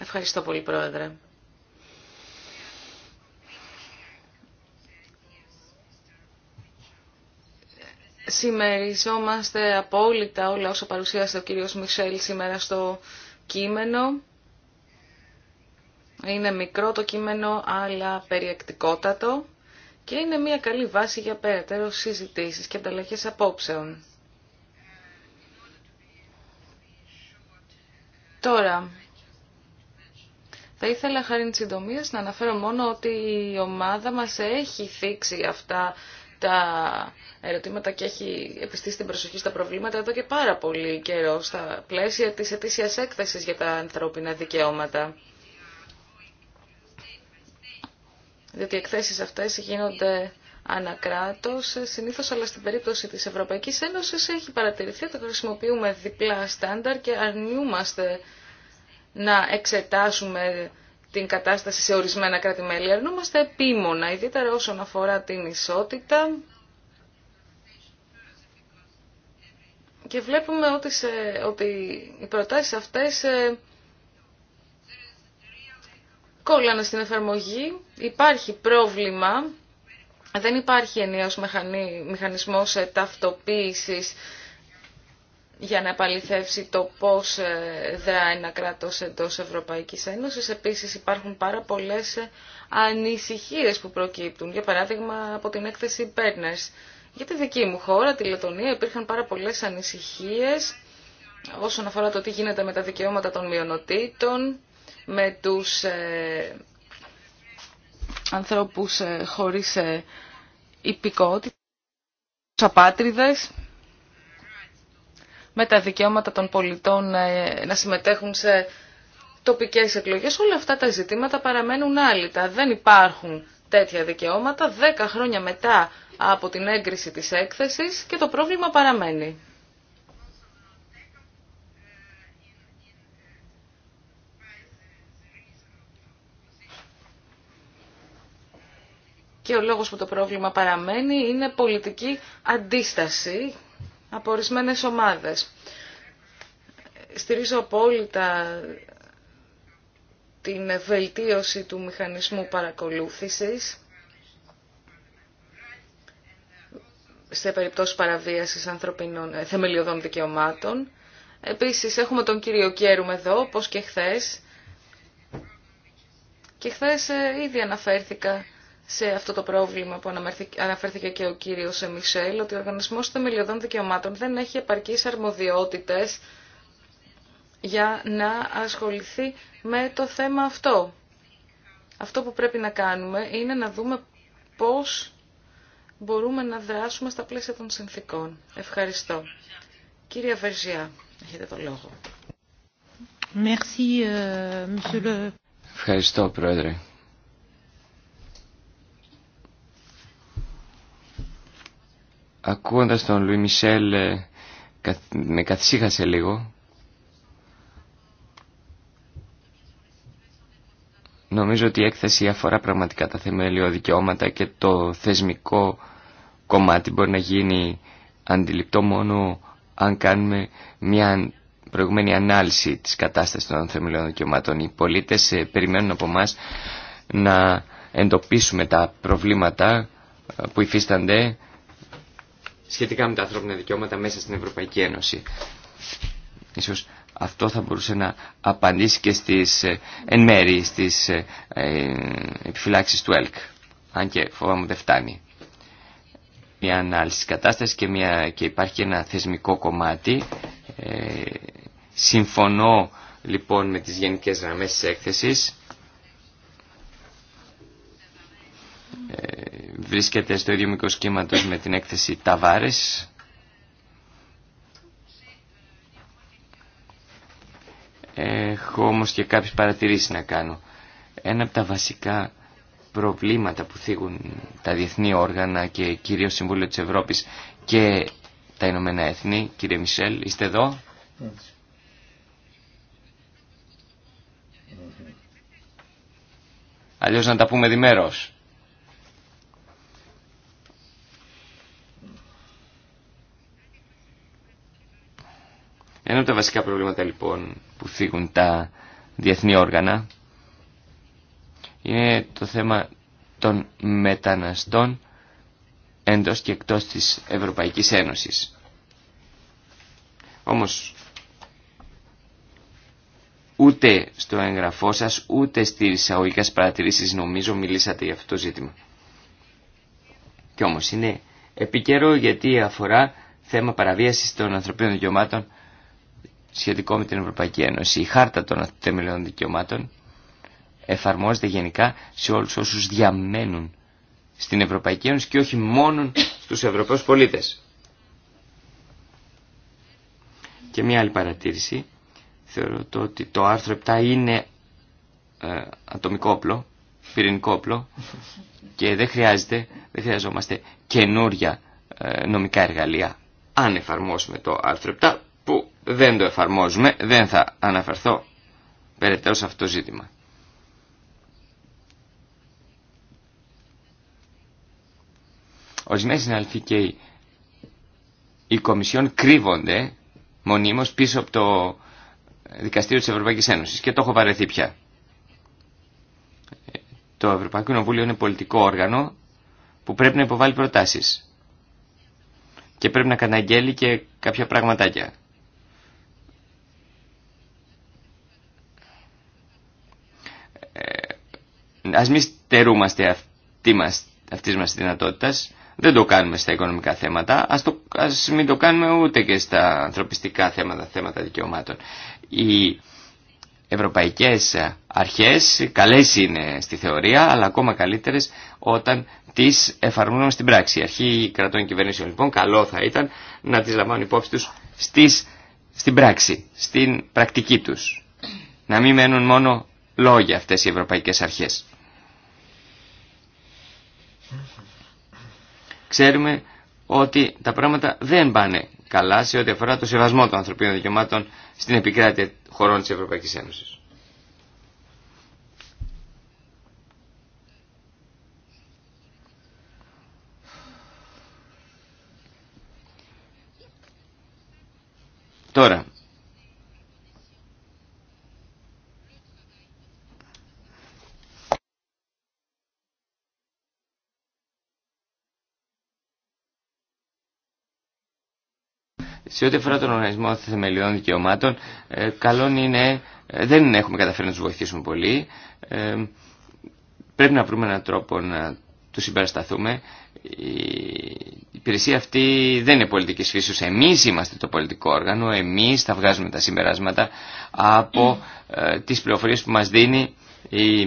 Ευχαριστώ πολύ, Πρόεδρε. Σημεριζόμαστε απόλυτα όλα όσα παρουσίασε ο κύριος Μισελ σήμερα στο κείμενο. Είναι μικρό το κείμενο, αλλά περιεκτικότατο και είναι μια καλή βάση για περαιτέρω συζητήσεις και ανταλλαγές απόψεων. Τώρα, θα ήθελα χάρη συντομίας να αναφέρω μόνο ότι η ομάδα μας έχει θίξει αυτά τα ερωτήματα και έχει επιστήσει την προσοχή στα προβλήματα εδώ και πάρα πολύ καιρό στα πλαίσια της ετήσιας έκθεσης για τα ανθρώπινα δικαιώματα. Διότι οι εκθέσεις αυτές γίνονται ανακράτους Συνήθως αλλά στην περίπτωση της Ευρωπαϊκής Ένωσης έχει παρατηρηθεί ότι χρησιμοποιούμε διπλά στάνταρ και αρνιούμαστε να εξετάσουμε την κατάσταση σε ορισμένα κράτη-μέλη. Αρνούμαστε επίμονα, ιδιαίτερα όσον αφορά την ισότητα. Και βλέπουμε ότι, σε, ότι οι προτάσεις αυτές ε, κόλλανε στην εφαρμογή. Υπάρχει πρόβλημα δεν υπάρχει ενιαίος μηχανισμός ε, ταυτοποίησης για να επαληθεύσει το πώς ε, δρά ένα κράτος εντός Ευρωπαϊκής Ένωσης. Επίσης υπάρχουν πάρα πολλές ε, ανησυχίες που προκύπτουν. Για παράδειγμα από την έκθεση Πέρνες. Για τη δική μου χώρα, τη Λετωνία, υπήρχαν πάρα πολλές ανησυχίες όσον αφορά το τι γίνεται με τα δικαιώματα των μειονοτήτων, με τους ανθρώπους ε, χωρίς ε, υπηκότητα, τους απάτριδες, με τα δικαιώματα των πολιτών ε, να συμμετέχουν σε τοπικές εκλογές. Όλα αυτά τα ζητήματα παραμένουν άλυτα. Δεν υπάρχουν τέτοια δικαιώματα δέκα χρόνια μετά από την έγκριση της έκθεσης και το πρόβλημα παραμένει. και ο λόγος που το πρόβλημα παραμένει είναι πολιτική αντίσταση από ορισμένε ομάδες. Στηρίζω απόλυτα την βελτίωση του μηχανισμού παρακολούθησης σε περιπτώσεις παραβίασης ανθρωπινών ε, θεμελιωδών δικαιωμάτων. Επίσης έχουμε τον κύριο Κέρουμ εδώ, όπως και χθες. Και χθες ε, ήδη αναφέρθηκα σε αυτό το πρόβλημα που αναφέρθηκε και ο κύριος Μισελ, ότι ο Οργανισμός Θεμελιωδών Δικαιωμάτων δεν έχει επαρκείς αρμοδιότητες για να ασχοληθεί με το θέμα αυτό. Αυτό που πρέπει να κάνουμε είναι να δούμε πώς μπορούμε να δράσουμε στα πλαίσια των συνθήκων. Ευχαριστώ. Κύριε Βερζιά, έχετε το λόγο. Euh, Ευχαριστώ, Πρόεδρε. Ακούοντας τον Λουί Μισελ ε, με καθυσίχασε λίγο. Νομίζω ότι η έκθεση αφορά πραγματικά τα θεμελιώδη δικαιώματα και το θεσμικό κομμάτι μπορεί να γίνει αντιληπτό μόνο αν κάνουμε μια προηγουμένη ανάλυση της κατάστασης των θεμελιών δικαιωμάτων. Οι πολίτες ε, περιμένουν από μας να εντοπίσουμε τα προβλήματα ε, που υφίστανται σχετικά με τα ανθρώπινα δικαιώματα μέσα στην Ευρωπαϊκή Ένωση. Ίσως αυτό θα μπορούσε να απαντήσει και στις, ε, εν μέρη στις ε, ε, επιφυλάξεις του ΕΛΚ. Αν και φοβάμαι δεν φτάνει. Μια ανάλυση της κατάστασης και, μια, και υπάρχει ένα θεσμικό κομμάτι. Ε, συμφωνώ λοιπόν με τις γενικές γραμμές της έκθεσης. βρίσκεται στο ίδιο μικρό σχήματος με την έκθεση Ταβάρες. Έχω όμως και κάποιες παρατηρήσεις να κάνω. Ένα από τα βασικά προβλήματα που θίγουν τα διεθνή όργανα και κυρίως Συμβούλιο της Ευρώπης και τα Ηνωμένα Έθνη, κύριε Μισελ, είστε εδώ. Αλλιώς να τα πούμε διμέρως. Ένα από τα βασικά προβλήματα λοιπόν που φύγουν τα διεθνή όργανα είναι το θέμα των μεταναστών εντός και εκτός της Ευρωπαϊκής Ένωσης. Όμως ούτε στο εγγραφό σας ούτε στις εισαγωγικές παρατηρήσεις νομίζω μιλήσατε για αυτό το ζήτημα. Και όμως είναι επικαιρό γιατί αφορά θέμα παραβίασης των ανθρωπίνων δικαιωμάτων σχετικό με την Ευρωπαϊκή Ένωση. Η χάρτα των θεμελιών δικαιωμάτων εφαρμόζεται γενικά σε όλους όσους διαμένουν στην Ευρωπαϊκή Ένωση και όχι μόνο στους Ευρωπαίους πολίτες. Και μία άλλη παρατήρηση. Θεωρώ το ότι το άρθρο 7 είναι ε, ατομικό όπλο, πυρηνικό όπλο και δεν χρειάζεται, δεν χρειαζόμαστε καινούρια ε, νομικά εργαλεία. Αν εφαρμόσουμε το άρθρο 7 που δεν το εφαρμόζουμε, δεν θα αναφερθώ περαιτέρω σε αυτό το ζήτημα. Ορισμένοι συναλφοί και οι, Κομισιόν κρύβονται μονίμως πίσω από το Δικαστήριο της Ευρωπαϊκής Ένωσης και το έχω βαρεθεί πια. Το Ευρωπαϊκό Κοινοβούλιο είναι πολιτικό όργανο που πρέπει να υποβάλει προτάσεις και πρέπει να καταγγέλει και κάποια πραγματάκια. ας μην στερούμαστε αυτή μας, αυτής μας δυνατότητας. Δεν το κάνουμε στα οικονομικά θέματα, ας, το, ας μην το κάνουμε ούτε και στα ανθρωπιστικά θέματα, θέματα δικαιωμάτων. Οι ευρωπαϊκές αρχές καλές είναι στη θεωρία, αλλά ακόμα καλύτερες όταν τις εφαρμόζουμε στην πράξη. Η αρχή κρατών κυβερνήσεων λοιπόν καλό θα ήταν να τις λαμβάνουν υπόψη τους στις, στην πράξη, στην πρακτική τους. Να μην μένουν μόνο λόγια αυτές οι ευρωπαϊκές αρχές. ξέρουμε ότι τα πράγματα δεν πάνε καλά σε ό,τι αφορά το σεβασμό των ανθρωπίνων δικαιωμάτων στην επικράτεια χωρών της Ευρωπαϊκής Ένωσης. Τώρα, Σε ό,τι αφορά τον Οργανισμό Θεμελιών Δικαιωμάτων, ε, καλόν είναι, ε, δεν έχουμε καταφέρει να του βοηθήσουμε πολύ. Ε, πρέπει να βρούμε έναν τρόπο να του συμπερασταθούμε Η υπηρεσία αυτή δεν είναι πολιτική φύση. Εμείς είμαστε το πολιτικό όργανο, εμείς θα βγάζουμε τα συμπεράσματα από ε, τις πληροφορίες που μα δίνει η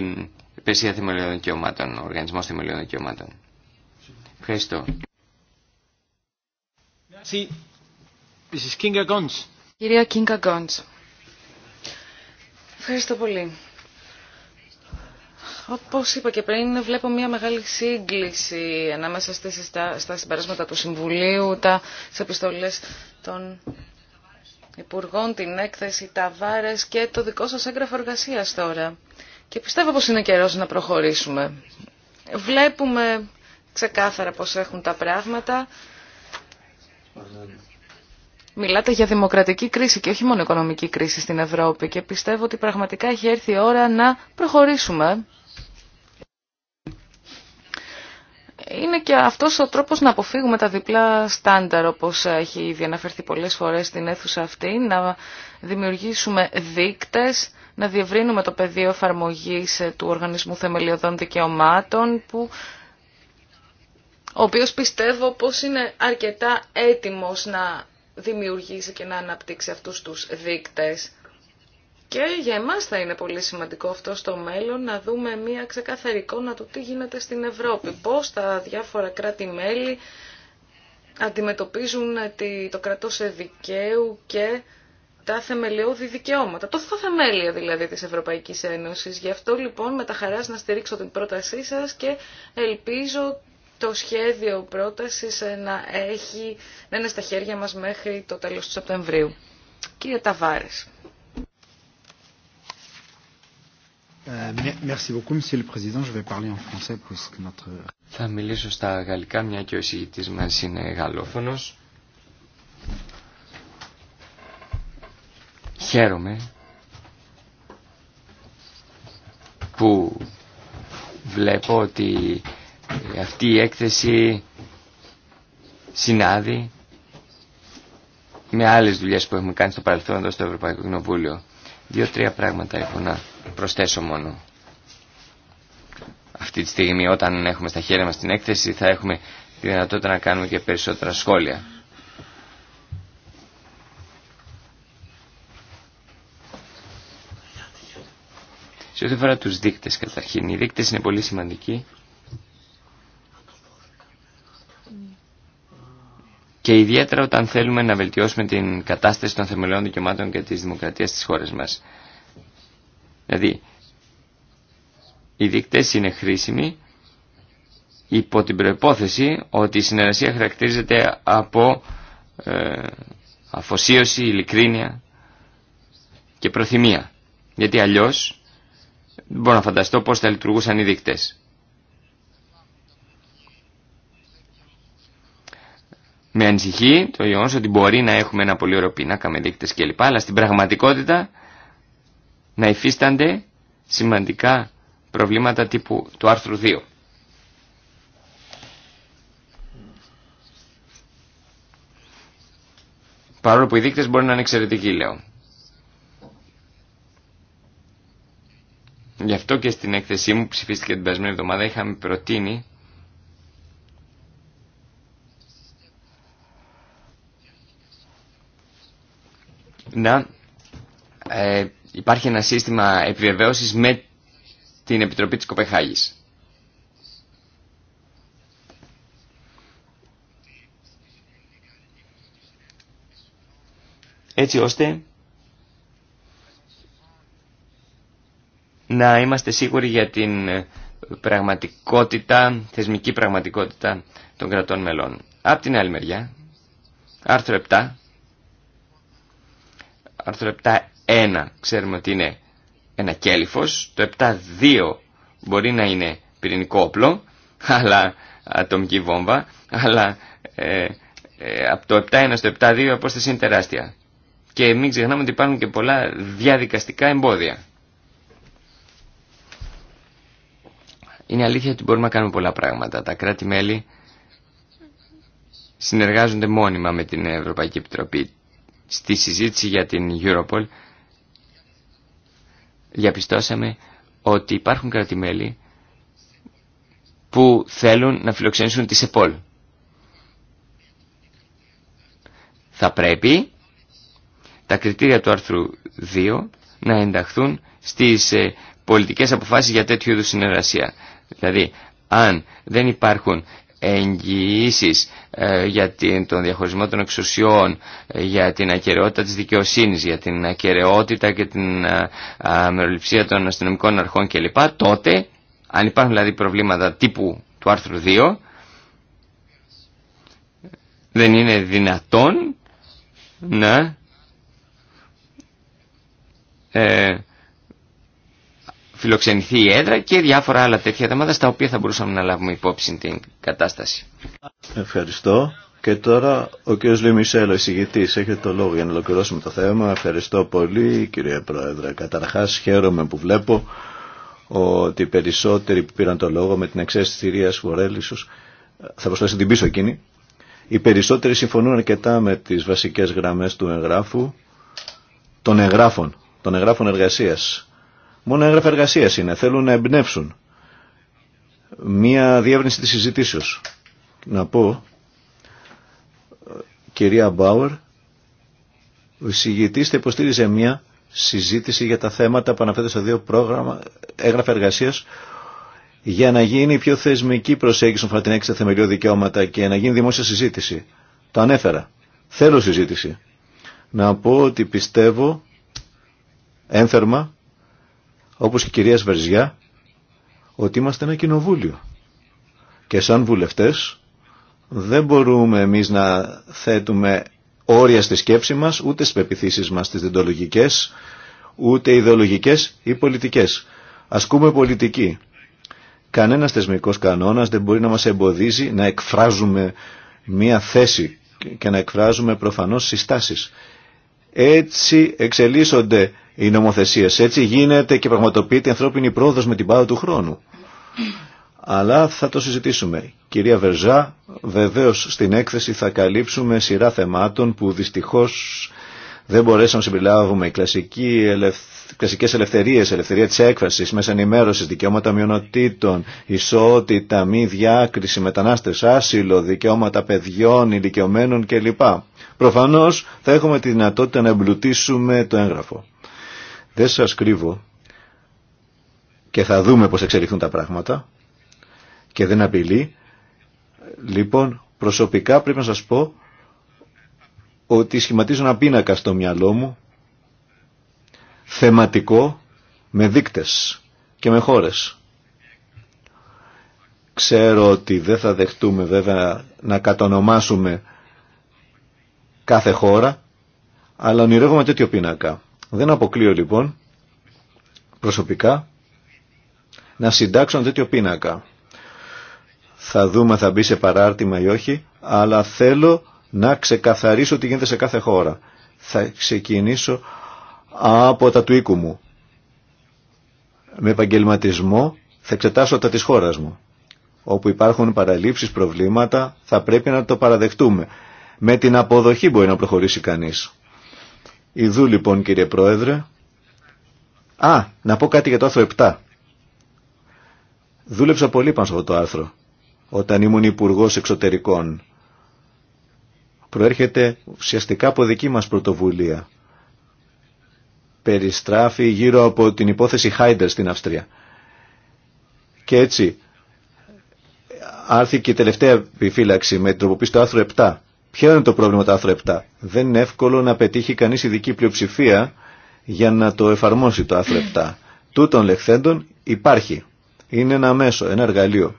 υπηρεσία θεμελιών δικαιωμάτων, ο Οργανισμό Θεμελιών Δικαιωμάτων. Ευχαριστώ. Κυρία Κίνκα Γκόντς. Ευχαριστώ πολύ. Όπως είπα και πριν, βλέπω μια μεγάλη σύγκληση ανάμεσα στις, στα, στα του Συμβουλίου, τα επιστολές των Υπουργών, την έκθεση, τα βάρες και το δικό σας έγγραφο εργασία τώρα. Και πιστεύω πως είναι καιρός να προχωρήσουμε. Βλέπουμε ξεκάθαρα πως έχουν τα πράγματα. Μιλάτε για δημοκρατική κρίση και όχι μόνο οικονομική κρίση στην Ευρώπη και πιστεύω ότι πραγματικά έχει έρθει η ώρα να προχωρήσουμε. Είναι και αυτός ο τρόπος να αποφύγουμε τα διπλά στάνταρ όπως έχει ήδη αναφερθεί πολλές φορές στην αίθουσα αυτή, να δημιουργήσουμε δείκτες, να διευρύνουμε το πεδίο εφαρμογή ε, του Οργανισμού Θεμελιωδών Δικαιωμάτων που ο οποίος πιστεύω πως είναι αρκετά έτοιμος να δημιουργήσει και να αναπτύξει αυτούς τους δείκτες. Και για εμάς θα είναι πολύ σημαντικό αυτό στο μέλλον να δούμε μια ξεκάθαρη εικόνα του τι γίνεται στην Ευρώπη, πώς τα διάφορα κράτη-μέλη αντιμετωπίζουν το κρατός δικαίου και τα θεμελιώδη δικαιώματα, το θεμέλιο δηλαδή της Ευρωπαϊκής Ένωσης. Γι' αυτό λοιπόν με τα χαράς να στηρίξω την πρότασή σας και ελπίζω το σχέδιο πρόταση ε, να, έχει, να είναι στα χέρια μας μέχρι το τέλος του Σεπτεμβρίου. Κύριε Ταβάρης. Ε, Θα μιλήσω στα γαλλικά, μια και ο εισηγητής μας είναι γαλλόφωνος. Χαίρομαι που βλέπω ότι αυτή η έκθεση συνάδει με άλλες δουλειές που έχουμε κάνει στο παρελθόν εδώ στο Ευρωπαϊκό Κοινοβούλιο. Δύο-τρία πράγματα έχω λοιπόν, να προσθέσω μόνο. Αυτή τη στιγμή όταν έχουμε στα χέρια μας την έκθεση θα έχουμε τη δυνατότητα να κάνουμε και περισσότερα σχόλια. Σε ό,τι αφορά τους δείκτες καταρχήν. Οι δείκτες είναι πολύ σημαντικοί και ιδιαίτερα όταν θέλουμε να βελτιώσουμε την κατάσταση των θεμελιών δικαιωμάτων και της δημοκρατίας της χώρας μας. Δηλαδή, οι δείκτες είναι χρήσιμοι υπό την προϋπόθεση ότι η συνεργασία χαρακτηρίζεται από ε, αφοσίωση, ειλικρίνεια και προθυμία. Γιατί αλλιώς μπορώ να φανταστώ πώς θα λειτουργούσαν οι δείκτες. Με ανησυχεί το γεγονό ότι μπορεί να έχουμε ένα πολύ ωραίο πίνακα με δείκτε κλπ. Αλλά στην πραγματικότητα να υφίστανται σημαντικά προβλήματα τύπου του άρθρου 2. Παρόλο που οι δείκτες μπορεί να είναι εξαιρετικοί, λέω. Γι' αυτό και στην έκθεσή μου ψηφίστηκε την περασμένη εβδομάδα είχαμε προτείνει να ε, υπάρχει ένα σύστημα επιβεβαίωσης με την Επιτροπή της Κοπεχάγης. Έτσι ώστε να είμαστε σίγουροι για την πραγματικότητα, θεσμική πραγματικότητα των κρατών μελών. Απ' την άλλη μεριά, άρθρο 7 Άρθρο 7.1 ξέρουμε ότι είναι ένα κέλυφος. Το 7.2 μπορεί να είναι πυρηνικό όπλο, αλλά ατομική βόμβα, αλλά ε, ε, από το 7.1 στο 7.2 η απόσταση είναι τεράστια. Και μην ξεχνάμε ότι υπάρχουν και πολλά διαδικαστικά εμπόδια. Είναι αλήθεια ότι μπορούμε να κάνουμε πολλά πράγματα. Τα κράτη-μέλη συνεργάζονται μόνιμα με την Ευρωπαϊκή Επιτροπή στη συζήτηση για την Europol διαπιστώσαμε ότι υπάρχουν κρατημέλη που θέλουν να φιλοξενήσουν τη ΣΕΠΟΛ. Θα πρέπει τα κριτήρια του άρθρου 2 να ενταχθούν στις ε, πολιτικές αποφάσεις για τέτοιου είδους συνεργασία. Δηλαδή, αν δεν υπάρχουν εγγυήσεις ε, για την, τον διαχωρισμό των εξουσιών, ε, για την ακαιρεότητα της δικαιοσύνης, για την ακαιρεότητα και την ε, αμεροληψία των αστυνομικών αρχών κλπ. Τότε, αν υπάρχουν δηλαδή προβλήματα τύπου του άρθρου 2, δεν είναι δυνατόν να φιλοξενηθεί η έδρα και διάφορα άλλα τέτοια θέματα στα οποία θα μπορούσαμε να λάβουμε υπόψη την κατάσταση. Ευχαριστώ. Και τώρα ο κ. Λεμισέλο, εισηγητή, έχετε το λόγο για να ολοκληρώσουμε το θέμα. Ευχαριστώ πολύ, κύριε Πρόεδρε. Καταρχά, χαίρομαι που βλέπω ότι οι περισσότεροι που πήραν το λόγο, με την εξαίρεση τη κυρία Φορέλη, ε, θα προσθέσω την πίσω εκείνη, οι περισσότεροι συμφωνούν αρκετά με τι βασικέ γραμμέ του εγγράφου, των εγγράφων, των εγγράφων εργασία Μόνο έγγραφα εργασία είναι. Θέλουν να εμπνεύσουν. Μία διεύρυνση τη συζητήσεω. Να πω, κυρία Μπάουερ, ο εισηγητή θα υποστήριζε μία συζήτηση για τα θέματα που αναφέρεται στο δύο πρόγραμμα έγγραφα εργασία για να γίνει πιο θεσμική προσέγγιση στον την στα θεμελιώδη δικαιώματα και να γίνει δημόσια συζήτηση. Το ανέφερα. Θέλω συζήτηση. Να πω ότι πιστεύω ένθερμα όπως και η κυρία Σβερζιά, ότι είμαστε ένα κοινοβούλιο. Και σαν βουλευτές δεν μπορούμε εμείς να θέτουμε όρια στη σκέψη μας, ούτε στις πεπιθήσεις μας τις διντολογικές, ούτε ιδεολογικές ή πολιτικές. Ασκούμε πολιτική. Κανένας θεσμικός κανόνας δεν μπορεί να μας εμποδίζει να εκφράζουμε μία θέση και να εκφράζουμε προφανώς συστάσεις. Έτσι εξελίσσονται οι νομοθεσίε. Έτσι γίνεται και πραγματοποιείται η ανθρώπινη πρόοδο με την πάρα του χρόνου. Αλλά θα το συζητήσουμε. Κυρία Βερζά, βεβαίω στην έκθεση θα καλύψουμε σειρά θεμάτων που δυστυχώ δεν μπορέσαμε να συμπεριλάβουμε. Κλασική ελευθερίε, Κλασικές ελευθερίες, ελευθερία της έκφρασης, μέσα ενημέρωσης, δικαιώματα μειονοτήτων, ισότητα, μη διάκριση, μετανάστες, άσυλο, δικαιώματα παιδιών, ηλικιωμένων κλπ. Προφανώς θα έχουμε τη δυνατότητα να εμπλουτίσουμε το έγγραφο. Δεν σας κρύβω και θα δούμε πώς εξελιχθούν τα πράγματα και δεν απειλεί. Λοιπόν, προσωπικά πρέπει να σας πω ότι σχηματίζω ένα πίνακα στο μυαλό μου θεματικό με δείκτες και με χώρες. Ξέρω ότι δεν θα δεχτούμε βέβαια να κατονομάσουμε κάθε χώρα, αλλά ονειρεύομαι τέτοιο πίνακα. Δεν αποκλείω λοιπόν προσωπικά να συντάξω ένα τέτοιο πίνακα. Θα δούμε θα μπει σε παράρτημα ή όχι, αλλά θέλω να ξεκαθαρίσω τι γίνεται σε κάθε χώρα. Θα ξεκινήσω από τα του οίκου μου. Με επαγγελματισμό θα εξετάσω τα της χώρας μου. Όπου υπάρχουν παραλήψεις, προβλήματα, θα πρέπει να το παραδεχτούμε. Με την αποδοχή μπορεί να προχωρήσει κανείς. Ιδού λοιπόν κύριε Πρόεδρε. Α, να πω κάτι για το άρθρο 7. Δούλεψα πολύ πάνω σε αυτό το άρθρο όταν ήμουν υπουργό Εξωτερικών. Προέρχεται ουσιαστικά από δική μας πρωτοβουλία. Περιστράφει γύρω από την υπόθεση Χάιντερ στην Αυστρία. Και έτσι άρθηκε η τελευταία επιφύλαξη με την τροποποίηση του άρθρου 7 Ποιο είναι το πρόβλημα τα άρθρο 7. Δεν είναι εύκολο να πετύχει κανείς ειδική πλειοψηφία για να το εφαρμόσει το άρθρο 7. Τούτων λεχθέντων υπάρχει. Είναι ένα μέσο, ένα εργαλείο.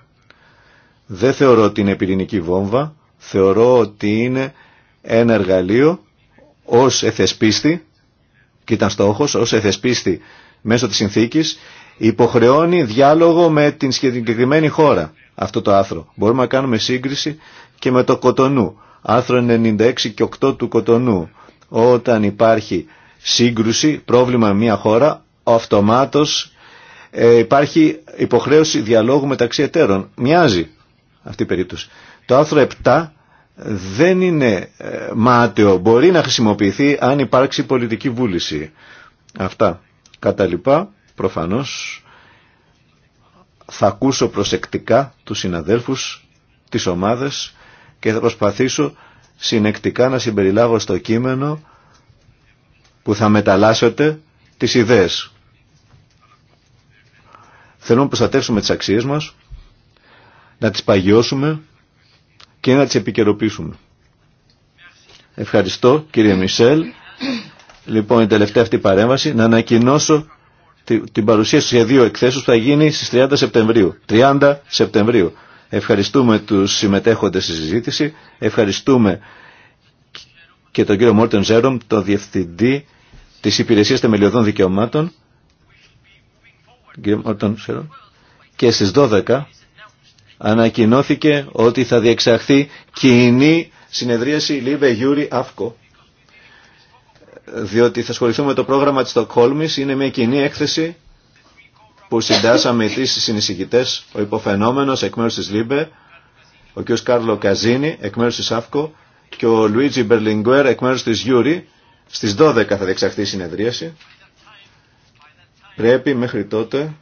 Δεν θεωρώ ότι είναι πυρηνική βόμβα. Θεωρώ ότι είναι ένα εργαλείο ως εθεσπίστη και ήταν στόχος, ως εθεσπίστη μέσω της συνθήκης υποχρεώνει διάλογο με την συγκεκριμένη χώρα αυτό το άθρο. Μπορούμε να κάνουμε σύγκριση και με το κοτονού άρθρο 96 και 8 του Κοτονού. Όταν υπάρχει σύγκρουση, πρόβλημα μια χώρα, αυτομάτως ε, υπάρχει υποχρέωση διαλόγου μεταξύ εταίρων. Μοιάζει αυτή η περίπτωση. Το άρθρο 7 δεν είναι ε, μάταιο. Μπορεί να χρησιμοποιηθεί αν υπάρξει πολιτική βούληση. Αυτά. Κατά λοιπά, προφανώς, θα ακούσω προσεκτικά τους συναδέλφους, τις ομάδες και θα προσπαθήσω συνεκτικά να συμπεριλάβω στο κείμενο που θα μεταλλάσσετε τις ιδέες. Θέλουμε να προστατεύσουμε τις αξίες μας, να τις παγιώσουμε και να τις επικαιροποιήσουμε. Ευχαριστώ κύριε Μισελ. Λοιπόν, η τελευταία αυτή παρέμβαση να ανακοινώσω την παρουσίαση σε δύο εκθέσεις που θα γίνει στις 30 Σεπτεμβρίου. 30 Σεπτεμβρίου. Ευχαριστούμε τους συμμετέχοντες στη συζήτηση. Ευχαριστούμε και τον κύριο Μόρτεν Ζέρομ, τον Διευθυντή της Υπηρεσίας Θεμελιωδών Δικαιωμάτων. Κύριε Μόρτεν Ζέρομ. Και στις 12 ανακοινώθηκε ότι θα διεξαχθεί κοινή συνεδρίαση Λίβε Γιούρι Αύκο διότι θα ασχοληθούμε με το πρόγραμμα της Στοκχόλμης, είναι μια κοινή έκθεση που συντάσαμε οι συνεισηγητέ, ο υποφαινόμενο εκ μέρου τη Λίμπε, ο κ. Κάρλο Καζίνη εκ μέρου τη ΑΦΚΟ και ο Λουίτζι Μπερλιγκουέρ εκ μέρου τη Γιούρι. στι 12 θα διεξαχθεί η συνεδρίαση. Πρέπει μέχρι τότε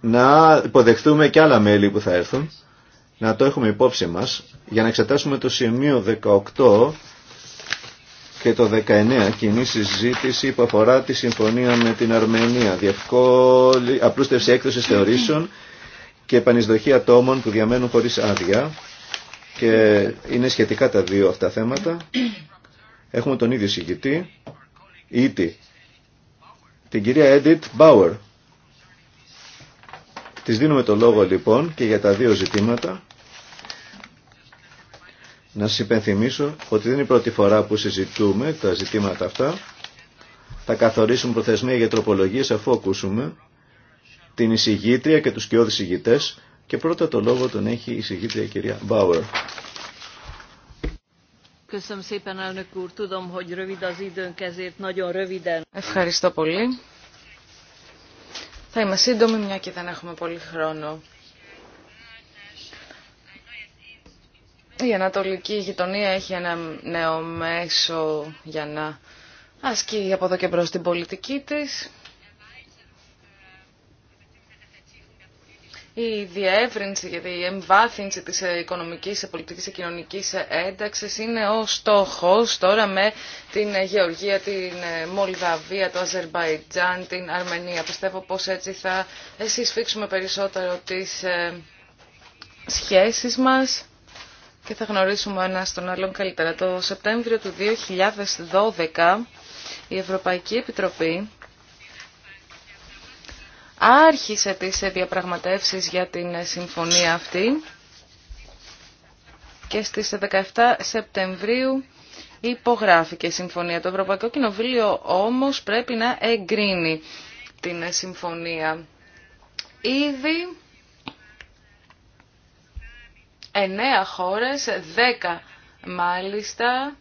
να υποδεχθούμε και άλλα μέλη που θα έρθουν, να το έχουμε υπόψη μας, για να εξετάσουμε το σημείο 18 και το 19 κοινή συζήτηση που αφορά τη συμφωνία με την Αρμενία, διευκόλυ... απλούστευση έκδοση θεωρήσεων και επανεισδοχή ατόμων που διαμένουν χωρίς άδεια και είναι σχετικά τα δύο αυτά θέματα. Έχουμε τον ίδιο συγκητή, ήτη, την κυρία Έντιτ Μπάουερ. Της δίνουμε το λόγο λοιπόν και για τα δύο ζητήματα να σας υπενθυμίσω ότι δεν είναι η πρώτη φορά που συζητούμε τα ζητήματα αυτά. Θα καθορίσουν προθεσμία για τροπολογίες αφού ακούσουμε την εισηγήτρια και τους κοιόδης εισηγητές και πρώτα το λόγο τον έχει η εισηγήτρια κυρία Μπάουερ. Ευχαριστώ πολύ. Θα είμαι σύντομη μια και δεν έχουμε πολύ χρόνο. η ανατολική γειτονία έχει ένα νέο μέσο για να ασκεί από εδώ και μπρος την πολιτική της. Η διεύρυνση γιατί η εμβάθυνση της οικονομικής, πολιτικής και κοινωνικής ένταξης είναι ο στόχος τώρα με την Γεωργία, την Μολδαβία, το Αζερβαϊτζάν, την Αρμενία. Πιστεύω πως έτσι θα συσφίξουμε περισσότερο τις ε, σχέσεις μας και θα γνωρίσουμε ένα τον άλλον καλύτερα. Το Σεπτέμβριο του 2012 η Ευρωπαϊκή Επιτροπή άρχισε τις διαπραγματεύσεις για την συμφωνία αυτή και στις 17 Σεπτεμβρίου υπογράφηκε η συμφωνία. Το Ευρωπαϊκό Κοινοβούλιο όμως πρέπει να εγκρίνει την συμφωνία. Ήδη εννέα χώρες, δέκα μάλιστα,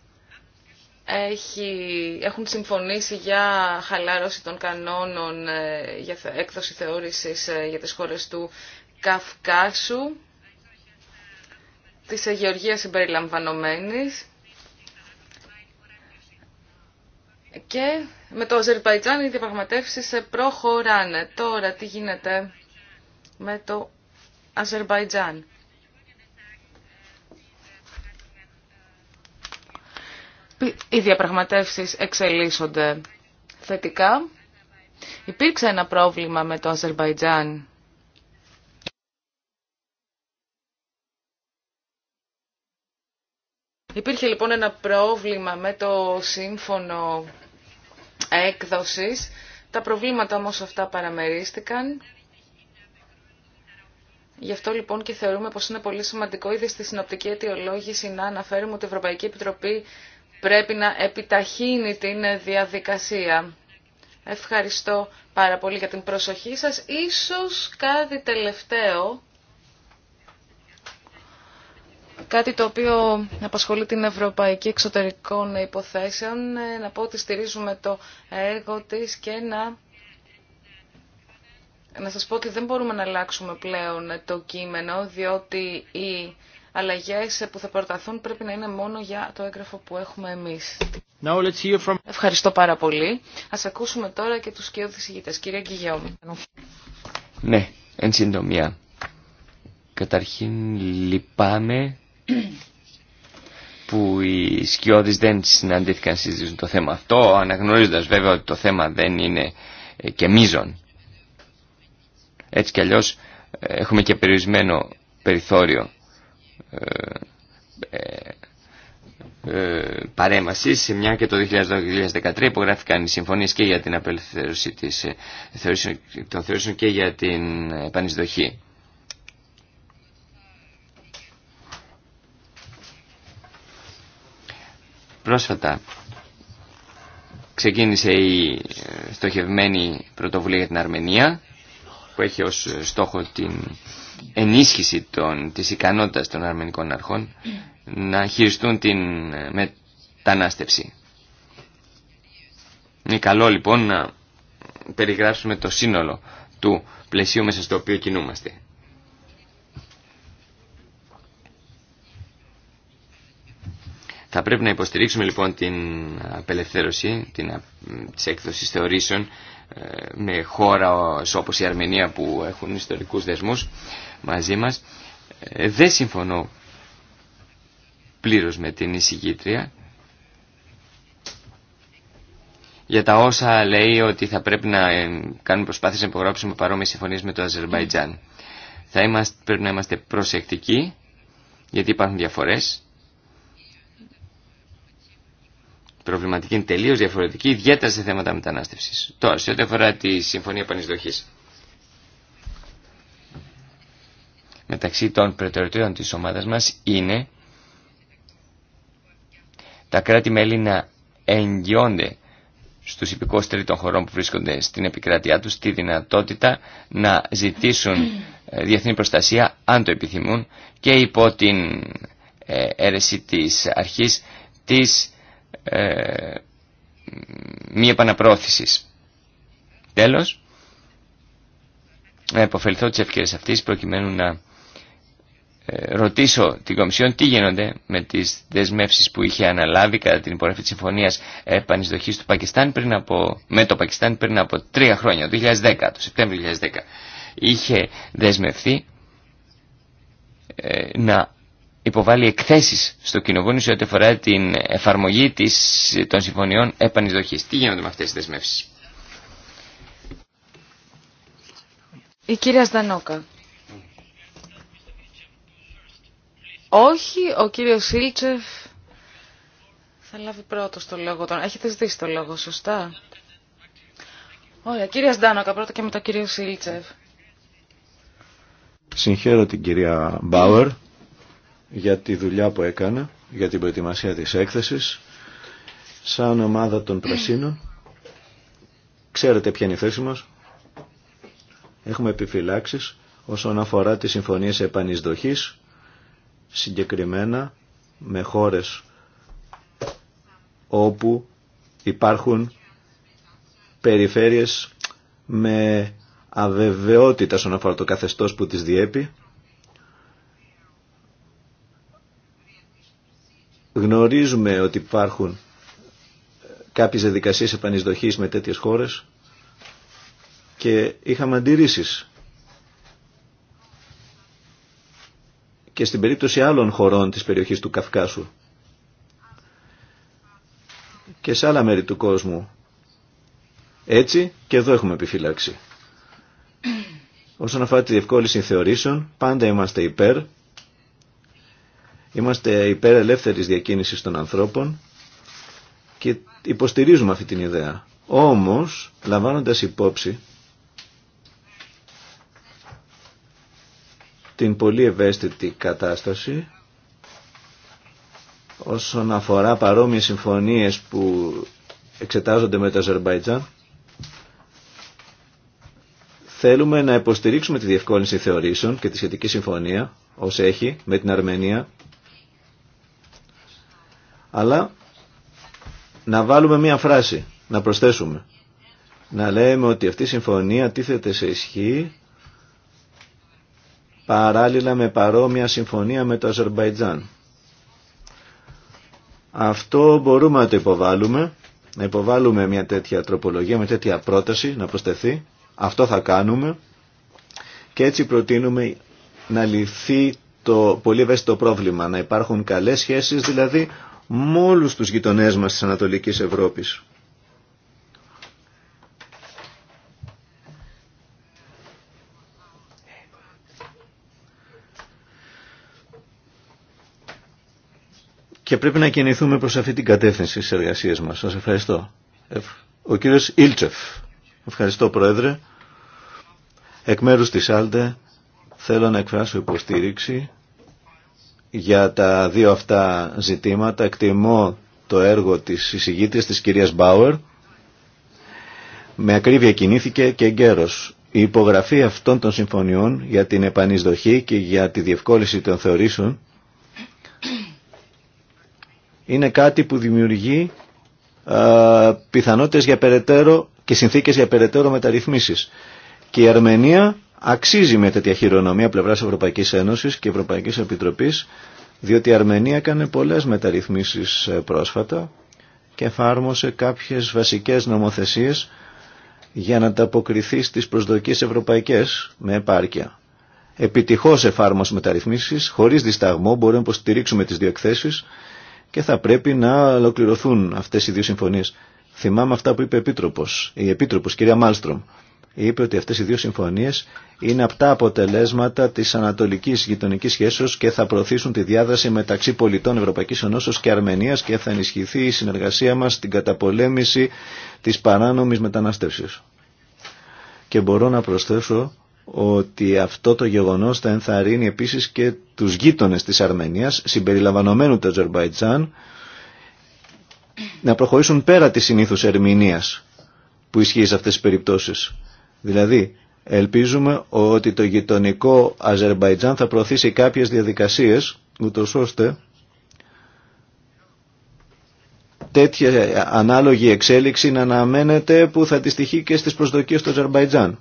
έχει, έχουν συμφωνήσει για χαλάρωση των κανόνων ε, για έκδοση θεώρησης ε, για τις χώρες του Καυκάσου, της Αιγεωργίας ε, συμπεριλαμβανομένης και με το Αζερβαϊτζάν οι διαπραγματεύσεις προχωράνε. Τώρα τι γίνεται με το Αζερβαϊτζάν. οι διαπραγματεύσεις εξελίσσονται θετικά. Υπήρξε ένα πρόβλημα με το Αζερβαϊτζάν. Υπήρχε λοιπόν ένα πρόβλημα με το σύμφωνο έκδοσης. Τα προβλήματα όμως αυτά παραμερίστηκαν. Γι' αυτό λοιπόν και θεωρούμε πως είναι πολύ σημαντικό ήδη στη συνοπτική αιτιολόγηση να αναφέρουμε ότι η Ευρωπαϊκή Επιτροπή πρέπει να επιταχύνει την διαδικασία. Ευχαριστώ πάρα πολύ για την προσοχή σας. Ίσως κάτι τελευταίο, κάτι το οποίο απασχολεί την Ευρωπαϊκή Εξωτερικών Υποθέσεων, να πω ότι στηρίζουμε το έργο της και να... Να σας πω ότι δεν μπορούμε να αλλάξουμε πλέον το κείμενο, διότι η αλλαγές που θα προταθούν πρέπει να είναι μόνο για το έγγραφο που έχουμε εμείς. Ευχαριστώ πάρα πολύ. Ας ακούσουμε τώρα και τους κύριους ηγητές. Κυρία Κιγιώμη. Ναι, εν συντομία. Καταρχήν λυπάμαι που οι σκιώδεις δεν συναντήθηκαν να συζητήσουν το θέμα αυτό, αναγνωρίζοντας βέβαια ότι το θέμα δεν είναι ε, και μείζον. Έτσι κι αλλιώς ε, έχουμε και περιορισμένο περιθώριο ε, ε, παρέμβαση σε μια και το 2013 υπογράφηκαν οι συμφωνίες και για την απελευθέρωση της, ε, των θεωρήσεων και για την επανεισδοχή. Πρόσφατα ξεκίνησε η στοχευμένη πρωτοβουλία για την Αρμενία που έχει ως στόχο την ενίσχυση των, της ικανότητας των αρμενικών αρχών να χειριστούν την ε, μετανάστευση. Είναι καλό λοιπόν να περιγράψουμε το σύνολο του πλαισίου μέσα στο οποίο κινούμαστε. Θα πρέπει να υποστηρίξουμε λοιπόν την απελευθέρωση την, της έκδοσης θεωρήσεων με χώρα όπως η Αρμενία που έχουν ιστορικούς δεσμούς μαζί μας. Ε, δεν συμφωνώ πλήρως με την εισηγήτρια για τα όσα λέει ότι θα πρέπει να ε, κάνουμε προσπάθειες να υπογράψουμε παρόμοιες συμφωνίες με το Αζερβαϊτζάν. Θα είμαστε, πρέπει να είμαστε προσεκτικοί γιατί υπάρχουν διαφορές προβληματική είναι τελείως διαφορετική, ιδιαίτερα σε θέματα μετανάστευση. Τώρα, σε ό,τι αφορά τη Συμφωνία πανεισδοχή. Μεταξύ των προτεραιοτήτων της ομάδας μας είναι τα κράτη-μέλη να εγγυώνται στους υπηκούς τρίτων χωρών που βρίσκονται στην επικράτειά τους τη δυνατότητα να ζητήσουν ε, διεθνή προστασία αν το επιθυμούν και υπό την ε, αίρεση της αρχής της ε, μη επαναπρόθεσης. Τέλος, να υποφελθώ τι ευκαιρία αυτή προκειμένου να ε, ρωτήσω την Κομισιόν τι γίνονται με τις δεσμεύσεις που είχε αναλάβει κατά την υπογραφή της συμφωνίας επανεισδοχής του Πακιστάν πριν από, με το Πακιστάν πριν από τρία χρόνια, το 2010, το Σεπτέμβριο 2010. Είχε δεσμευθεί ε, να υποβάλει εκθέσεις στο κοινοβούλιο σε ό,τι αφορά την εφαρμογή της, των συμφωνιών επανεισδοχής. Τι γίνονται με αυτές τις δεσμεύσει. Η κυρία Στανόκα. Όχι, ο κύριος Σίλτσεφ θα λάβει πρώτο το λόγο. Τον... Έχετε ζητήσει το λόγο, σωστά. Ωραία, κυρία Στάνοκα, πρώτα και μετά κύριο Σίλτσεφ. Συγχαίρω την κυρία Μπάουερ για τη δουλειά που έκανα, για την προετοιμασία της έκθεσης, σαν ομάδα των Πρασίνων. Ξέρετε ποια είναι η θέση μας. Έχουμε επιφυλάξεις όσον αφορά τις συμφωνίες επανεισδοχής, συγκεκριμένα με χώρες όπου υπάρχουν περιφέρειες με αβεβαιότητα στον αφορά το καθεστώς που τις διέπει Γνωρίζουμε ότι υπάρχουν κάποιες διαδικασίες επανεισδοχής με τέτοιες χώρες και είχαμε αντιρρήσεις. Και στην περίπτωση άλλων χωρών της περιοχής του Καυκάσου και σε άλλα μέρη του κόσμου. Έτσι και εδώ έχουμε επιφύλαξη. Όσον αφορά τη διευκόλυνση θεωρήσεων, πάντα είμαστε υπέρ Είμαστε υπέρ ελεύθερης διακίνησης των ανθρώπων και υποστηρίζουμε αυτή την ιδέα. Όμως, λαμβάνοντας υπόψη την πολύ ευαίσθητη κατάσταση όσον αφορά παρόμοιες συμφωνίες που εξετάζονται με το Αζερμπαϊτζάν θέλουμε να υποστηρίξουμε τη διευκόλυνση θεωρήσεων και τη σχετική συμφωνία ως έχει με την Αρμενία αλλά να βάλουμε μία φράση, να προσθέσουμε. Να λέμε ότι αυτή η συμφωνία τίθεται σε ισχύ παράλληλα με παρόμοια συμφωνία με το Αζερμπαϊτζάν. Αυτό μπορούμε να το υποβάλουμε, να υποβάλουμε μια τέτοια τροπολογία, μια τέτοια πρόταση να προσθεθεί. Αυτό θα κάνουμε και έτσι προτείνουμε να λυθεί το πολύ ευαίσθητο πρόβλημα, να υπάρχουν καλές σχέσεις δηλαδή με όλου τους γειτονές μας της ανατολική Ευρώπης. Και πρέπει να κινηθούμε προς αυτή την κατεύθυνση στις εργασίες μας. Σας ευχαριστώ. Ο κύριος Ήλτσεφ. Ευχαριστώ Πρόεδρε. Εκ μέρους της Άλτε θέλω να εκφράσω υποστήριξη για τα δύο αυτά ζητήματα. Εκτιμώ το έργο της εισηγήτριας της κυρίας Μπάουερ. Με ακρίβεια κινήθηκε και εγκαίρος. Η υπογραφή αυτών των συμφωνιών για την επανεισδοχή και για τη διευκόλυνση των θεωρήσεων είναι κάτι που δημιουργεί πιθανότητες για περαιτέρω και συνθήκες για περαιτέρω μεταρρυθμίσεις. Και η Αρμενία Αξίζει με τέτοια χειρονομία πλευράς Ευρωπαϊκής Ένωσης και Ευρωπαϊκής Επιτροπής, διότι η Αρμενία έκανε πολλές μεταρρυθμίσεις ε, πρόσφατα και εφάρμοσε κάποιες βασικές νομοθεσίες για να αποκριθεί στις προσδοκίες ευρωπαϊκές με επάρκεια. Επιτυχώ εφάρμοσε μεταρρυθμίσεις, χωρί δισταγμό μπορούμε να υποστηρίξουμε τι δύο εκθέσει και θα πρέπει να ολοκληρωθούν αυτέ οι δύο συμφωνίε. Θυμάμαι αυτά που είπε επίτροπο, η Επίτροπο κυρία Μάλστρομ είπε ότι αυτές οι δύο συμφωνίες είναι απτά αποτελέσματα της ανατολικής γειτονικής σχέσεως και θα προωθήσουν τη διάδραση μεταξύ πολιτών Ευρωπαϊκής Ενώσεως και Αρμενίας και θα ενισχυθεί η συνεργασία μας στην καταπολέμηση της παράνομης μετανάστευσης. Και μπορώ να προσθέσω ότι αυτό το γεγονός θα ενθαρρύνει επίσης και τους γείτονες της Αρμενίας, συμπεριλαμβανομένου του Αζερβαϊτζάν, να προχωρήσουν πέρα της συνήθους ερμηνείας που ισχύει σε αυτές τις περιπτώσεις Δηλαδή, ελπίζουμε ότι το γειτονικό Αζερμπαϊτζάν θα προωθήσει κάποιες διαδικασίες, ούτως ώστε τέτοια ανάλογη εξέλιξη να αναμένεται που θα τη και στις προσδοκίες του Αζερμπαϊτζάν.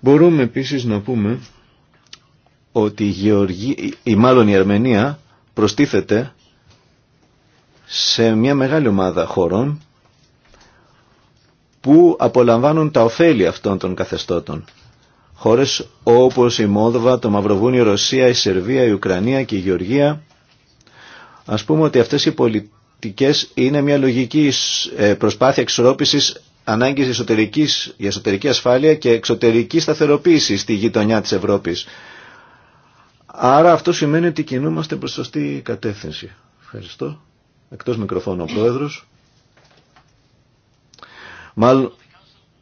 Μπορούμε επίσης να πούμε ότι η, Γεωργία, ή μάλλον η Αρμενία προστίθεται σε μια μεγάλη ομάδα χωρών που απολαμβάνουν τα ωφέλη αυτών των καθεστώτων. Χώρες όπως η Μόδοβα, το Μαυροβούνιο, η Ρωσία, η Σερβία, η Ουκρανία και η Γεωργία. Ας πούμε ότι αυτές οι πολιτικές είναι μια λογική ε, προσπάθεια εξορρόπησης ανάγκης εσωτερικής, για εσωτερική ασφάλεια και εξωτερική σταθεροποίηση στη γειτονιά της Ευρώπης. Άρα αυτό σημαίνει ότι κινούμαστε προς σωστή κατεύθυνση. Ευχαριστώ. Εκτός μικροφώνου ο Πρόεδρος. Μάλλον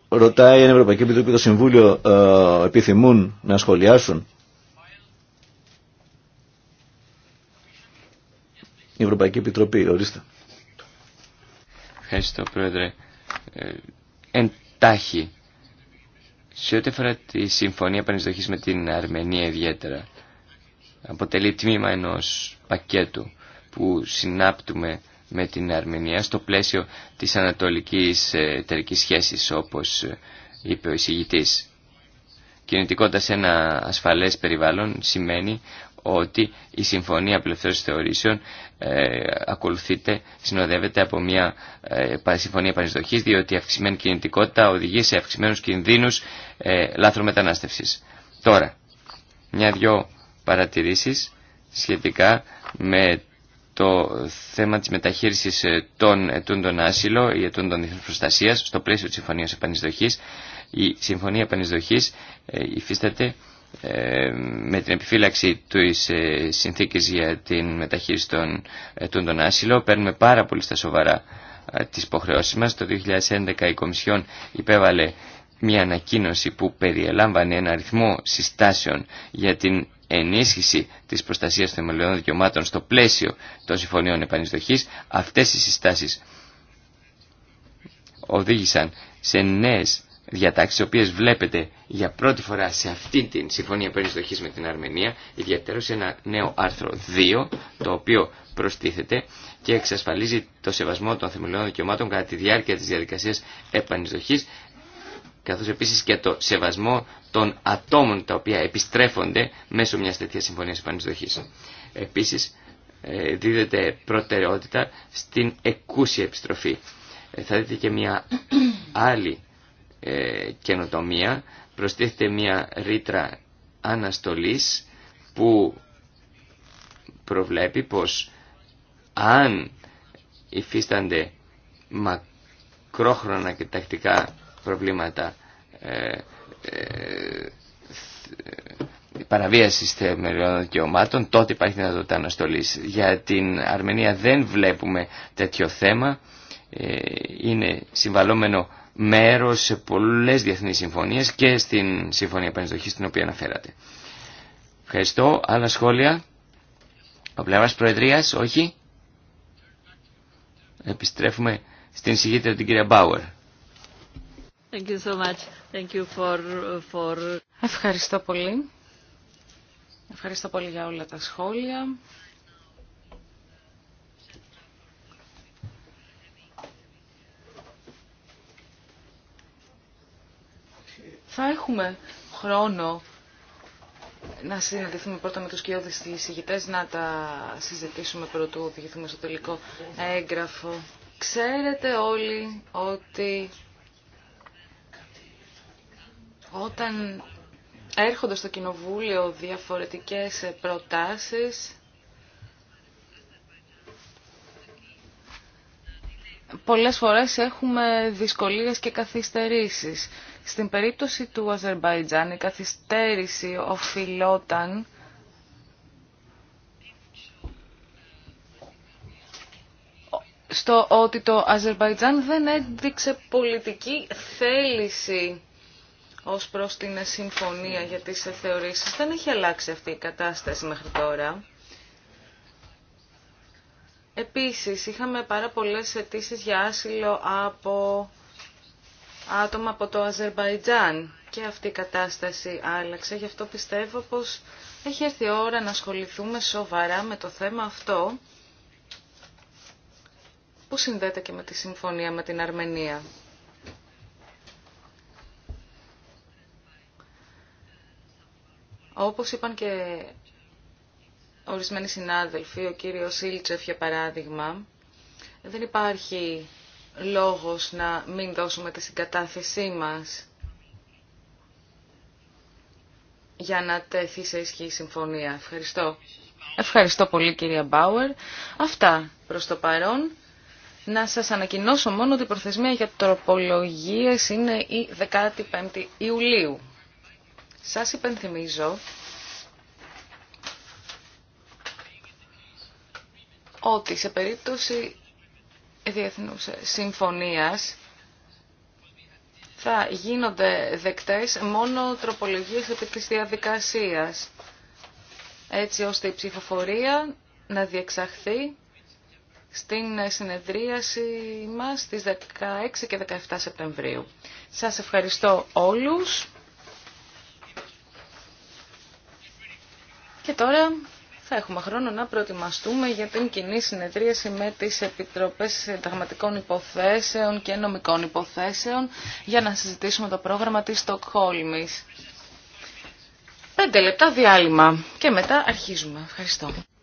ρωτάει η Ευρωπαϊκή Επιτροπή το Συμβούλιο ε, επιθυμούν να σχολιάσουν. Η Ευρωπαϊκή Επιτροπή, ορίστε. Ευχαριστώ, Πρόεδρε. Ε, εντάχει, σε ό,τι αφορά τη συμφωνία πανεσδοχής με την Αρμενία ιδιαίτερα, αποτελεί τμήμα ενό πακέτου που συνάπτουμε με την Αρμενία στο πλαίσιο της ανατολικής εταιρικής σχέσης όπως είπε ο εισηγητής. Κινητικότητα σε ένα ασφαλές περιβάλλον σημαίνει ότι η Συμφωνία Απελευθέρωσης Θεωρήσεων ε, ακολουθείται, συνοδεύεται από μια ε, συμφωνία διότι η αυξημένη κινητικότητα οδηγεί σε αυξημένους κινδύνους ε, μετανάστευσης. Τώρα, μια-δυο παρατηρήσεις σχετικά με το θέμα της μεταχείρισης ε, των ετούντων άσυλο ή ετούντων διεθνούς προστασίας στο πλαίσιο της Συμφωνίας Επανεισδοχής. Η ετουντων διεθνης προστασιας στο Επανεισδοχής ε, υφίσταται ε, με την επιφύλαξη της συνθήκης για την μεταχείριση των ετούντων άσυλο. Παίρνουμε πάρα πολύ στα σοβαρά τις υποχρεώσεις μας. Το 2011 η Κομισιόν υπέβαλε μια ανακοίνωση που περιελάμβανε ένα αριθμό συστάσεων για την ενίσχυση της προστασίας των θεμελιών δικαιωμάτων στο πλαίσιο των συμφωνίων επανειστοχής, αυτές οι συστάσεις οδήγησαν σε νέες διατάξεις, οι οποίες βλέπετε για πρώτη φορά σε αυτή την συμφωνία επανειστοχής με την Αρμενία, ιδιαίτερα σε ένα νέο άρθρο 2, το οποίο προστίθεται και εξασφαλίζει το σεβασμό των θεμελιών δικαιωμάτων κατά τη διάρκεια της διαδικασίας επανειστοχής, καθώς επίσης και το σεβασμό των ατόμων τα οποία επιστρέφονται μέσω μιας τέτοιας συμφωνίας επανεισδοχής. Επίσης, ε, δίδεται προτεραιότητα στην εκούσια επιστροφή. Ε, θα δείτε και μια άλλη ε, καινοτομία. Προστίθεται μια ρήτρα αναστολής που προβλέπει πως αν υφίστανται μακρόχρονα και τακτικά προβλήματα ε, ε, ε, παραβίαση θεμελιών δικαιωμάτων, τότε υπάρχει δυνατότητα αναστολή. Για την Αρμενία δεν βλέπουμε τέτοιο θέμα. Είναι συμβαλόμενο μέρο σε πολλέ διεθνεί συμφωνίε και στην Συμφωνία Επανεισδοχή στην οποία αναφέρατε. Ευχαριστώ. Άλλα σχόλια. Ο πλευρά Προεδρία, όχι. Επιστρέφουμε στην συγκίτρια την κυρία Μπάουερ. Ευχαριστώ πολύ. Ευχαριστώ πολύ για όλα τα σχόλια. Θα έχουμε χρόνο να συναντηθούμε πρώτα με τους κοιόδες ηγητές, να τα συζητήσουμε πρωτού οδηγηθούμε στο τελικό έγγραφο. Ξέρετε όλοι ότι όταν έρχονται στο Κοινοβούλιο διαφορετικές προτάσεις, πολλές φορές έχουμε δυσκολίες και καθυστερήσεις. Στην περίπτωση του Αζερμπαϊτζάν η καθυστέρηση οφειλόταν στο ότι το Αζερμπαϊτζάν δεν έδειξε πολιτική θέληση ως προς την συμφωνία για τις θεωρήσεις. Δεν έχει αλλάξει αυτή η κατάσταση μέχρι τώρα. Επίσης, είχαμε πάρα πολλές αιτήσει για άσυλο από άτομα από το Αζερβαϊτζάν και αυτή η κατάσταση άλλαξε. Γι' αυτό πιστεύω πως έχει έρθει η ώρα να ασχοληθούμε σοβαρά με το θέμα αυτό που συνδέεται και με τη συμφωνία με την Αρμενία. Όπως είπαν και ορισμένοι συνάδελφοι, ο κύριος Σίλτσεφ για παράδειγμα, δεν υπάρχει λόγος να μην δώσουμε τη συγκατάθεσή μας για να τέθει σε ισχύ η συμφωνία. Ευχαριστώ. Ευχαριστώ πολύ κυρία Μπάουερ. Αυτά προς το παρόν. Να σας ανακοινώσω μόνο ότι η προθεσμία για τροπολογίες είναι η 15η Ιουλίου. Σας υπενθυμίζω ότι σε περίπτωση διεθνούς συμφωνίας θα γίνονται δεκτές μόνο τροπολογίες επί της διαδικασίας, έτσι ώστε η ψηφοφορία να διεξαχθεί στην συνεδρίαση μας στις 16 και 17 Σεπτεμβρίου. Σας ευχαριστώ όλους. Και τώρα θα έχουμε χρόνο να προετοιμαστούμε για την κοινή συνεδρίαση με τις Επιτροπές Συνταγματικών Υποθέσεων και Νομικών Υποθέσεων για να συζητήσουμε το πρόγραμμα της Στοκχόλμης. Πέντε λεπτά διάλειμμα και μετά αρχίζουμε. Ευχαριστώ.